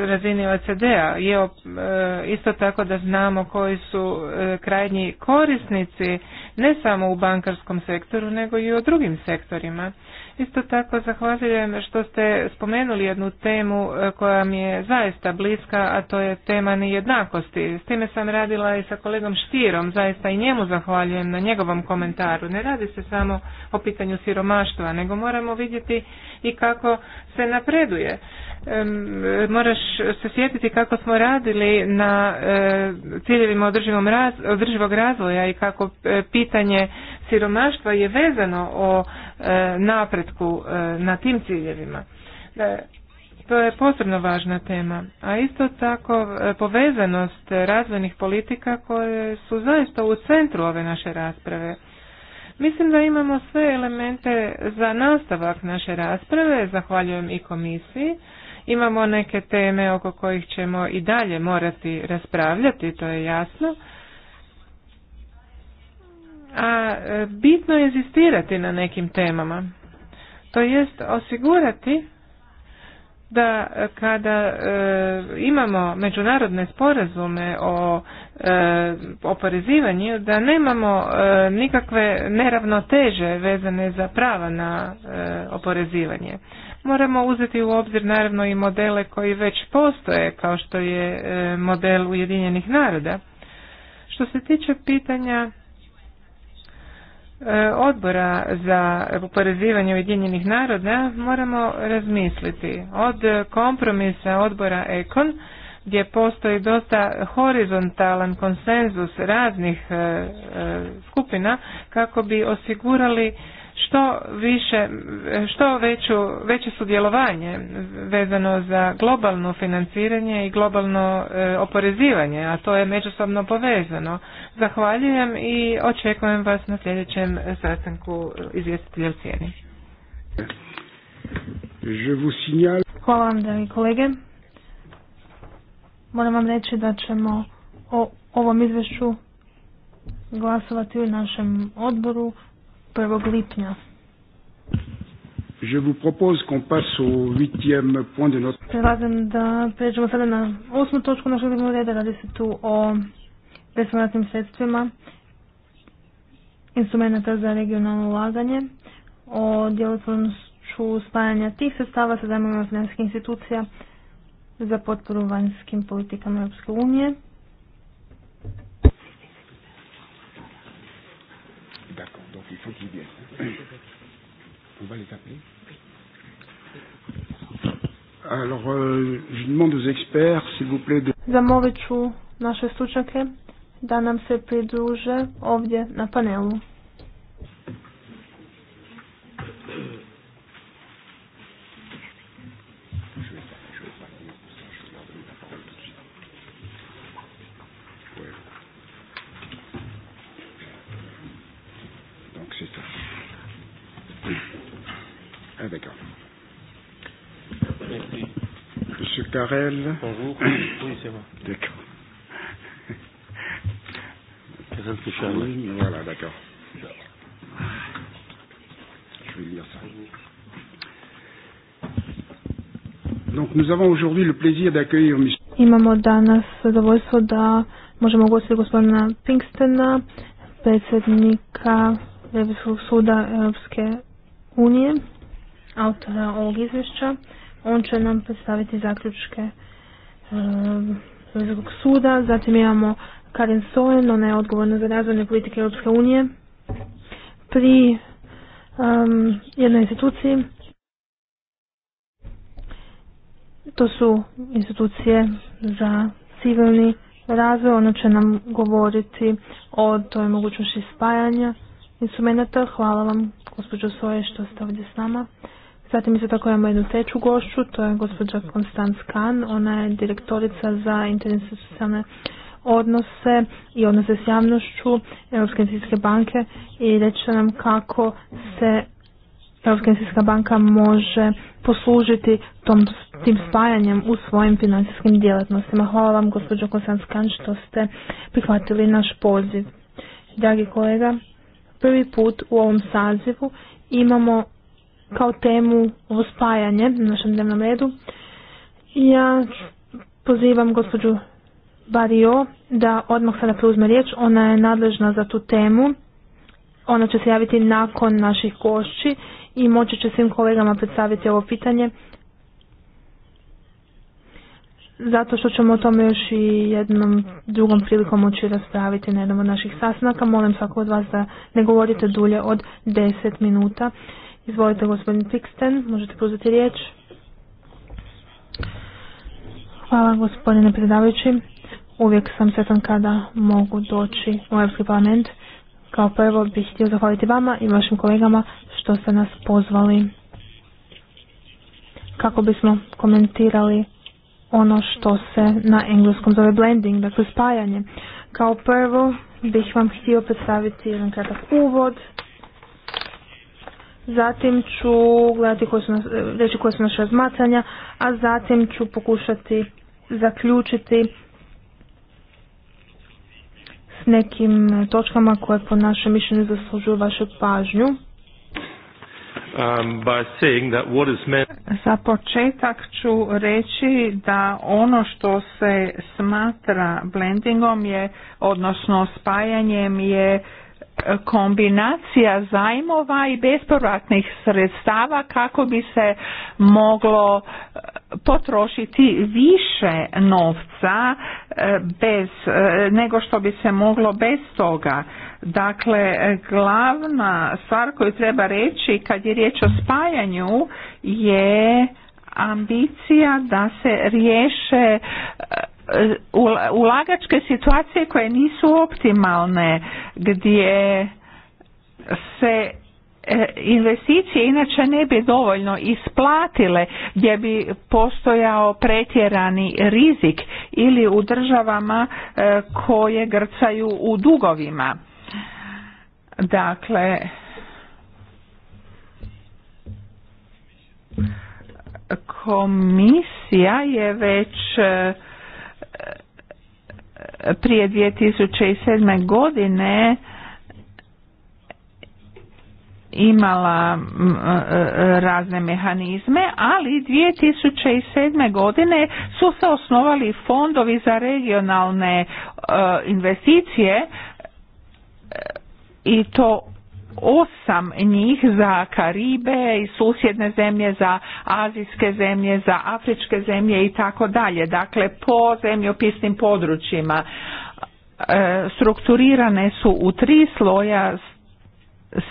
razini OECD-a. E, isto tako da znamo koji su e, krajnji korisnici ne samo u bankarskom sektoru nego i u drugim sektorima. Isto tako zahvaljujem što ste spomenuli jednu temu e, koja mi je zaista bliska, a to je tema nejednakosti. S time sam radila i sa kolegom Štirom, zaista i njemu zahvaljujem na njegovom komentaru. Ne radi se samo o pitanju siromaštva, nego moramo vidjeti i kako se napreduje moraš se sjetiti kako smo radili na e, ciljevima održivog razvoja i kako e, pitanje siromaštva je vezano o e, napretku na tim ciljevima. To je posebno važna tema, a isto tako povezanost razvojnih politika koje su zaista u centru ove naše rasprave. Mislim da imamo sve elemente za nastavak naše rasprave, zahvaljujem i komisiji. Imamo neke teme oko kojih ćemo i dalje morati raspravljati, to je jasno. A e, bitno je inzistirati na nekim temama. To jest osigurati da kada e, imamo međunarodne sporazume o e, oporezivanju da nemamo nikakve neravnoteže vezane za prava na oporezivanje Moramo uzeti u obzir naravno i modele koji već postoje, kao što je e, model Ujedinjenih naroda. Što se tiče pitanja e, odbora za oporezivanje Ujedinjenih naroda, moramo razmisliti od kompromisa odbora ECON gdje postoji dosta horizontalan konsenzus raznih e, skupina kako bi osigurali što više, što veću, veće sudjelovanje vezano za globalno financiranje i globalno e, oporezivanje, a to je međusobno povezano. Zahvaljujem i očekujem vas na sljedećem sastanku
izvjestitelja u cijeni. Hvala vam, dragi
kolege. Moram vam reći da ćemo o ovom izvješću glasovati u našem odboru 1. lipnja.
Je vous propose qu'on passe au huitième point de notre...
Prelazim da pređemo sada na osmu točku našeg dnevnog reda, radi se tu o bespovratnim sredstvima instrumenta za regionalno ulaganje, o djelotvornošću spajanja tih sredstava sa zajmovima financijskih institucija za potporu vanjskim politikama Europske unije.
Il faut qu'il vienne. On va les appeler. Alors, euh, je demande aux experts, s'il vous plaît, de... Zamolit naše stručnjake
da nam se pridruže ovdje na panelu.
Ah d'accord. Merci. Monsieur Carrel. Bonjour. Oui, c'est moi. D'accord. Carrel Péchard. Oui, voilà, d'accord. Je vais lire ça. Donc nous avons aujourd'hui le plaisir d'accueillir Monsieur
Imamo danas zadovoljstvo da možemo ugostiti gospodina Pinkstena, predsjednika Evropskog suda Evropske unije autora ovog izvješća. On će nam predstaviti zaključke e, Europskog suda. Zatim imamo Karin Soen, ona je odgovorna za razvojne politike Europske unije pri jednoj instituciji. To su institucije za civilni razvoj. Ona će nam govoriti o toj mogućnosti spajanja instrumenta. Hvala vam, gospođo Soje, što ste ovdje s nama. Zatim isto tako imamo jednu treću gošću, to je gospođa Konstanc Kan, ona je direktorica za interinstitucionalne odnose i odnose s javnošću Europske investicijske banke i reći nam kako se Europska investicijska banka može poslužiti tom, tim spajanjem u svojim financijskim djelatnostima. Hvala vam gospođo Kan što ste prihvatili naš poziv. Dragi kolega, prvi put u ovom sazivu imamo kao temu ovo spajanje na našem dnevnom redu. Ja pozivam gospođu Bario da odmah sada preuzme riječ. Ona je nadležna za tu temu. Ona će se javiti nakon naših košći i moći će svim kolegama predstaviti ovo pitanje. Zato što ćemo o tome još i jednom drugom prilikom moći raspraviti na jednom od naših sastanaka. Molim svako od vas da ne govorite dulje od deset minuta Izvolite, gospodin Tiksten, možete pozvati riječ. Hvala, gospodine predavajući. Uvijek sam sretan kada mogu doći u Europski parlament. Kao prvo bih htio zahvaliti vama i vašim kolegama što ste nas pozvali kako bismo komentirali ono što se na engleskom zove blending, dakle spajanje. Kao prvo bih vam htio predstaviti jedan kratak uvod Zatim ću gledati koje su nas, reći koje su naše razmatranja, a zatim ću pokušati zaključiti s nekim točkama koje po našem mišljenju zaslužuju vašu pažnju. Um, Za početak ću
reći da ono što se smatra blendingom je, odnosno spajanjem je kombinacija zajmova i bespovratnih sredstava kako bi se moglo e, potrošiti više novca e, bez e, nego što bi se moglo bez toga. Dakle, glavna stvar koju treba reći kad je riječ o spajanju je ambicija da se riješe ulagačke situacije koje nisu optimalne, gdje se e, investicije inače ne bi dovoljno isplatile gdje bi postojao pretjerani rizik ili u državama e, koje grcaju u dugovima. Dakle, komisija je već e, prije 2007. godine imala razne mehanizme, ali 2007. godine su se osnovali fondovi za regionalne e, investicije e, i to osam njih za Karibe i susjedne zemlje, za azijske zemlje, za afričke zemlje i tako dalje. Dakle, po zemljopisnim područjima e, strukturirane su u tri sloja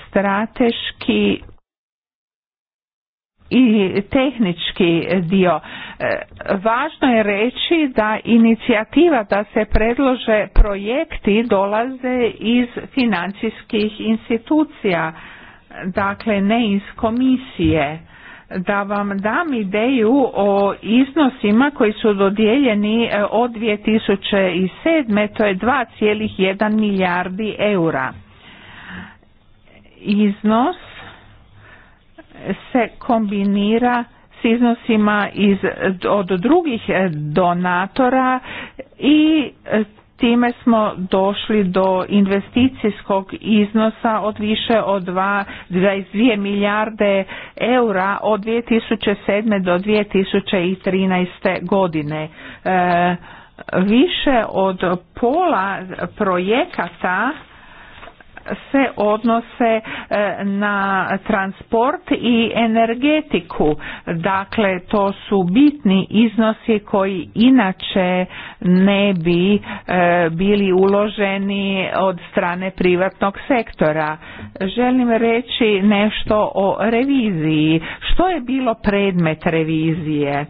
strateški i tehnički dio. E, važno je reći da inicijativa da se predlože projekti dolaze iz financijskih institucija, dakle ne iz komisije da vam dam ideju o iznosima koji su dodijeljeni e, od 2007. to je 2,1 milijardi eura. Iznos se kombinira s iznosima iz, od drugih eh, donatora i eh, time smo došli do investicijskog iznosa od više od 22 milijarde eura od 2007. do 2013. godine. Eh, više od pola projekata se odnose e, na transport i energetiku. Dakle, to su bitni iznosi koji inače ne bi e, bili uloženi od strane privatnog sektora. Želim reći nešto o reviziji. Što je bilo predmet revizije?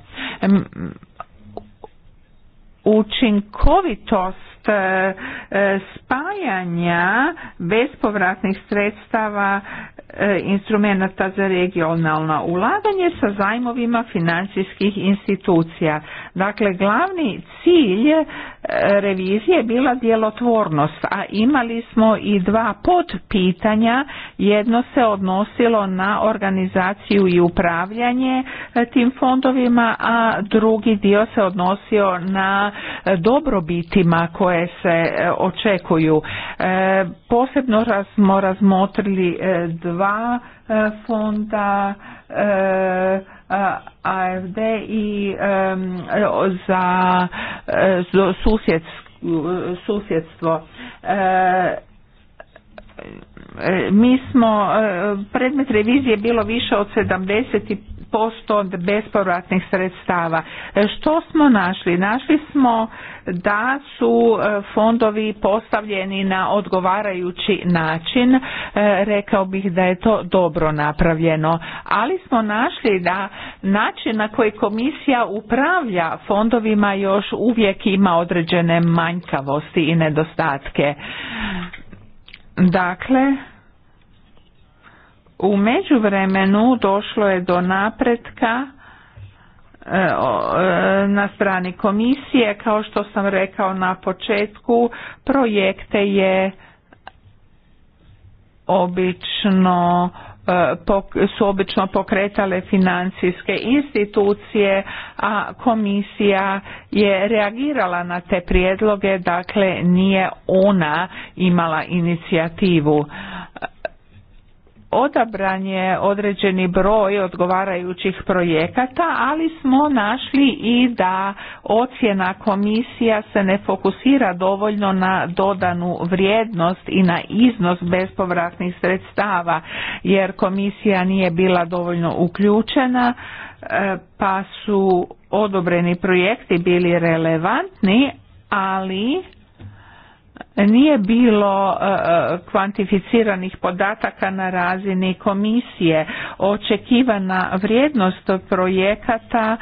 Učinkovitost E, e, spajanja bespovratnih sredstava e, instrumenta za regionalno ulaganje sa zajmovima financijskih institucija. Dakle, glavni cilj revizije bila djelotvornost, a imali smo i dva podpitanja. Jedno se odnosilo na organizaciju i upravljanje e, tim fondovima, a drugi dio se odnosio na dobrobitima koje se e, očekuju. E, posebno smo razmotrili dva fonda AFD i za e, susjedstvo. E, E, mi smo, e, predmet revizije bilo više od 70% bespovratnih sredstava. E, što smo našli? Našli smo da su fondovi postavljeni na odgovarajući način, rekao bih da je to dobro napravljeno, ali smo našli da način na koji komisija upravlja fondovima još uvijek ima određene manjkavosti i nedostatke. Dakle, u međuvremenu došlo je do napretka e, e, na strani komisije, kao što sam rekao na početku, projekte je obično E, su obično pokretale financijske institucije, a komisija je reagirala na te prijedloge, dakle nije ona imala inicijativu odabran je određeni broj odgovarajućih projekata, ali smo našli i da ocjena komisija se ne fokusira dovoljno na dodanu vrijednost i na iznos bespovratnih sredstava, jer komisija nije bila dovoljno uključena, e, pa su odobreni projekti bili relevantni, ali nije bilo e, e, kvantificiranih podataka na razini komisije. Očekivana vrijednost projekata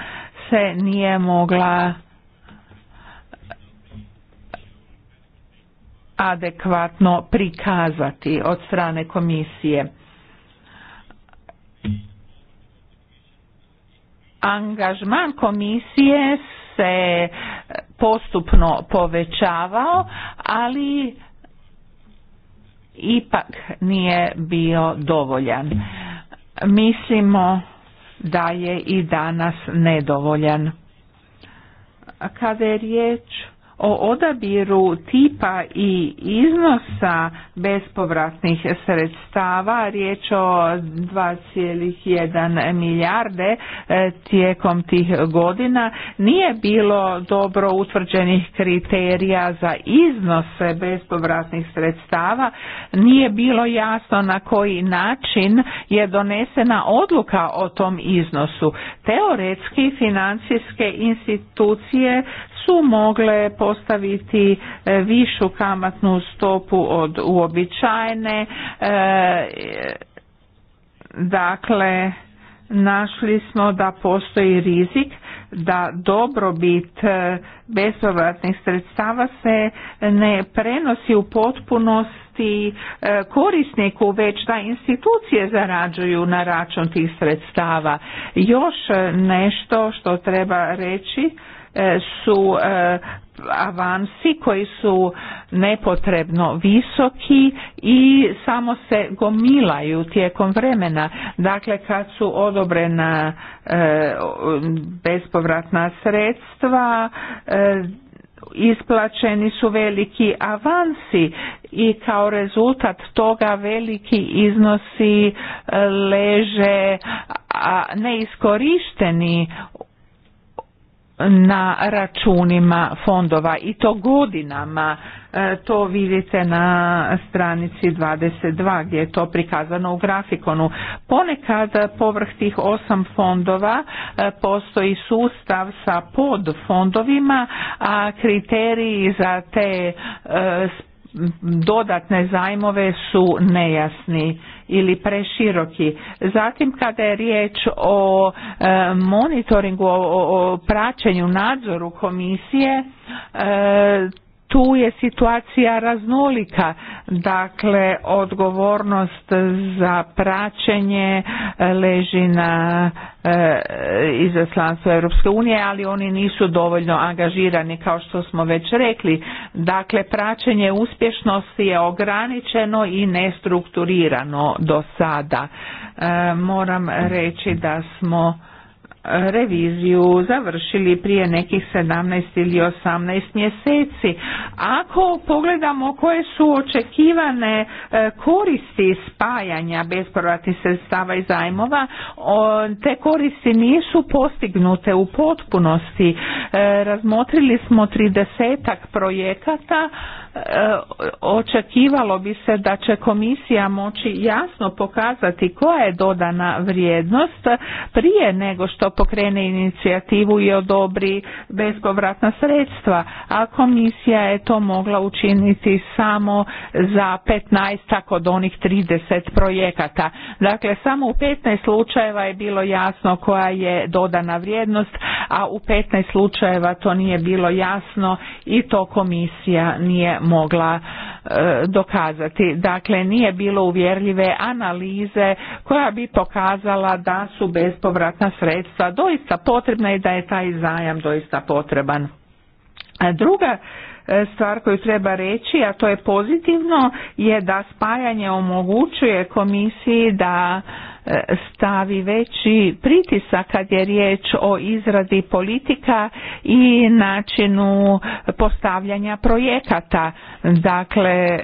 se nije mogla adekvatno prikazati od strane komisije. Angažman komisije se postupno povećavao, ali ipak nije bio dovoljan. Mislimo da je i danas nedovoljan. Kada je riječ o odabiru tipa i iznosa bespovratnih sredstava, riječ o 2,1 milijarde e, tijekom tih godina, nije bilo dobro utvrđenih kriterija za iznose bespovratnih sredstava, nije bilo jasno na koji način je donesena odluka o tom iznosu. Teoretski financijske institucije su mogle postaviti e, višu kamatnu stopu od uobičajene. E, dakle, našli smo da postoji rizik da dobrobit e, bespovratnih sredstava se ne prenosi u potpunosti korisniku, već da institucije zarađuju na račun tih sredstava. Još nešto što treba reći, E, su e, avansi koji su nepotrebno visoki i samo se gomilaju tijekom vremena. Dakle, kad su odobrena e, bespovratna sredstva, isplaćeni su veliki avansi i kao rezultat toga veliki iznosi leže a neiskorišteni na računima fondova i to godinama. E, to vidite na stranici 22 gdje je to prikazano u grafikonu. Ponekad povrh tih osam fondova e, postoji sustav sa podfondovima, a kriteriji za te e, dodatne zajmove su nejasni ili preširoki. Zatim kada je riječ o e, monitoringu, o praćenju nadzoru komisije, e, tu je situacija raznolika, dakle odgovornost za praćenje e, leži na e, izaslanstvu Europske unije, ali oni nisu dovoljno angažirani kao što smo već rekli. Dakle, praćenje uspješnosti je ograničeno i nestrukturirano do sada. E, moram reći da smo reviziju završili prije nekih 17 ili 18 mjeseci. Ako pogledamo koje su očekivane e, koristi spajanja bespovratnih sredstava i zajmova, te koristi nisu postignute u potpunosti. E, razmotrili smo tridesetak projekata E, očekivalo bi se da će komisija moći jasno pokazati koja je dodana vrijednost prije nego što pokrene inicijativu i odobri bespovratna sredstva, a komisija je to mogla učiniti samo za 15 od onih 30 projekata. Dakle, samo u 15 slučajeva je bilo jasno koja je dodana vrijednost, a u 15 slučajeva to nije bilo jasno i to komisija nije mogla e, dokazati. Dakle, nije bilo uvjerljive analize koja bi pokazala da su bespovratna sredstva doista potrebna i da je taj zajam doista potreban. druga e, stvar koju treba reći, a to je pozitivno, je da spajanje omogućuje komisiji da E, stavi veći pritisak kad je riječ o izradi politika i načinu postavljanja projekata. Dakle,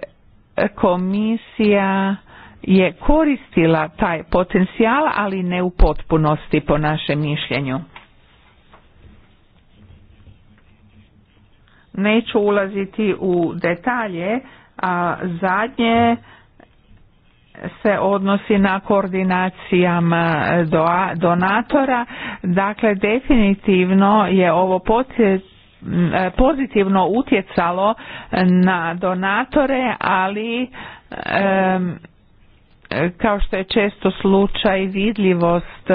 komisija je koristila taj potencijal, ali ne u potpunosti po našem mišljenju. Neću ulaziti u detalje, a zadnje se odnosi na koordinacijama e, donatora. Dakle, definitivno je ovo e, pozitivno utjecalo na donatore, ali e, kao što je često slučaj vidljivost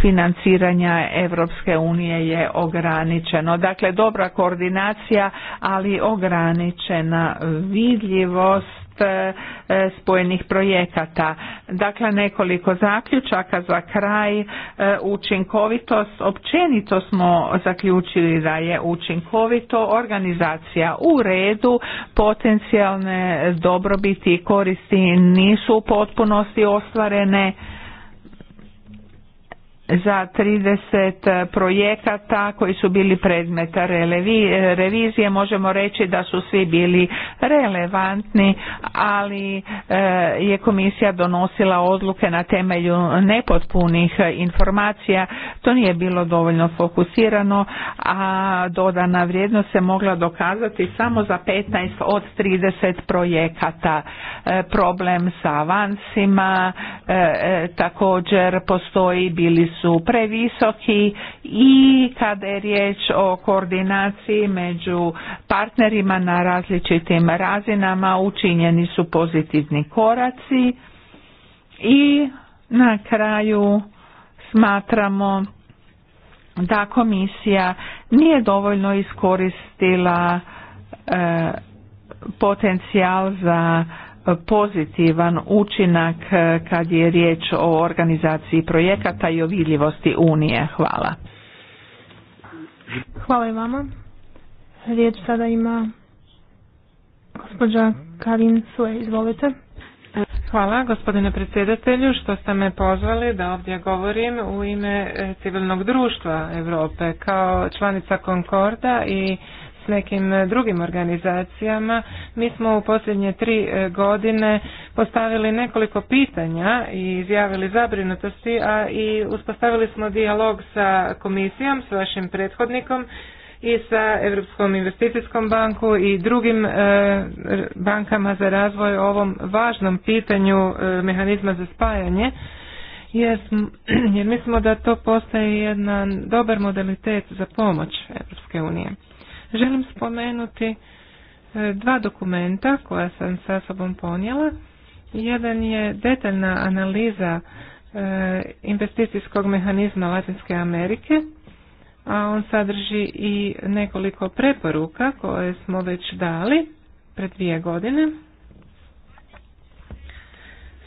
financiranja Europske unije je ograničeno. Dakle, dobra koordinacija, ali ograničena vidljivost E, e, spojenih projekata. Dakle, nekoliko zaključaka za kraj. E, učinkovitost, općenito smo zaključili da je učinkovito organizacija u redu, potencijalne dobrobiti i koristi nisu u potpunosti ostvarene za 30 projekata koji su bili predmeta revizije. Možemo reći da su svi bili relevantni, ali e, je komisija donosila odluke na temelju nepotpunih informacija. To nije bilo dovoljno fokusirano, a dodana vrijednost se mogla dokazati samo za 15 od 30 projekata. E, problem sa avansima e, također postoji, bili su previsoki i kada je riječ o koordinaciji među partnerima na različitim razinama učinjeni su pozitivni koraci i na kraju smatramo da komisija nije dovoljno iskoristila e, potencijal za pozitivan učinak e, kad je riječ o organizaciji projekata i o vidljivosti Unije. Hvala.
Hvala i vama. Riječ sada ima gospođa Karin Sue, izvolite.
Hvala gospodine predsjedatelju što ste me pozvali da ovdje govorim u ime e, civilnog društva Europe kao članica Konkorda i nekim e, drugim organizacijama, mi smo u posljednje tri e, godine postavili nekoliko pitanja i izjavili zabrinutosti, a i uspostavili smo dijalog sa komisijom, s vašim prethodnikom i sa Europskom investicijskom banku i drugim e, bankama za razvoj o ovom važnom pitanju mehanizma za spajanje jer mislimo da to postaje jedan dobar modalitet za pomoć Europske unije želim spomenuti e, dva dokumenta koja sam sa sobom ponijela. Jedan je detaljna analiza e, investicijskog mehanizma Latinske Amerike, a on sadrži i nekoliko preporuka koje smo već dali pred dvije godine.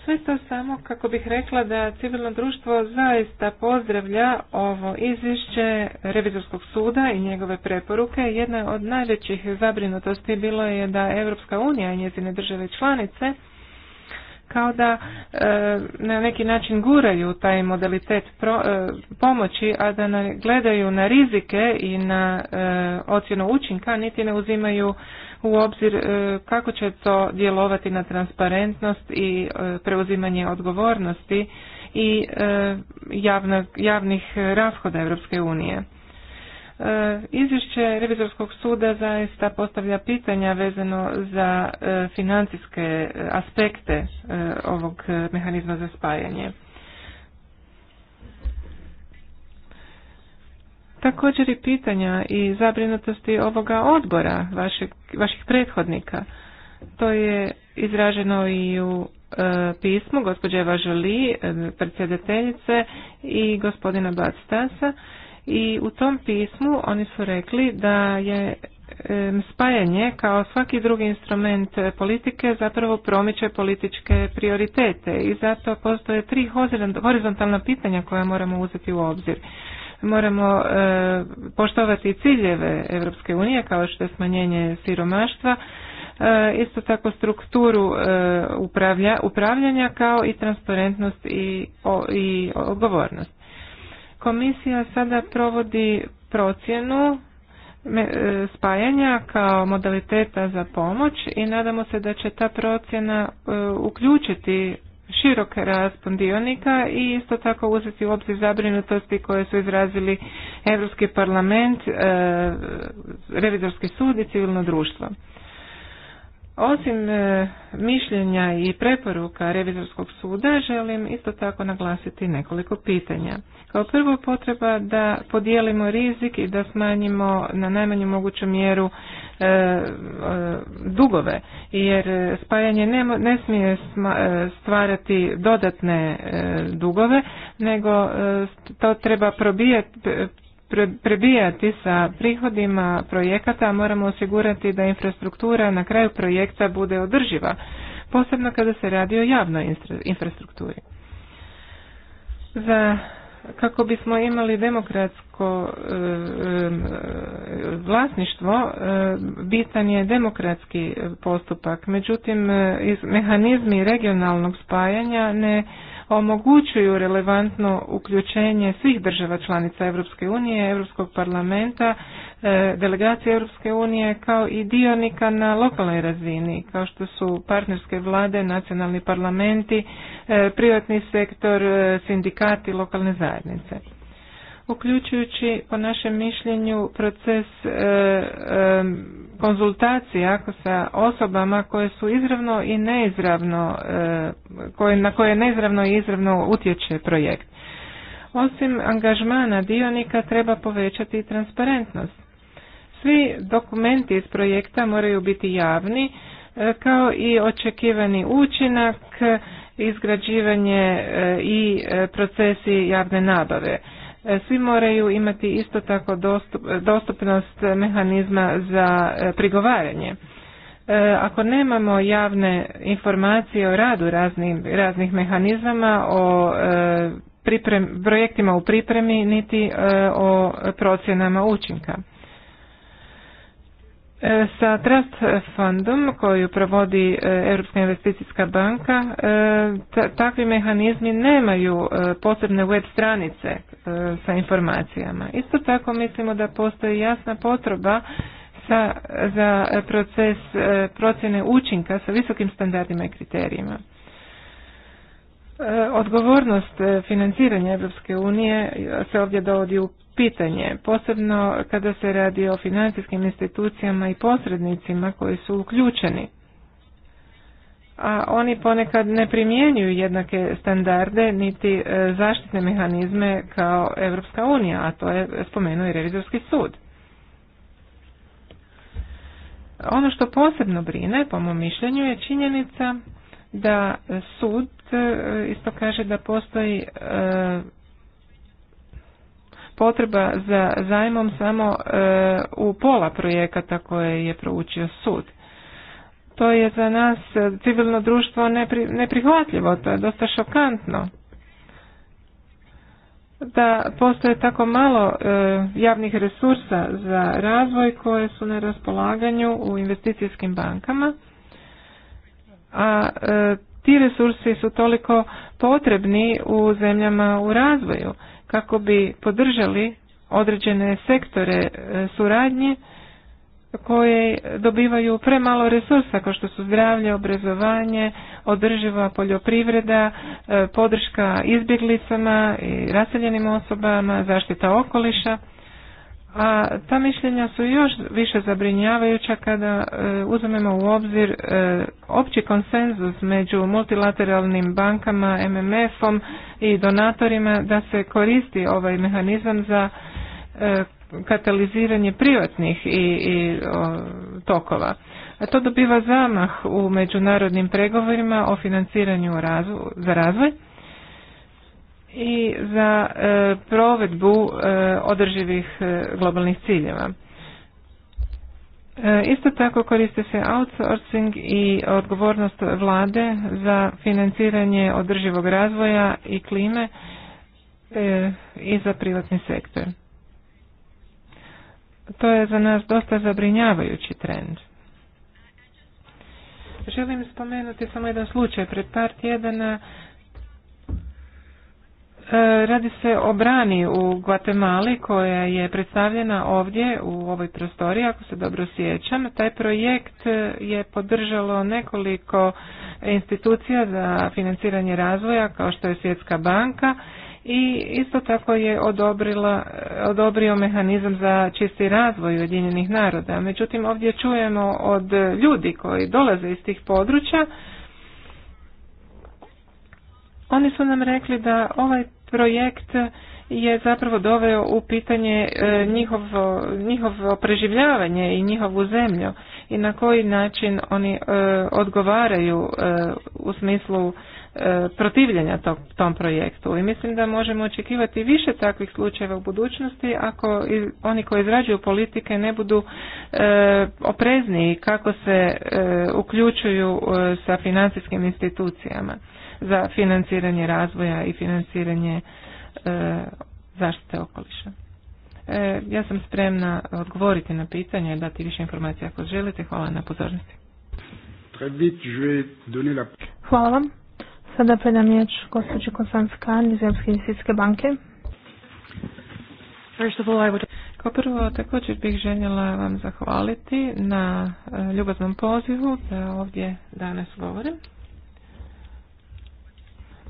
Sve to samo kako bih rekla da civilno društvo zaista pozdravlja ovo izvješće Revizorskog suda i njegove preporuke. Jedna od najvećih zabrinutosti bilo je da Europska unija i njezine države članice kao da e, na neki način guraju taj modalitet e, pomoći, a da ne gledaju na rizike i na e, ocjenu učinka, niti ne uzimaju u obzir e, kako će to djelovati na transparentnost i e, preuzimanje odgovornosti i e, javnih rashoda Europske unije. Izvješće Revizorskog suda zaista postavlja pitanja vezano za financijske aspekte ovog mehanizma za spajanje. također i pitanja i zabrinutosti ovoga odbora, vašeg, vaših prethodnika. To je izraženo i u e, pismu gospođe Važoli, e, predsjedateljice i gospodina Stasa. I u tom pismu oni su rekli da je e, spajanje kao svaki drugi instrument politike zapravo promiče političke prioritete i zato postoje tri horizontalna pitanja koja moramo uzeti u obzir moramo e, poštovati ciljeve Europske unije kao što je smanjenje siromaštva, e, isto tako strukturu e, upravlja, upravljanja kao i transparentnost i, i odgovornost. Komisija sada provodi procjenu spajanja kao modaliteta za pomoć i nadamo se da će ta procjena uključiti širok raspon dionika i isto tako uzeti u obzir zabrinutosti koje su izrazili Europski parlament, eh, Revizorski sud i civilno društvo. Osim e, mišljenja i preporuka revizorskog suda, želim isto tako naglasiti nekoliko pitanja. Kao prvo potreba da podijelimo rizik i da smanjimo na najmanju moguću mjeru e, e, dugove, jer spajanje ne, smije stvarati dodatne dugove, nego to treba probijati prebijati sa prihodima projekata, moramo osigurati da infrastruktura na kraju projekta bude održiva, posebno kada se radi o javnoj infrastrukturi. Za kako bismo imali demokratsko e, e, vlasništvo, e, bitan je demokratski postupak. Međutim, iz mehanizmi regionalnog spajanja ne omogućuju relevantno uključenje svih država članica Europske unije, Europskog parlamenta, e, delegacije Europske unije kao i dionika na lokalnoj razini, kao što su partnerske vlade, nacionalni parlamenti, e, privatni sektor, e, sindikati, lokalne zajednice uključujući po našem mišljenju proces e, e, konzultacija sa osobama koje su izravno i neizravno, e, na koje neizravno i izravno utječe projekt. Osim angažmana dionika treba povećati transparentnost. Svi dokumenti iz projekta moraju biti javni, e, kao i očekivani učinak, izgrađivanje e, i procesi javne nabave. E, svi moraju imati isto tako dostup, dostupnost mehanizma za e, prigovaranje. E, ako nemamo javne informacije o radu raznih, raznih mehanizama, o priprem, projektima u pripremi, niti o procjenama učinka. E, sa Trust fondom koju provodi e, Europska investicijska banka, e, takvi mehanizmi nemaju posebne web stranice sa informacijama. Isto tako mislimo da postoji jasna potreba sa, za proces procjene učinka sa visokim standardima i kriterijima. Odgovornost financiranja Europske unije se ovdje dovodi u pitanje, posebno kada se radi o financijskim institucijama i posrednicima koji su uključeni. A oni ponekad ne primjenjuju jednake standarde niti e, zaštitne mehanizme kao Europska unija, a to je spomenuo i revizorski sud. Ono što posebno brine, po mom mišljenju, je činjenica da sud e, isto kaže da postoji e, potreba za zajmom samo e, u pola projekata koje je proučio sud. To je za nas e, civilno društvo neprihvatljivo, to je dosta šokantno da postoje tako malo e, javnih resursa za razvoj koje su na raspolaganju u investicijskim bankama a ti resursi su toliko potrebni u zemljama u razvoju kako bi podržali određene sektore e, suradnje koje dobivaju premalo resursa kao što su zdravlje, obrazovanje, održiva poljoprivreda, e, podrška izbjeglicama i raseljenim osobama, zaštita okoliša a ta mišljenja su još više zabrinjavajuća kada e, uzmemo u obzir e, opći konsenzus među multilateralnim bankama, MMF-om i donatorima da se koristi ovaj mehanizam za e, kataliziranje privatnih i, i tokova. A to dobiva zamah u međunarodnim pregovorima o financiranju razvo, za razvoj i za e, provedbu e, održivih e, globalnih ciljeva. Isto tako koriste se outsourcing i odgovornost vlade za financiranje održivog razvoja i klime i za privatni sektor. To je za nas dosta zabrinjavajući trend. Želim spomenuti samo jedan slučaj. Pred par tjedana E, radi se o brani u Guatemali koja je predstavljena ovdje u ovoj prostoriji, ako se dobro sjećam. Taj projekt je podržalo nekoliko institucija za financiranje razvoja kao što je Svjetska banka i isto tako je odobrila, odobrio mehanizam za čisti razvoj Ujedinjenih naroda. Međutim, ovdje čujemo od ljudi koji dolaze iz tih područja, oni su nam rekli da ovaj projekt je zapravo doveo u pitanje e, njihovo, njihovo preživljavanje i njihovu zemlju i na koji način oni e, odgovaraju e, u smislu protivljenja tom projektu i mislim da možemo očekivati više takvih slučajeva u budućnosti ako oni koji izrađuju politike ne budu oprezniji kako se uključuju sa financijskim institucijama za financiranje razvoja i financiranje e, zaštite okoliša. E, ja sam spremna
odgovoriti
na pitanje i dati više informacija ako želite. Hvala na pozornosti. Hvala vam. Sada predam riječ gospođi Konstans iz Europske investicijske banke.
Kao prvo također bih
željela vam zahvaliti na e, ljubaznom pozivu da ovdje danas govorim.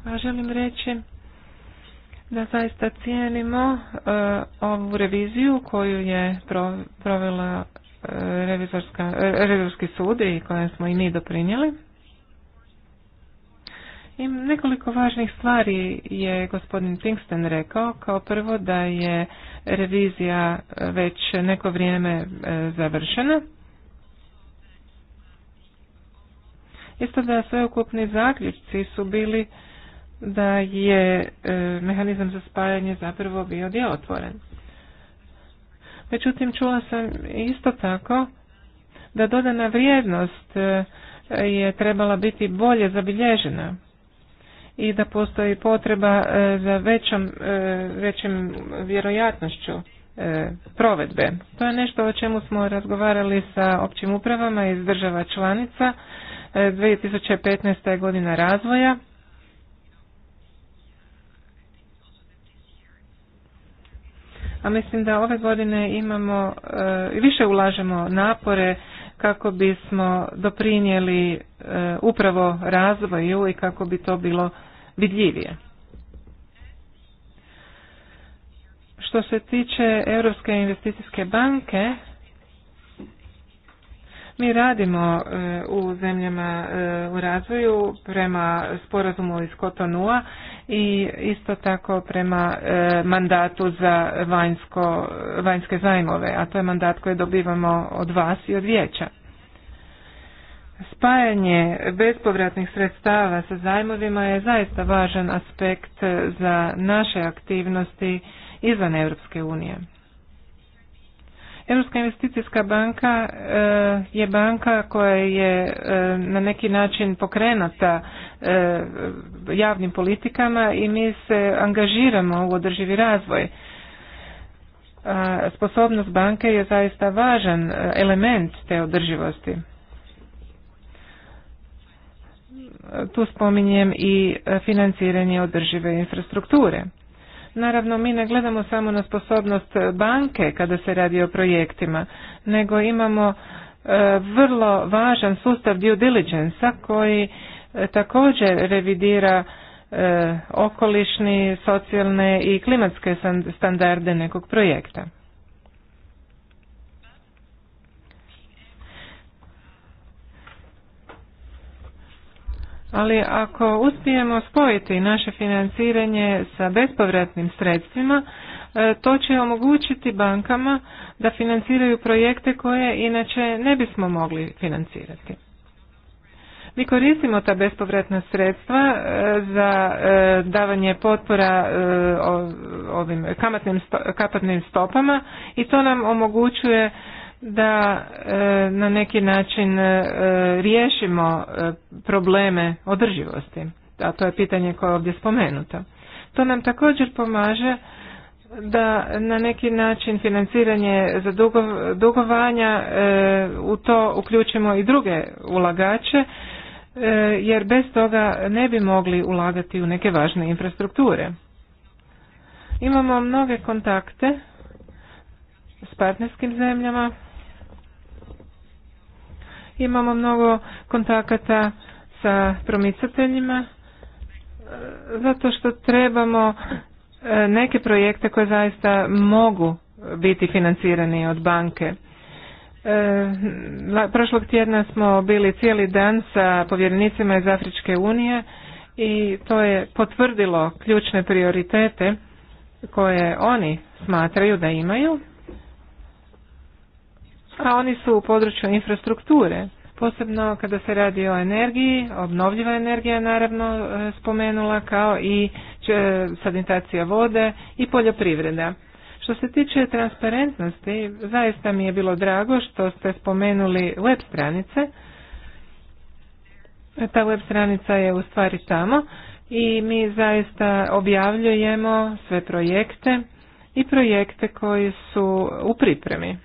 Pa želim reći da zaista cijenimo e, ovu reviziju koju je provela e, revizorska, e, revizorski sud i kojem smo i mi doprinijeli. I nekoliko važnih stvari je gospodin Tingsten rekao. Kao prvo da je revizija već neko vrijeme završena. Isto da sveukupni zaključci su bili da je e, mehanizam za spajanje zapravo bio djelotvoren. Međutim, čula sam isto tako da dodana vrijednost e, je trebala biti bolje zabilježena i da postoji potreba e, za većom, većim vjerojatnošću provedbe. To je nešto o čemu smo razgovarali sa općim upravama iz država članica 2015. godina razvoja a mislim da ove godine imamo e, više ulažemo napore kako bismo doprinijeli e, upravo razvoju i kako bi to bilo vidljivije. Što se tiče Europske investicijske banke, mi radimo e, u zemljama e, u razvoju prema sporazumu iz Kotonua i isto tako prema e, mandatu za vanjsko, vanjske zajmove, a to je mandat koji dobivamo od vas i od vijeća. Spajanje bespovratnih sredstava sa zajmovima je zaista važan aspekt za naše aktivnosti izvan Europske unije. Europska investicijska banka e, je banka koja je e, na neki način pokrenuta e, javnim politikama i mi se angažiramo u održivi razvoj. Sposobnost banke je zaista važan element te održivosti. Tu spominjem i financiranje održive infrastrukture. Naravno, mi ne gledamo samo na sposobnost banke kada se radi o projektima, nego imamo e, vrlo važan sustav due diligence koji e, također revidira e, okolišni, socijalne i klimatske standarde nekog projekta. ali ako uspijemo spojiti naše financiranje sa bespovratnim sredstvima, e, to će omogućiti bankama da financiraju projekte koje inače ne bismo mogli financirati. Mi koristimo ta bespovratna sredstva e, za e, davanje potpora ovim kamatnim stopama i to nam omogućuje da e, na neki način e, riješimo e, probleme održivosti, a to je pitanje koje je ovdje spomenuto. To nam također pomaže da na neki način financiranje za dugovanja u to uključimo i druge ulagače jer bez toga ne bi mogli ulagati u neke važne infrastrukture. Imamo mnoge kontakte s partnerskim zemljama Imamo mnogo kontakata sa promicateljima e, zato što trebamo e, neke projekte koje zaista mogu biti financirani od banke. E, prošlog tjedna smo bili cijeli dan sa povjerenicima iz Afričke unije i to je potvrdilo ključne prioritete koje oni smatraju da imaju a oni su u području infrastrukture. Posebno kada se radi o energiji, obnovljiva energija je naravno e, spomenula kao i e, sanitacija vode i poljoprivreda. Što se tiče transparentnosti, zaista mi je bilo drago što ste spomenuli web stranice. Ta web stranica je u stvari tamo i mi zaista objavljujemo sve projekte i projekte koji su u pripremi.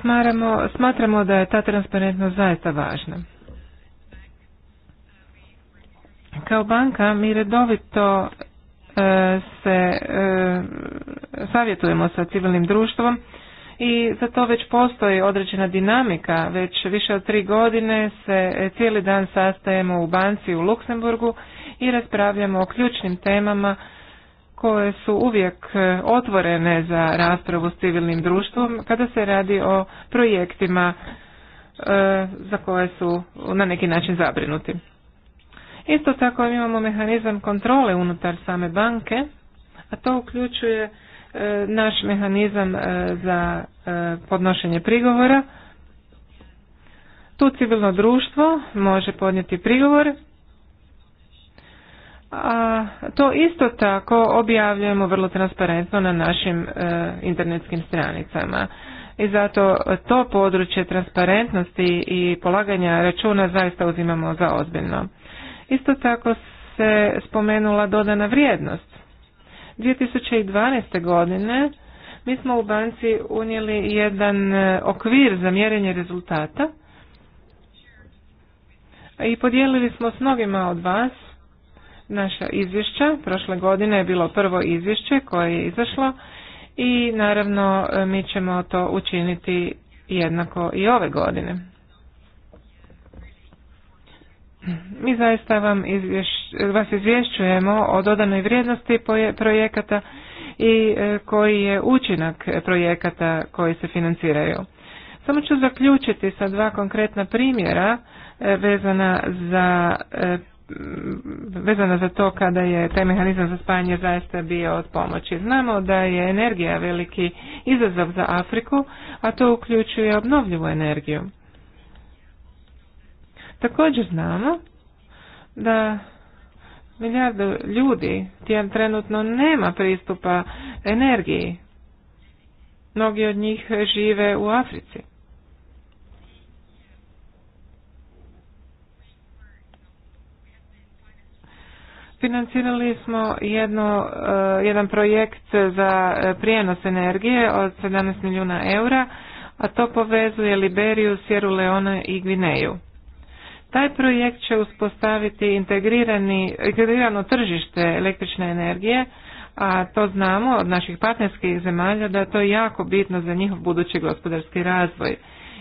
Smaramo, smatramo da je ta transparentnost zaista važna. Kao banka mi redovito e, se e, savjetujemo sa civilnim društvom i za to već postoji određena dinamika. Već više od tri godine se e, cijeli dan sastajemo u banci u Luksemburgu i raspravljamo o ključnim temama koje su uvijek e, otvorene za raspravu s civilnim društvom kada se radi o projektima e, za koje su na neki način zabrinuti. Isto tako imamo mehanizam kontrole unutar same banke, a to uključuje e, naš mehanizam za podnošenje prigovora. Tu civilno društvo može podnijeti prigovor a to isto tako objavljujemo vrlo transparentno na našim e, internetskim stranicama i zato to područje transparentnosti i polaganja računa zaista uzimamo za ozbiljno. Isto tako se spomenula dodana vrijednost. 2012. godine mi smo u banci unijeli jedan e, okvir za mjerenje rezultata i podijelili smo s mnogima od vas naša izvješća. Prošle godine je bilo prvo izvješće koje je izašlo i naravno e, mi ćemo to učiniti jednako i ove godine. Mi zaista vam vas izvješćujemo o dodanoj vrijednosti projekata i e, koji je učinak projekata koji se financiraju. Samo ću zaključiti sa dva konkretna primjera e, vezana za vezano za to kada je taj mehanizam za spajanje zaista bio od pomoći. Znamo da je energija veliki izazov za Afriku, a to uključuje obnovljivu energiju. Također znamo da milijardu ljudi tijem trenutno nema pristupa energiji. Mnogi od njih žive u Africi. Financirali smo jedno, eh, jedan projekt za eh, prijenos energije od 17 milijuna eura, a to povezuje Liberiju, Sjeru Leone i Gvineju. Taj projekt će uspostaviti integrirano tržište električne energije, a to znamo od naših partnerskih zemalja da je to jako bitno za njihov budući gospodarski razvoj.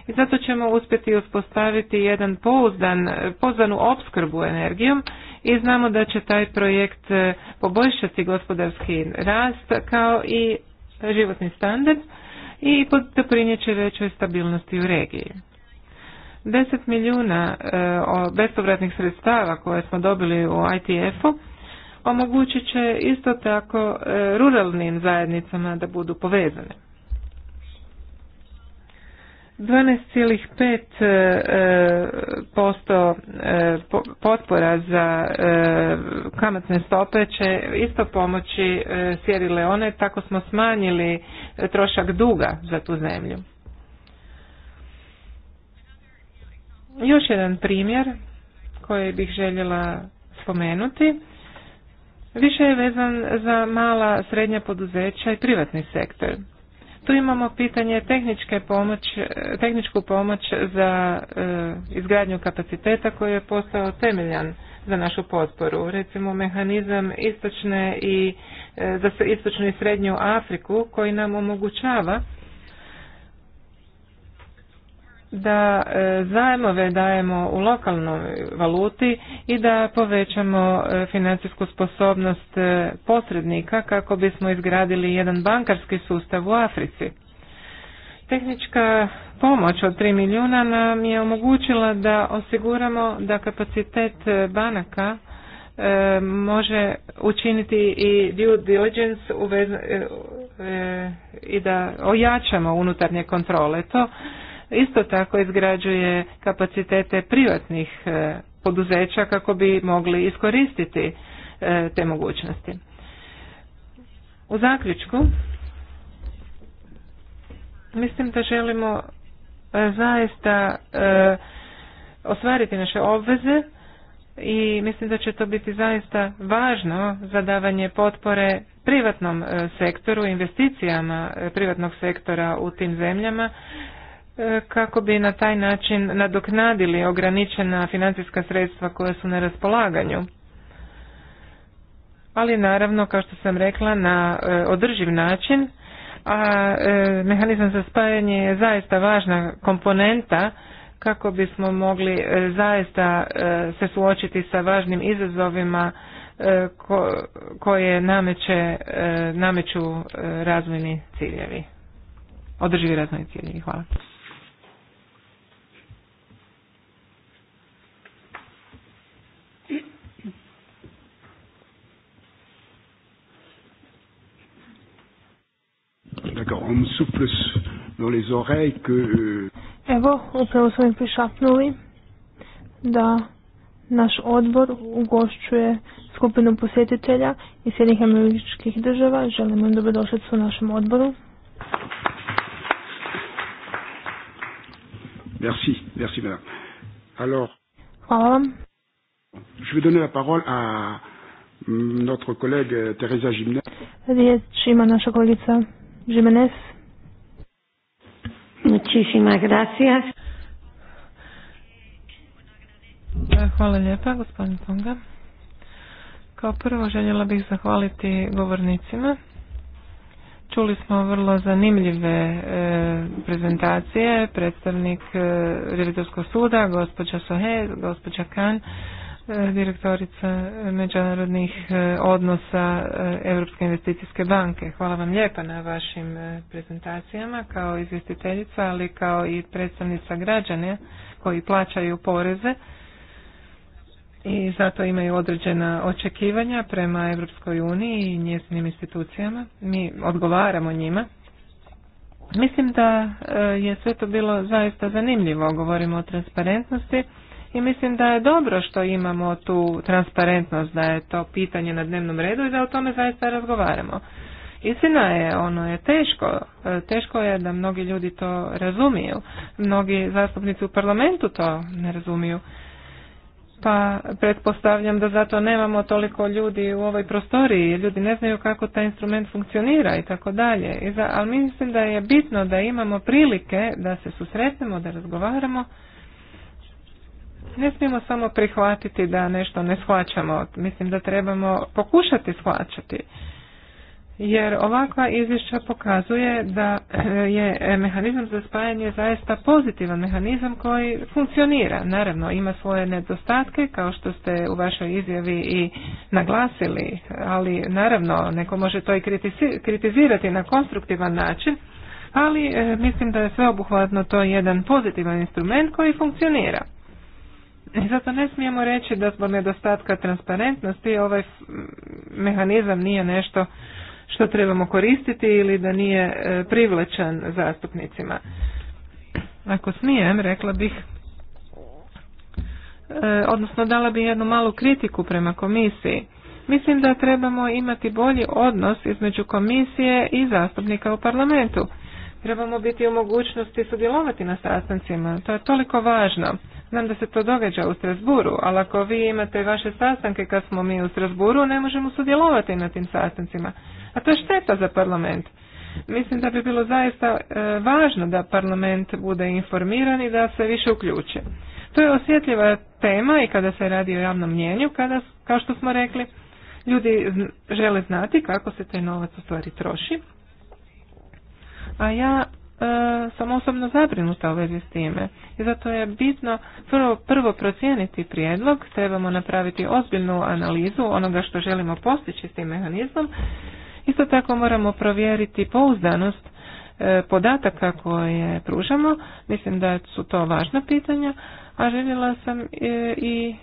I zato ćemo uspjeti uspostaviti jedan pouzdan, eh, pouzdanu opskrbu energijom i znamo da će taj projekt e, poboljšati gospodarski rast kao i životni standard i doprinjeće većoj stabilnosti u regiji. 10 milijuna e, bespovratnih sredstava koje smo dobili u ITF-u omogućit će isto tako e, ruralnim zajednicama da budu povezane. 12,5% eh, potpora za eh, kamatne stope će isto pomoći eh, Sjeri Leone, tako smo smanjili trošak duga za tu zemlju. Još jedan primjer koji bih željela spomenuti. Više je vezan za mala, srednja poduzeća i privatni sektor. Tu imamo pitanje tehničke pomoć, tehničku pomoć za e, izgradnju kapaciteta koji je postao temeljan za našu potporu. Recimo mehanizam istočne i, e, za istočnu i srednju Afriku koji nam omogućava da e, zajmove dajemo u lokalnoj valuti i da povećamo e, financijsku sposobnost e, posrednika kako bismo izgradili jedan bankarski sustav u Africi. Tehnička pomoć od 3 milijuna nam je omogućila da osiguramo da kapacitet banaka može učiniti i due diligence i da ojačamo unutarnje kontrole. To isto tako izgrađuje kapacitete privatnih e, poduzeća kako bi mogli iskoristiti e, te mogućnosti. U zaključku mislim da želimo e, zaista ostvariti naše obveze i mislim da će to biti zaista važno za davanje potpore privatnom sektoru, investicijama privatnog sektora u tim zemljama E, kako bi na taj način nadoknadili ograničena financijska sredstva koja su na raspolaganju. Ali naravno, kao što sam rekla, na e, održiv način, a e, mehanizam za spajanje je zaista važna komponenta kako bismo mogli zaista se suočiti sa važnim izazovima koje nameće, nameću razvojni ciljevi održivi razvojni ciljevi. Hvala.
D'accord, on me souffle dans les oreilles que... Euh,
Evo, upravo smo im prišapnuli da naš odbor ugošćuje skupinu posjetitelja iz Sjednih američkih država. Želimo im dobrodošlicu u našem odboru.
Merci, merci madame. Alors, Hvala vam. Je vais donner la parole à mm, notre collègue euh, Teresa Gimnet.
Riječ ima naša kolegica Jiménez. Muchísimas gracias.
Hvala lijepa, gospodin Tonga. Kao prvo željela bih zahvaliti govornicima. Čuli smo vrlo zanimljive e, prezentacije, predstavnik e, suda, gospođa Sohe, gospođa Kan, E, direktorica međunarodnih e, odnosa e, Europske investicijske banke. Hvala vam lijepa na vašim prezentacijama kao izvjestiteljica, ali kao i predstavnica građane koji plaćaju poreze i zato imaju određena očekivanja prema Europskoj uniji i njezinim institucijama. Mi odgovaramo njima. Mislim da je sve to bilo zaista zanimljivo. Govorimo o transparentnosti i mislim da je dobro što imamo tu transparentnost, da je to pitanje na dnevnom redu i da o tome zaista razgovaramo. Istina je, ono je teško, e, teško je da mnogi ljudi to razumiju, mnogi zastupnici u parlamentu to ne razumiju. Pa pretpostavljam da zato nemamo toliko ljudi u ovoj prostoriji, ljudi ne znaju kako taj instrument funkcionira i tako dalje. Ali mislim da je bitno da imamo prilike da se susretnemo, da razgovaramo ne smijemo samo prihvatiti da nešto ne shvaćamo. Mislim da trebamo pokušati shvaćati. Jer ovakva izvješća pokazuje da eh, je mehanizam za spajanje zaista pozitivan mehanizam koji funkcionira. Naravno, ima svoje nedostatke, kao što ste u vašoj izjavi i naglasili, ali naravno, neko može to i kritizirati na konstruktivan način, ali eh, mislim da je sveobuhvatno to jedan pozitivan instrument koji funkcionira. I zato ne smijemo reći da zbog nedostatka transparentnosti ovaj mehanizam nije nešto što trebamo koristiti ili da nije e, privlačan zastupnicima. Ako smijem, rekla bih, e, odnosno dala bi jednu malu kritiku prema komisiji. Mislim da trebamo imati bolji odnos između komisije i zastupnika u parlamentu. Trebamo biti u mogućnosti sudjelovati na sastancima. To je toliko važno. Znam da se to događa u Strasburu, ali ako vi imate vaše sastanke kad smo mi u Strasburu, ne možemo sudjelovati na tim sastancima. A to je šteta za parlament. Mislim da bi bilo zaista e, važno da parlament bude informiran i da se više uključe. To je osjetljiva tema i kada se radi o javnom mnjenju, kada, kao što smo rekli, ljudi žele znati kako se taj novac u stvari troši. A ja E, sam osobno zabrinuta u vezi s time. I zato je bitno prvo, prvo procijeniti prijedlog, trebamo napraviti ozbiljnu analizu onoga što želimo postići s tim mehanizmom. Isto tako moramo provjeriti pouzdanost e, podataka koje pružamo. Mislim da su to važna pitanja, a željela sam e, i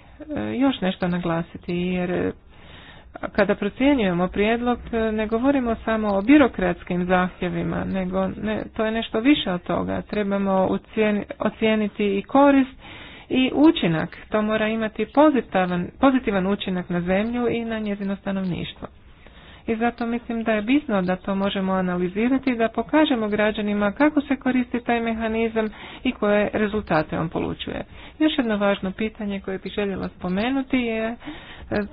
još nešto naglasiti jer kada procjenjujemo prijedlog e, ne govorimo samo o birokratskim zahtjevima, nego ne, to je nešto više od toga. Trebamo ucijeni, ocijeniti i korist i učinak. To mora imati pozitivan, pozitivan učinak na zemlju i na njezino stanovništvo i zato mislim da je bitno da to možemo analizirati i da pokažemo građanima kako se koristi taj mehanizam i koje rezultate on polučuje. Još jedno važno pitanje koje bih željela spomenuti je e,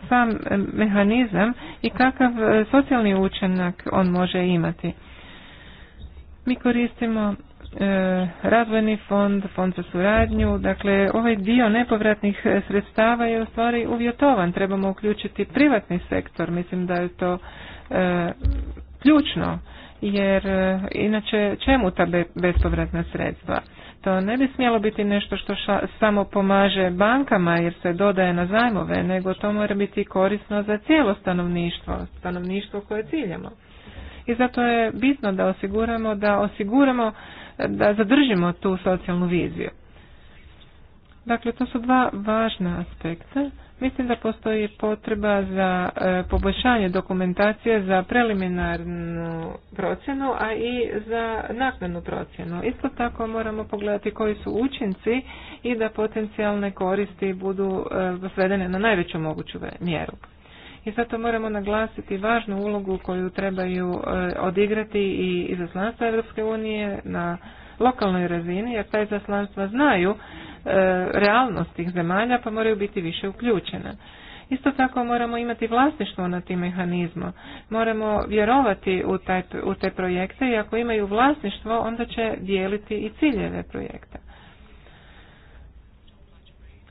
sam mehanizam i kakav e, socijalni učinak on može imati. Mi koristimo E, razvojni fond, fond za suradnju, dakle ovaj dio nepovratnih sredstava je u stvari uvjetovan, trebamo uključiti privatni sektor, mislim da je to e, ključno, jer e, inače čemu ta be, bespovratna sredstva? To ne bi smjelo biti nešto što ša, samo pomaže bankama jer se dodaje na zajmove, nego to mora biti korisno za cijelo stanovništvo, stanovništvo koje ciljamo. I zato je bitno da osiguramo da osiguramo da zadržimo tu socijalnu viziju. Dakle, to su dva važna aspekta. Mislim da postoji potreba za e, poboljšanje dokumentacije za preliminarnu procjenu, a i za naknadnu procjenu. Isto tako moramo pogledati koji su učinci i da potencijalne koristi budu e, svedene na najveću moguću mjeru i zato moramo naglasiti važnu ulogu koju trebaju e, odigrati i izaslanstva Europske unije na lokalnoj razini, jer ta izaslanstva znaju e, realnost tih zemalja pa moraju biti više uključena. Isto tako moramo imati vlasništvo na tim mehanizmom. Moramo vjerovati u, taj, u te projekte i ako imaju vlasništvo, onda će dijeliti i ciljeve projekta.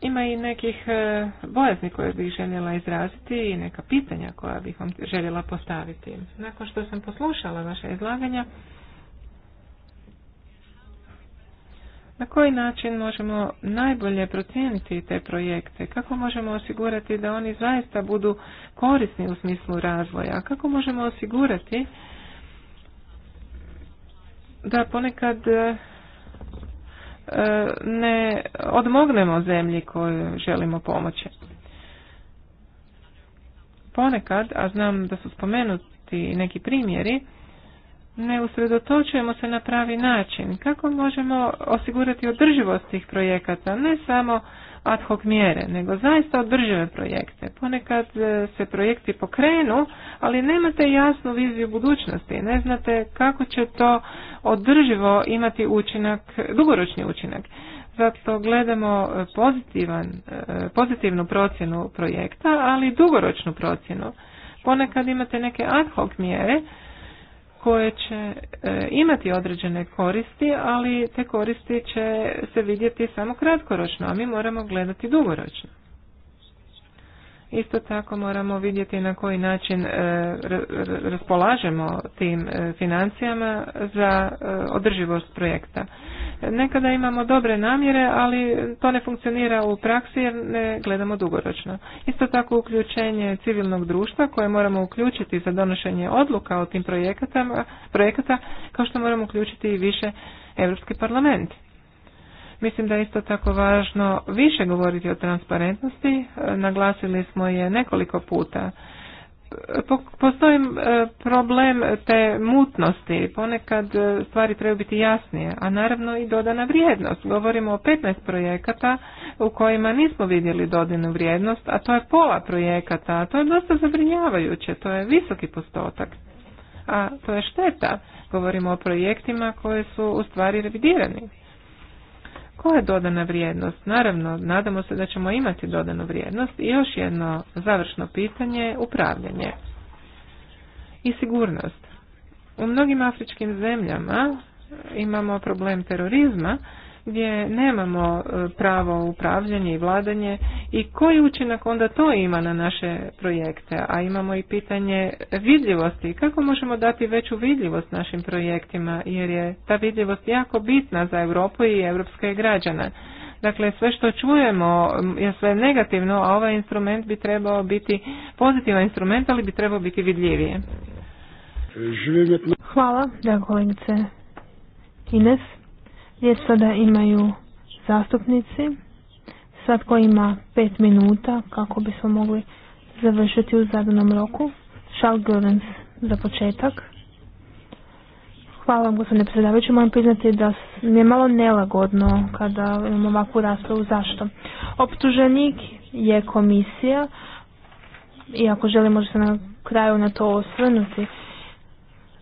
Ima i nekih e, bojazni koje bih željela izraziti i neka pitanja koja bih vam željela postaviti. Nakon što sam poslušala vaše izlaganja, na koji način možemo najbolje procijeniti te projekte, kako možemo osigurati da oni zaista budu korisni u smislu razvoja, kako možemo osigurati da ponekad ne odmognemo zemlji kojoj želimo pomoći. Ponekad, a znam da su spomenuti neki primjeri, ne usredotočujemo se na pravi način. Kako možemo osigurati održivost tih projekata, ne samo ad hoc mjere, nego zaista održive projekte. Ponekad e, se projekti pokrenu, ali nemate jasnu viziju budućnosti, ne znate kako će to održivo imati učinak, dugoročni učinak. Zato gledamo e, pozitivan, e, pozitivnu procjenu projekta, ali dugoročnu procjenu. Ponekad imate neke ad hoc mjere, koje će e, imati određene koristi, ali te koristi će se vidjeti samo kratkoročno, a mi moramo gledati dugoročno. Isto tako moramo vidjeti na koji način e, raspolažemo tim e, financijama za e, održivost projekta. Nekada imamo dobre namjere, ali to ne funkcionira u praksi jer ne gledamo dugoročno. Isto tako uključenje civilnog društva koje moramo uključiti za donošenje odluka o tim projekata, kao što moramo uključiti i više Europski parlament. Mislim da je isto tako važno više govoriti o transparentnosti. E, naglasili smo je nekoliko puta. E, postoji e, problem te mutnosti. Ponekad stvari trebaju biti jasnije, a naravno i dodana vrijednost. Govorimo o 15 projekata u kojima nismo vidjeli dodanu vrijednost, a to je pola projekata. A to je dosta zabrinjavajuće, to je visoki postotak. A to je šteta. Govorimo o projektima koji su u stvari revidirani. Koja je dodana vrijednost? Naravno, nadamo se da ćemo imati dodanu vrijednost. I još jedno završno pitanje, upravljanje i sigurnost. U mnogim afričkim zemljama imamo problem terorizma, gdje nemamo e, pravo upravljanje i vladanje i koji učinak onda to ima na naše projekte, a imamo i pitanje vidljivosti. Kako možemo dati veću vidljivost našim projektima jer je ta vidljivost jako bitna za Europu i europske građane. Dakle, sve što čujemo je sve negativno, a ovaj instrument bi trebao biti pozitivan instrument, ali bi trebao biti vidljivije.
Hvala, da
Ines. Riječ sada imaju zastupnici. Svatko ima pet minuta kako bismo mogli završiti u zadanom roku. Charles Görens za početak. Hvala vam gospodine predsjedavajući. Moram priznati da mi je malo nelagodno kada imamo ovakvu raspravu. Zašto? Optuženik je komisija i ako želi se na kraju na to osvrnuti.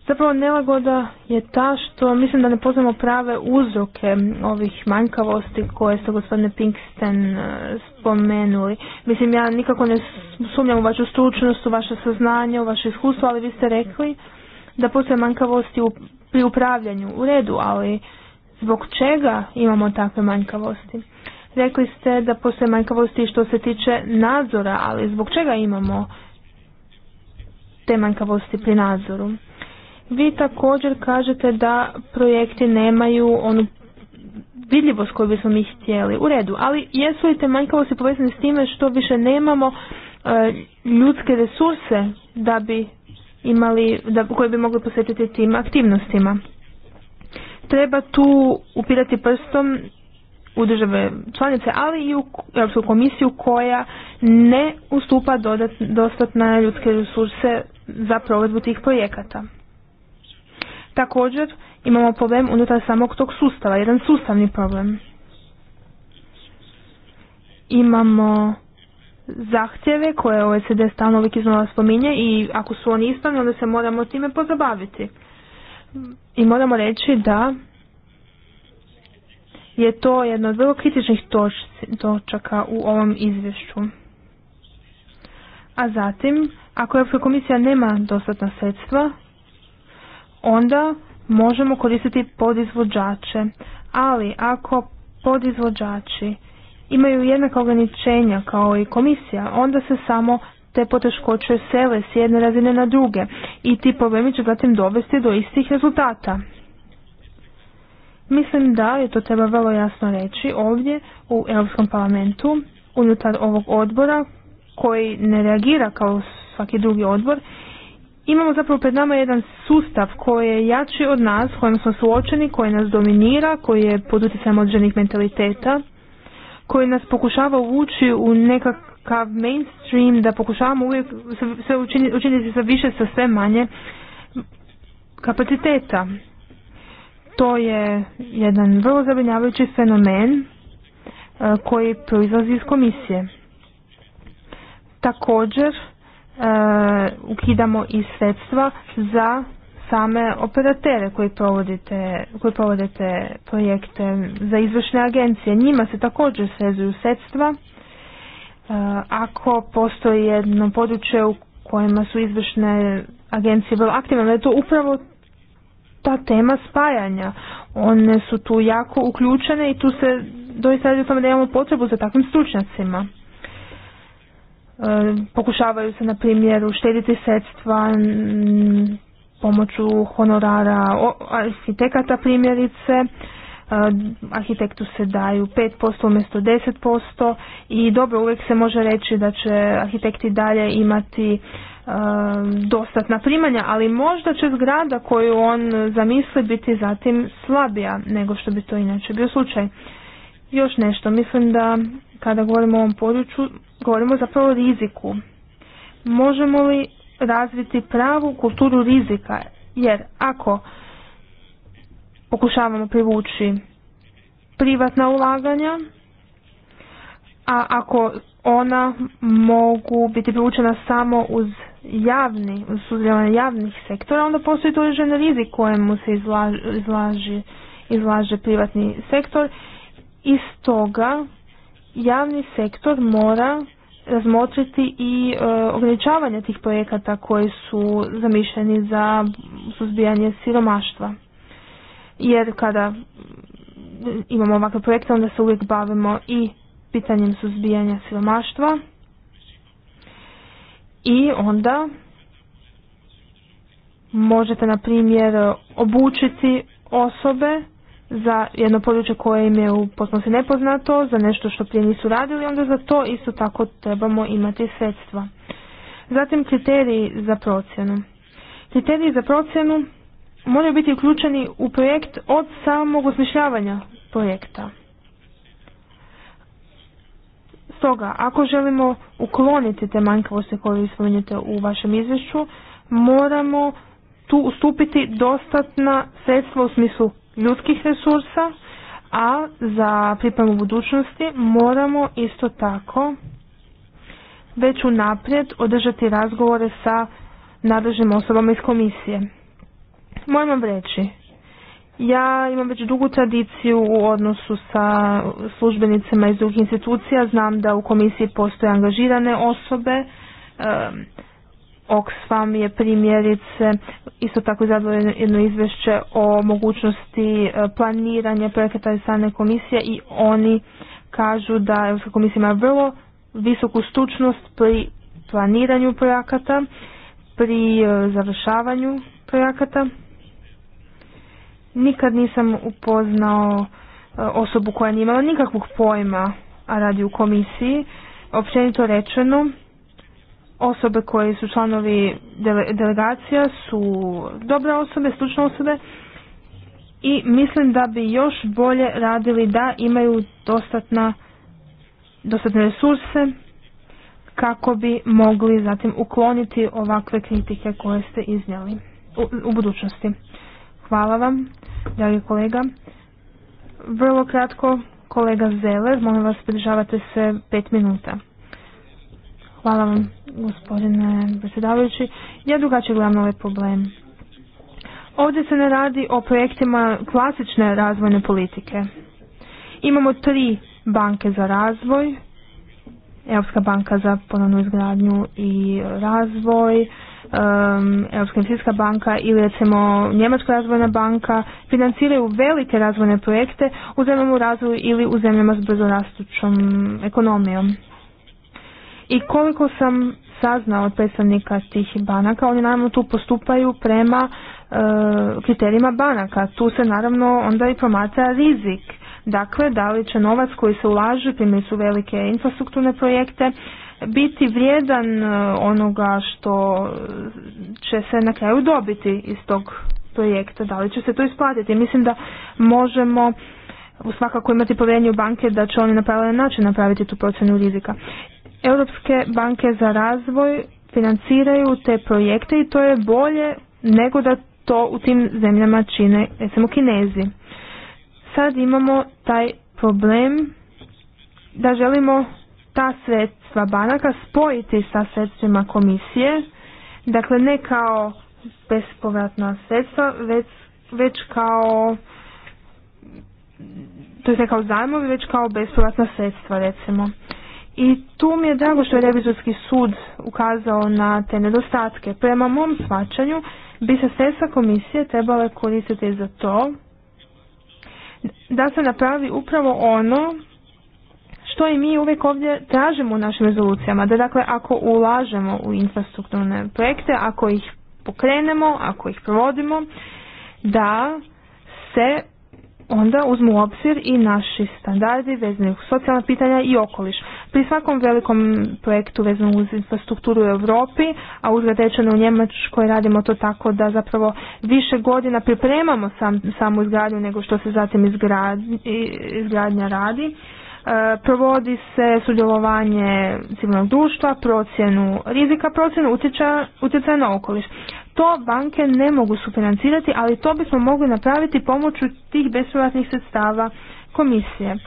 Zapravo nelagoda je ta što mislim da ne poznamo prave uzroke ovih manjkavosti koje ste gospodine Pinksten eh, spomenuli. Mislim ja nikako ne sumnjam u vašu stručnost, u vaše saznanje, u vaše iskustvo, ali vi ste rekli da postoje manjkavosti u, pri upravljanju u redu, ali zbog čega imamo takve manjkavosti? Rekli ste da postoje manjkavosti što se tiče nadzora, ali zbog čega imamo te manjkavosti pri nadzoru? Vi također kažete da projekti nemaju onu vidljivost koju bismo mi htjeli. U redu, ali jesu li te manjkavosti povezane s time što više nemamo e, ljudske resurse da bi imali, da, koje bi mogli posvetiti tim aktivnostima? Treba tu upirati prstom u države članice, ali i u Europsku komisiju koja ne ustupa dodat, dostatne ljudske resurse za provedbu tih projekata. Također imamo problem unutar samog tog sustava, jedan sustavni problem. Imamo zahtjeve koje OECD stalno uvijek iznova spominje i ako su oni ispravni onda se moramo time pozabaviti. I moramo reći da je to jedna od vrlo kritičnih točaka u ovom izvješću. A zatim, ako Europska komisija nema dostatna sredstva, onda možemo koristiti podizvođače. Ali ako podizvođači imaju jednaka ograničenja kao i komisija, onda se samo te poteškoće sele s jedne razine na druge i ti problemi će zatim dovesti do istih rezultata. Mislim da, je to treba vrlo jasno reći, ovdje u Europskom parlamentu, unutar ovog odbora, koji ne reagira kao svaki drugi odbor, imamo zapravo pred nama jedan sustav koji je jači od nas, kojem smo suočeni, koji nas dominira, koji je pod utjecajem određenih mentaliteta, koji nas pokušava uvući u nekakav mainstream, da pokušavamo uvijek sve učiniti, učiniti sa više, sa sve manje kapaciteta. To je jedan vrlo zabrinjavajući fenomen e, koji proizlazi iz komisije. Također, Eh, ukidamo i sredstva za same operatere koji provodite, koji provodite projekte za izvršne agencije. Njima se također svezuju sredstva. Eh, ako postoji jedno područje u kojima su izvršne agencije vrlo aktivne, je to upravo ta tema spajanja. One su tu jako uključene i tu se doista radi da imamo potrebu za takvim stručnjacima pokušavaju se na primjer uštediti sredstva pomoću honorara arhitekata primjerice e, arhitektu se daju 5% umjesto 10% i dobro uvijek se može reći da će arhitekti dalje imati e, dostatna primanja, ali možda će zgrada koju on zamisli biti zatim slabija nego što bi to inače bio slučaj. Još nešto, mislim da kada govorimo o ovom području, govorimo zapravo o riziku. Možemo li razviti pravu kulturu rizika? Jer ako pokušavamo privući privatna ulaganja, a ako ona mogu biti privučena samo uz javni, uz sudjelovanje javnih sektora, onda postoji to određen rizik kojemu se izlaže, izlaže privatni sektor. I stoga javni sektor mora razmotriti i e, ograničavanje tih projekata koji su zamišljeni za suzbijanje siromaštva. Jer kada imamo ovakve projekte onda se uvijek bavimo i pitanjem suzbijanja siromaštva i onda možete na primjer obučiti osobe za jedno područje koje im je u potpunosti nepoznato, za nešto što prije nisu radili, onda za to isto tako trebamo imati sredstva. Zatim kriteriji za procjenu. Kriteriji za procjenu moraju biti uključeni u projekt od samog osmišljavanja projekta. Stoga, ako želimo ukloniti te manjkavosti koje vi spominjete u vašem izvješću, moramo tu ustupiti dostatna sredstva u smislu ljudskih resursa, a za pripremu budućnosti moramo isto tako već unaprijed održati razgovore sa nadležnim osobama iz komisije. Moram vam reći, ja imam već dugu tradiciju u odnosu sa službenicima iz drugih institucija, znam da u komisiji postoje angažirane osobe, Oxfam je primjerice isto tako izradilo jedno izvješće o mogućnosti e, planiranja projekata i strane komisije i oni kažu da Europska komisija ima vrlo visoku stručnost pri planiranju projekata, pri e, završavanju projekata. Nikad nisam upoznao e, osobu koja nije imala nikakvog pojma, a radi u komisiji. Općenito rečeno, osobe koje su članovi delegacija su dobre osobe, stručne osobe i mislim da bi još bolje radili da imaju dostatna, dostatne resurse kako bi mogli zatim ukloniti ovakve kritike koje ste iznijeli u, budućnosti. Hvala vam, dragi kolega. Vrlo kratko, kolega Zeler, molim vas pridržavate se pet minuta. Hvala vam, gospodine predsjedavajući. Ja drugačije gledam ovaj problem. Ovdje se ne radi o projektima klasične razvojne politike. Imamo tri banke za razvoj, Europska banka za ponovnu izgradnju i razvoj, um, Europska investicijska banka ili recimo Njemačka razvojna banka financiraju velike razvojne projekte u zemljama u razvoju ili u zemljama s brzo rastućom ekonomijom. I koliko sam saznao od predstavnika tih banaka, oni naravno tu postupaju prema e, kriterijima banaka. Tu se naravno onda i promatra rizik. Dakle, da li će novac koji se ulaže, primjer su velike infrastrukturne projekte, biti vrijedan e, onoga što će se na kraju dobiti iz tog projekta, da li će se to isplatiti. Mislim da možemo svakako imati povjerenje u banke da će oni na pravilan način napraviti tu procjenu rizika. Europske banke za razvoj financiraju te projekte i to je bolje nego da to u tim zemljama čine recimo Kinezi. Sad imamo taj problem da želimo ta sredstva banaka spojiti sa sredstvima komisije, dakle ne kao bespovratna sredstva, već, već kao to je kao zajmovi, već kao bespovratna sredstva recimo. I tu mi je drago što je revizorski sud ukazao na te nedostatke. Prema mom svačanju bi se sredstva komisije trebale koristiti za to da se napravi upravo ono što i mi uvijek ovdje tražimo u našim rezolucijama. Da dakle ako ulažemo u infrastrukturne projekte, ako ih pokrenemo, ako ih provodimo, da se onda uzmu u obzir i naši standardi vezani uz socijalna pitanja i okoliš. Pri svakom velikom projektu vezanom uz infrastrukturu u Europi, a uzgledečeno u Njemačkoj radimo to tako da zapravo više godina pripremamo sam, samu izgradnju nego što se zatim izgradnja radi. E, provodi se sudjelovanje civilnog društva, procjenu rizika, procjenu utjecaja na okoliš. To banke ne mogu sufinancirati, ali to bismo mogli napraviti pomoću tih bespovratnih sredstava komisije.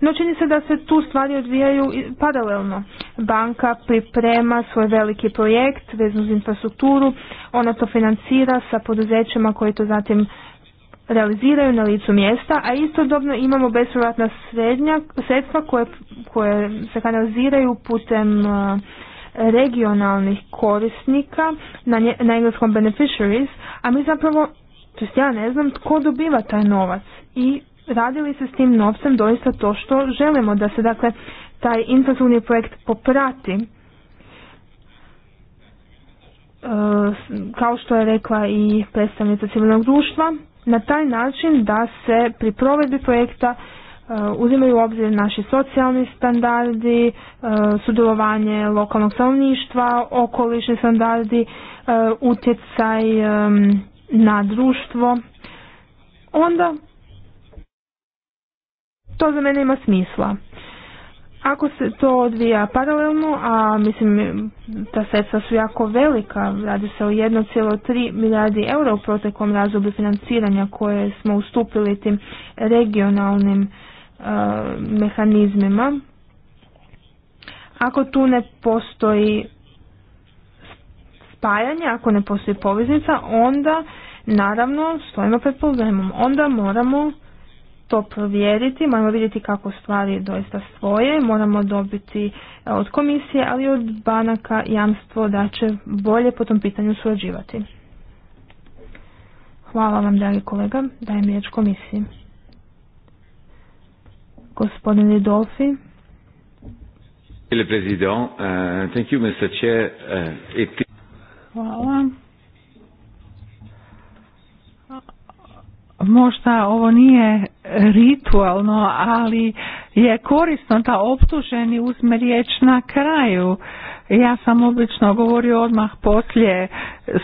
No čini se da se tu stvari odvijaju paralelno. Banka priprema svoj veliki projekt vezno uz infrastrukturu, ona to financira sa poduzećima koji to zatim realiziraju na licu mjesta, a istodobno imamo bespovratna sredstva koje, koje se kanaliziraju putem regionalnih korisnika na, nje, na engleskom beneficiaries, a mi zapravo, to ja ne znam tko dobiva taj novac i radili se s tim novcem doista to što želimo da se dakle taj infrastrukturni projekt poprati e, kao što je rekla i predstavnica civilnog društva, na taj način da se pri provedbi projekta Uh, uzimaju u obzir naši socijalni standardi, uh, sudjelovanje lokalnog stanovništva, okolišni standardi, uh, utjecaj um, na društvo, onda to za mene ima smisla. Ako se to odvija paralelno, a mislim ta sredstva su jako velika, radi se o 1,3 milijardi eura u proteklom razdoblju financiranja koje smo ustupili tim regionalnim mehanizmima, ako tu ne postoji spajanje, ako ne postoji poveznica, onda naravno stojimo pred problemom. Onda moramo to provjeriti, moramo vidjeti kako stvari doista svoje, moramo dobiti e, od komisije, ali od banaka jamstvo da će bolje po tom pitanju surađivati. Hvala vam, dragi kolega, dajem riječ komisiji. Gospodin Ridolfi.
Euh, euh, Hvala. Možda ovo nije ritualno, ali je korisno da optuženi uzme riječ na kraju. Ja sam obično govorio odmah poslije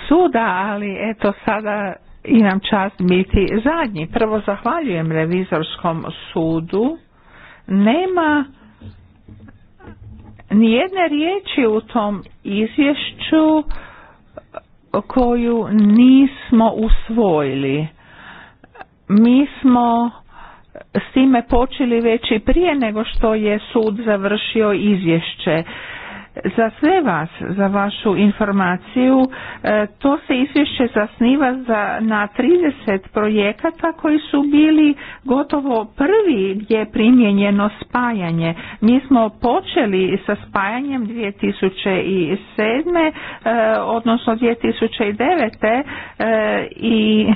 suda, ali eto sada imam čast biti zadnji. Prvo zahvaljujem revizorskom sudu nema jedne riječi u tom izvješću e, koju nismo usvojili. Mi smo s time počeli već i prije nego što je sud završio izvješće. Za sve vas, za vašu informaciju, e, to se izvješće zasniva za, na 30 projekata koji su bili gotovo prvi gdje je primijenjeno spajanje. Mi smo počeli sa spajanjem 2007. E, odnosno 2009. E, i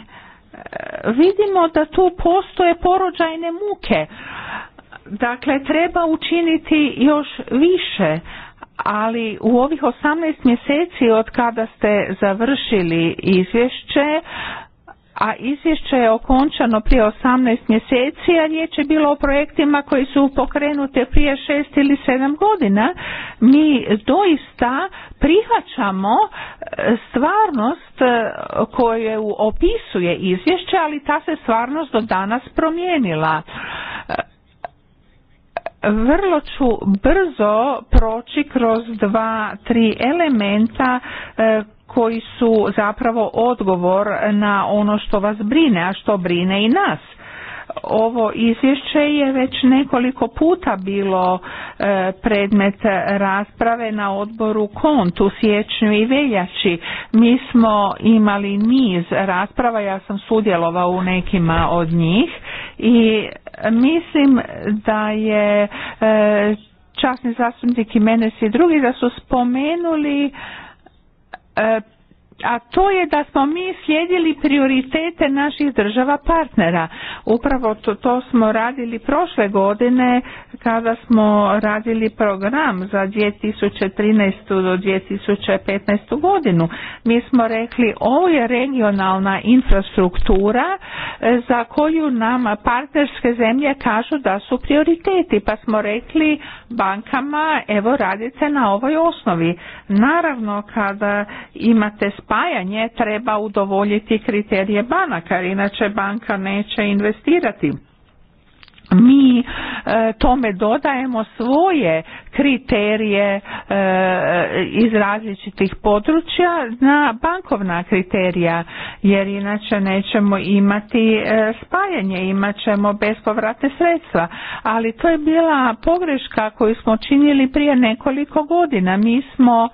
vidimo da tu postoje porođajne muke. Dakle, treba učiniti još više ali u ovih 18 mjeseci od kada ste završili izvješće, a izvješće je okončano prije 18 mjeseci, a riječ je bilo o projektima koji su pokrenute prije 6 ili 7 godina. Mi doista prihvaćamo e, stvarnost e, koju opisuje izvješće, ali ta se stvarnost do danas promijenila. E, vrlo ću brzo proći kroz dva, tri elementa e, koji su zapravo odgovor na ono što vas brine, a što brine i nas. Ovo izvješće je već nekoliko puta bilo e, predmet rasprave na odboru KONT u siječnju i veljači. Mi smo imali niz rasprava, ja sam sudjelovao u nekima od njih i mislim da je e, časni zastupnik i mene svi drugi da su spomenuli e, a to je da smo mi slijedili prioritete naših država partnera. Upravo to, to smo radili prošle godine kada smo radili program za 2013. do 2015. godinu. Mi smo rekli ovo je regionalna infrastruktura e, za koju nam partnerske zemlje kažu da su prioriteti pa smo rekli bankama evo radite na ovoj osnovi. Naravno kada imate spajanje treba udovoljiti kriterije banaka, jer inače banka neće investirati. Mi e, tome dodajemo svoje kriterije e, iz različitih područja na bankovna kriterija jer inače nećemo imati e, spajanje, imat ćemo bespovratne sredstva. Ali to je bila pogreška koju smo činili prije nekoliko godina. Mi smo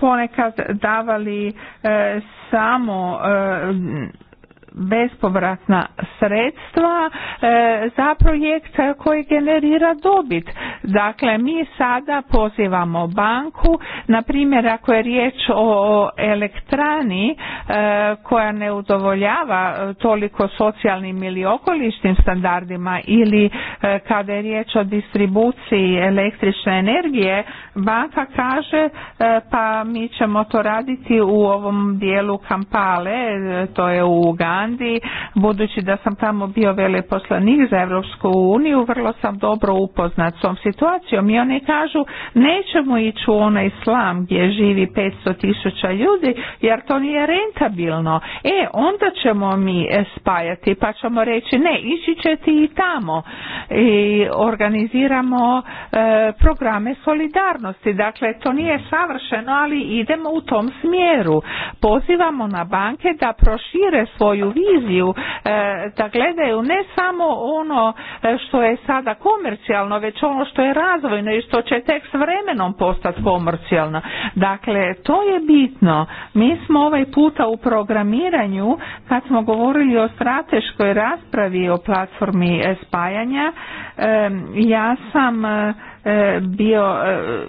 ponekad davali e, samo e, bespovratna sredstva e, za projekt koji generira dobit. Dakle, mi sada pozivamo banku, na primjer ako je riječ o elektrani e, koja ne udovoljava toliko socijalnim ili okolišnim standardima ili e, kada je riječ o distribuciji električne energije, banka kaže pa mi ćemo to raditi u ovom dijelu Kampale, to je u Holandiji, budući da sam tamo bio veleposlanik za Europsku uniju, vrlo sam dobro upoznat s ovom situacijom i oni kažu nećemo ići u onaj islam gdje živi 500 tisuća ljudi jer to nije rentabilno. E, onda ćemo mi spajati pa ćemo reći ne, ići ćete i tamo i organiziramo e, programe solidarnosti. Dakle, to nije savršeno, ali idemo u tom smjeru. Pozivamo na banke da prošire svoju viziju, e, da gledaju ne samo ono e, što je sada komercijalno, već ono što je razvojno i što će tek s vremenom postati komercijalno. Dakle, to je bitno. Mi smo ovaj puta u programiranju, kad smo govorili o strateškoj raspravi o platformi spajanja, ja sam e, e, bio, e,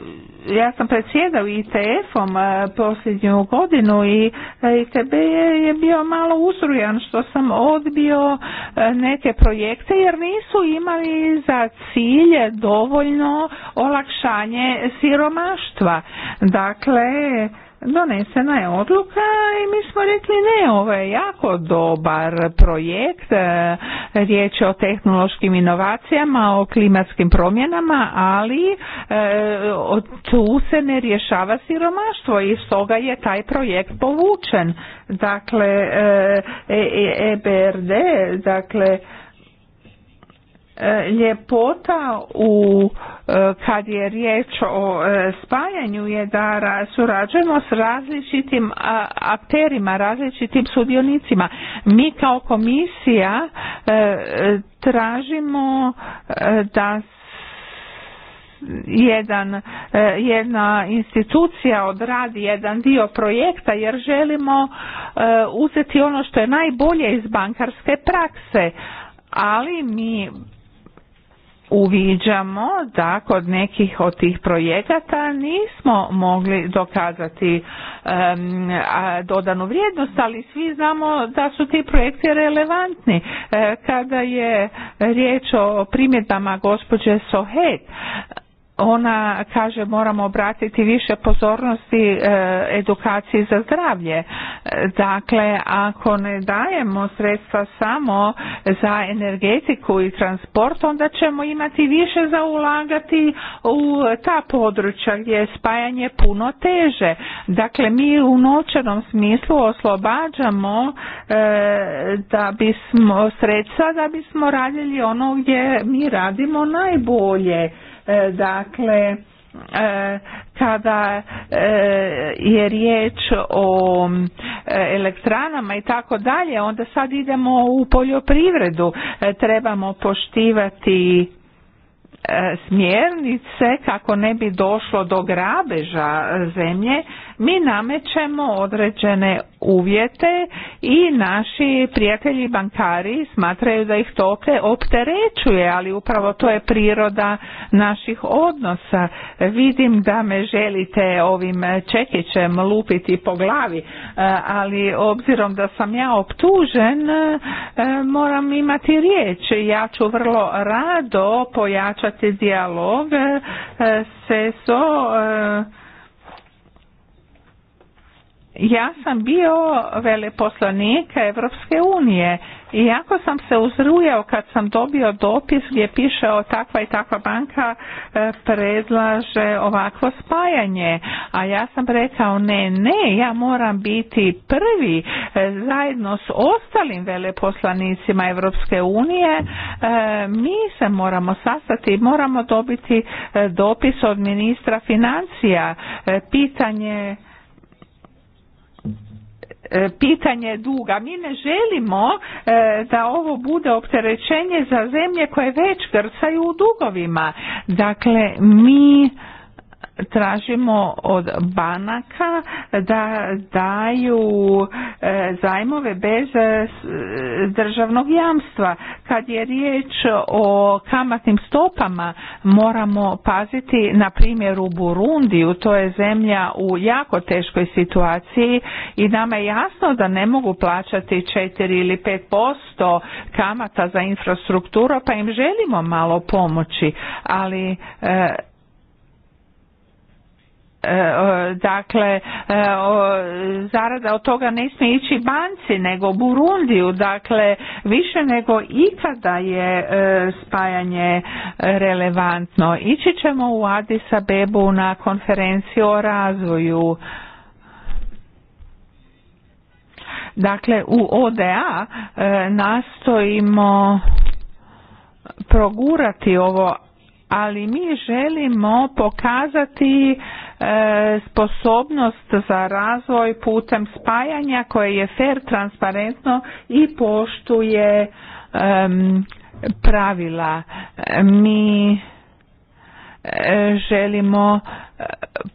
ja sam predsjedao ITF-om posljednju godinu i ITB je bio malo usrujan što sam odbio neke projekte jer nisu imali za cilje dovoljno olakšanje siromaštva. Dakle, donesena je odluka i mi smo rekli ne, ovo je jako dobar projekt, e, riječ je o tehnološkim inovacijama, o klimatskim promjenama, ali e, tu se ne rješava siromaštvo i stoga je taj projekt povučen. Dakle, EBRD, e, dakle, E, ljepota u e, kad je riječ o e, spajanju je da surađujemo s različitim akterima, različitim sudionicima. Mi kao komisija tražimo da jedan, jedna institucija odradi jedan dio projekta jer želimo uzeti ono što je najbolje iz bankarske prakse ali mi uviđamo da kod nekih od tih projekata nismo mogli dokazati dodanu vrijednost, ali svi znamo da su ti projekti relevantni. E, kada je riječ o primjedbama gospođe Sohet, ona kaže moramo obratiti više pozornosti e, edukaciji za zdravlje. E, dakle, ako ne dajemo sredstva samo za energetiku i transport, onda ćemo imati više za ulagati u ta područja gdje je spajanje puno teže. Dakle, mi u novčanom smislu oslobađamo e, da bismo sredstva da bismo radili ono gdje mi radimo najbolje E, dakle, e, kada e, je riječ o elektranama i tako dalje, onda sad idemo u poljoprivredu. Trebamo poštivati smjernice kako ne bi došlo do grabeža zemlje, mi namećemo određene uvjete i naši prijatelji bankari smatraju da ih to opterećuje, ali upravo to je priroda naših odnosa. Vidim da me želite ovim čekićem lupiti po glavi, e, ali obzirom da sam ja optužen, e, moram imati riječ. Ja ću vrlo rado pojačati dijalog e, se so ja sam bio veleposlanik Evropske unije i jako sam se uzrujao kad sam dobio dopis gdje piše o takva i takva banka e, predlaže ovakvo spajanje. A ja sam rekao ne, ne, ja moram biti prvi e, zajedno s ostalim veleposlanicima Evropske unije. E, mi se moramo sastati, moramo dobiti dopis od ministra financija. Pitanje E, pitanje duga. Mi ne želimo e, da ovo bude opterećenje za zemlje koje već grcaju u dugovima. Dakle, mi tražimo od banaka da daju e, zajmove bez e, državnog jamstva. Kad je riječ o kamatnim stopama moramo paziti na primjer u Burundiju, to je zemlja u jako teškoj situaciji i nama je jasno da ne mogu plaćati 4 ili 5% kamata za infrastrukturu pa im želimo malo pomoći, ali e, E, dakle e, zarada od toga ne smije ići banci nego Burundiju dakle više nego ikada je e, spajanje relevantno ići ćemo u Addis Abebu na konferenciju o razvoju dakle u ODA nastojimo progurati ovo ali mi želimo pokazati e, sposobnost za razvoj putem spajanja koje je fer transparentno i poštuje pravila mi e, želimo e,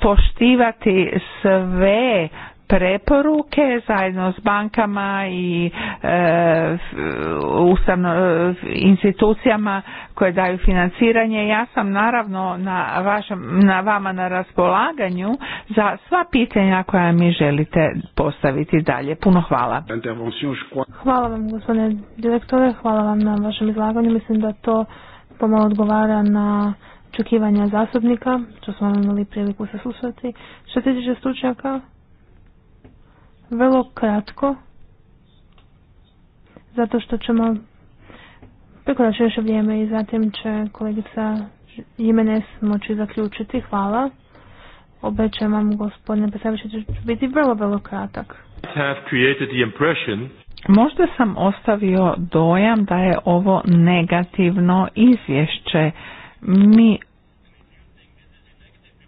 poštivati sve preporuke zajedno s bankama i e, e, institucijama koje daju financiranje. Ja sam naravno na, vašem, na vama na raspolaganju za sva pitanja koja mi želite postaviti dalje. Puno hvala.
Hvala vam gospodine direktore, hvala vam na vašem izlaganju. Mislim da to pomalo odgovara na očekivanja zastupnika, što smo imali priliku se saslušati. Što se tiče stručnjaka, vrlo kratko, zato što ćemo prekoračiti još vrijeme i zatim će kolegica Jimenez moći zaključiti. Hvala. Obećajem vam, gospodine da će biti vrlo, vrlo kratak. Možda sam
ostavio dojam da je ovo negativno izvješće. Mi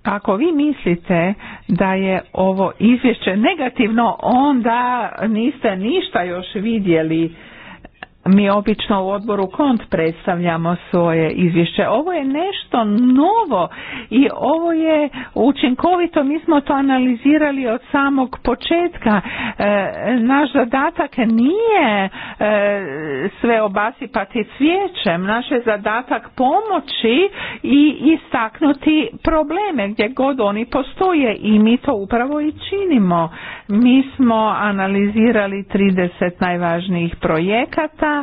ako vi mislite da je ovo izvješće negativno, onda niste ništa još vidjeli mi obično u odboru KONT predstavljamo svoje izvješće. Ovo je nešto novo i ovo je učinkovito. Mi smo to analizirali od samog početka. E, naš zadatak nije e, sve obasipati cvijećem. Naš je zadatak pomoći i istaknuti probleme gdje god oni postoje i mi to upravo i činimo. Mi smo analizirali 30 najvažnijih projekata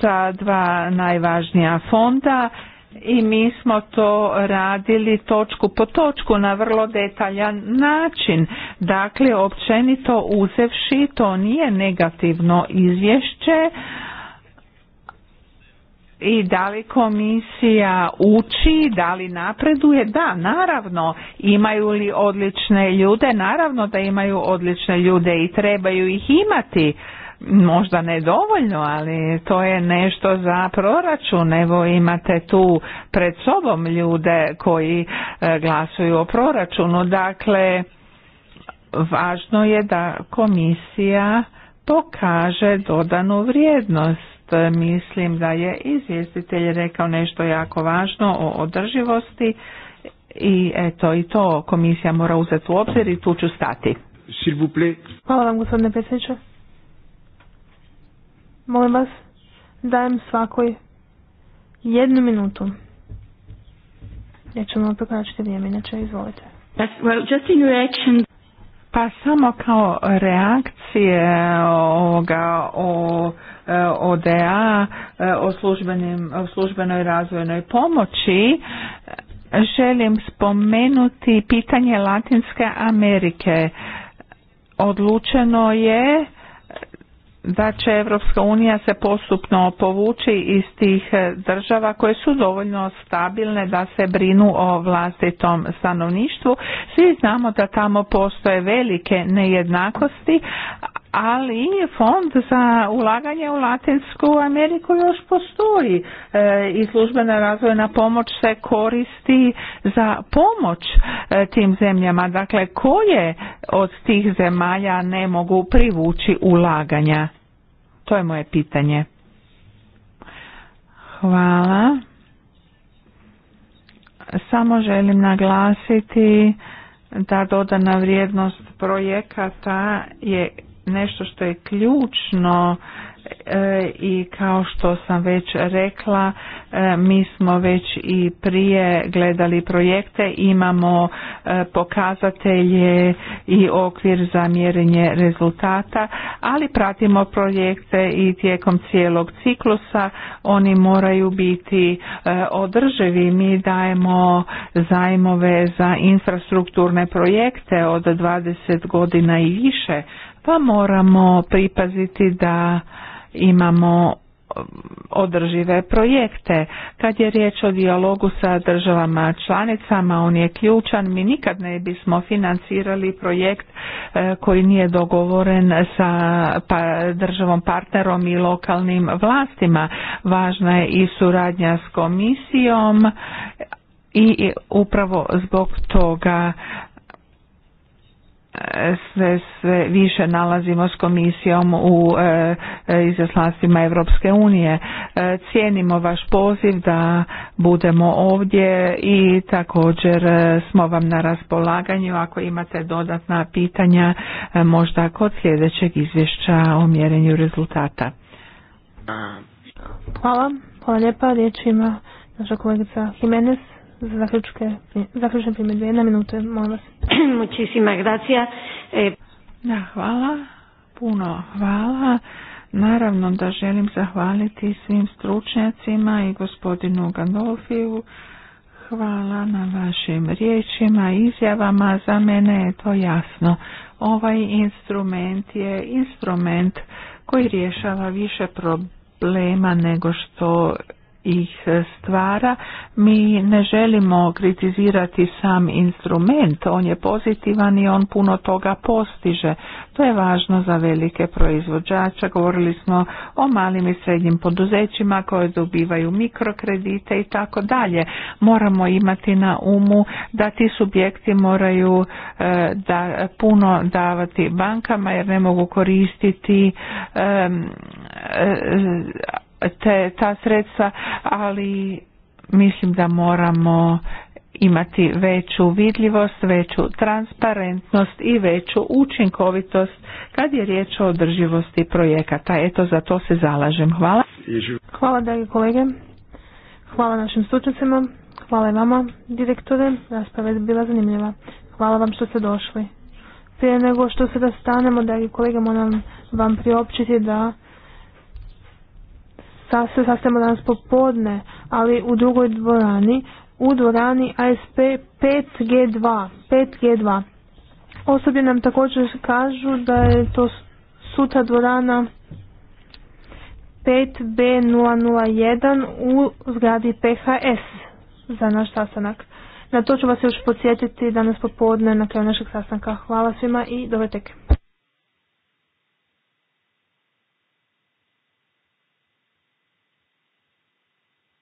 sa dva najvažnija fonda i mi smo to radili točku po točku na vrlo detaljan način. Dakle, općenito uzevši, to nije negativno izvješće i da li komisija uči, da li napreduje, da, naravno, imaju li odlične ljude, naravno da imaju odlične ljude i trebaju ih imati možda nedovoljno, ali to je nešto za proračun. Evo imate tu pred sobom ljude koji e, glasuju o proračunu. Dakle, važno je da komisija pokaže dodanu vrijednost. Mislim da je izvjestitelj rekao nešto jako važno o održivosti i eto i to komisija mora uzeti u obzir i tu ću stati.
Hvala vam gospodine predsjedniče. Molim vas, dajem svakoj jednu minutu. Ja ću vam vrijeme, inače izvolite. Pa samo kao reakcije eh, ovoga
o ODA, eh, o, eh, o službenoj razvojnoj pomoći, želim spomenuti pitanje Latinske Amerike. Odlučeno je da će Europska unija se postupno povući iz tih e, država koje su dovoljno stabilne da se brinu o vlastitom stanovništvu. Svi znamo da tamo postoje velike nejednakosti, ali fond za ulaganje u Latinsku Ameriku još postoji e, i službena razvojna pomoć se koristi za pomoć e, tim zemljama. Dakle, koje od tih zemalja ne mogu privući ulaganja? To je moje pitanje. Hvala. Samo želim naglasiti da dodana vrijednost projekata je nešto što je ključno E, i kao što sam već rekla e, mi smo već i prije gledali projekte imamo e, pokazatelje i okvir za mjerenje rezultata ali pratimo projekte i tijekom cijelog ciklusa oni moraju biti održivi mi dajemo zajmove za infrastrukturne projekte od 20 godina i više pa moramo pripaziti da imamo um, održive projekte. Kad je riječ o dijalogu sa državama članicama, on je ključan. Mi nikad ne bismo financirali projekt uh, koji nije dogovoren sa pa, državom partnerom i lokalnim vlastima. Važna je i suradnja s komisijom i upravo zbog toga se sve više nalazimo s komisijom u e, e, izaslanstvima Europske unije. E, cijenimo vaš poziv da budemo ovdje i također smo vam na raspolaganju ako imate dodatna pitanja možda kod sljedećeg izvješća o mjerenju rezultata.
Hvala. Hvala lijepa. Riječ ima naša kolegica Jimenez za zaključke, zaključne primjedbe. Jedna minuta, molim vas.
gracija. Eh, da, hvala.
Puno hvala.
Naravno da želim zahvaliti svim stručnjacima i gospodinu Gandolfiju. Hvala na vašim riječima i izjavama. Za mene je to jasno. Ovaj instrument je instrument koji rješava više problema nego što ih stvara. Mi ne želimo kritizirati sam instrument, on je pozitivan i on puno toga postiže. To je važno za velike proizvođače. Govorili smo o malim i srednjim poduzećima koje dobivaju mikrokredite i tako dalje. Moramo imati na umu da ti subjekti moraju e, da puno davati bankama jer ne mogu koristiti e, te, ta sredstva, ali mislim da moramo imati veću vidljivost, veću transparentnost i veću učinkovitost kad je riječ o održivosti projekata. Eto, za to se zalažem.
Hvala. Hvala, dragi kolege. Hvala našim stručnicima. Hvala i vama, direktore. Rasprava je bila zanimljiva. Hvala vam što ste došli. Prije nego što se da stanemo, dragi kolege, moram vam priopćiti da se sastavimo danas popodne, ali u drugoj dvorani, u dvorani ASP 5G2. 5G2. nam također kažu da je to sutra dvorana 5B001 u zgradi PHS za naš sastanak. Na to ću vas još podsjetiti danas popodne na kraju našeg sastanka. Hvala svima i dobro teke.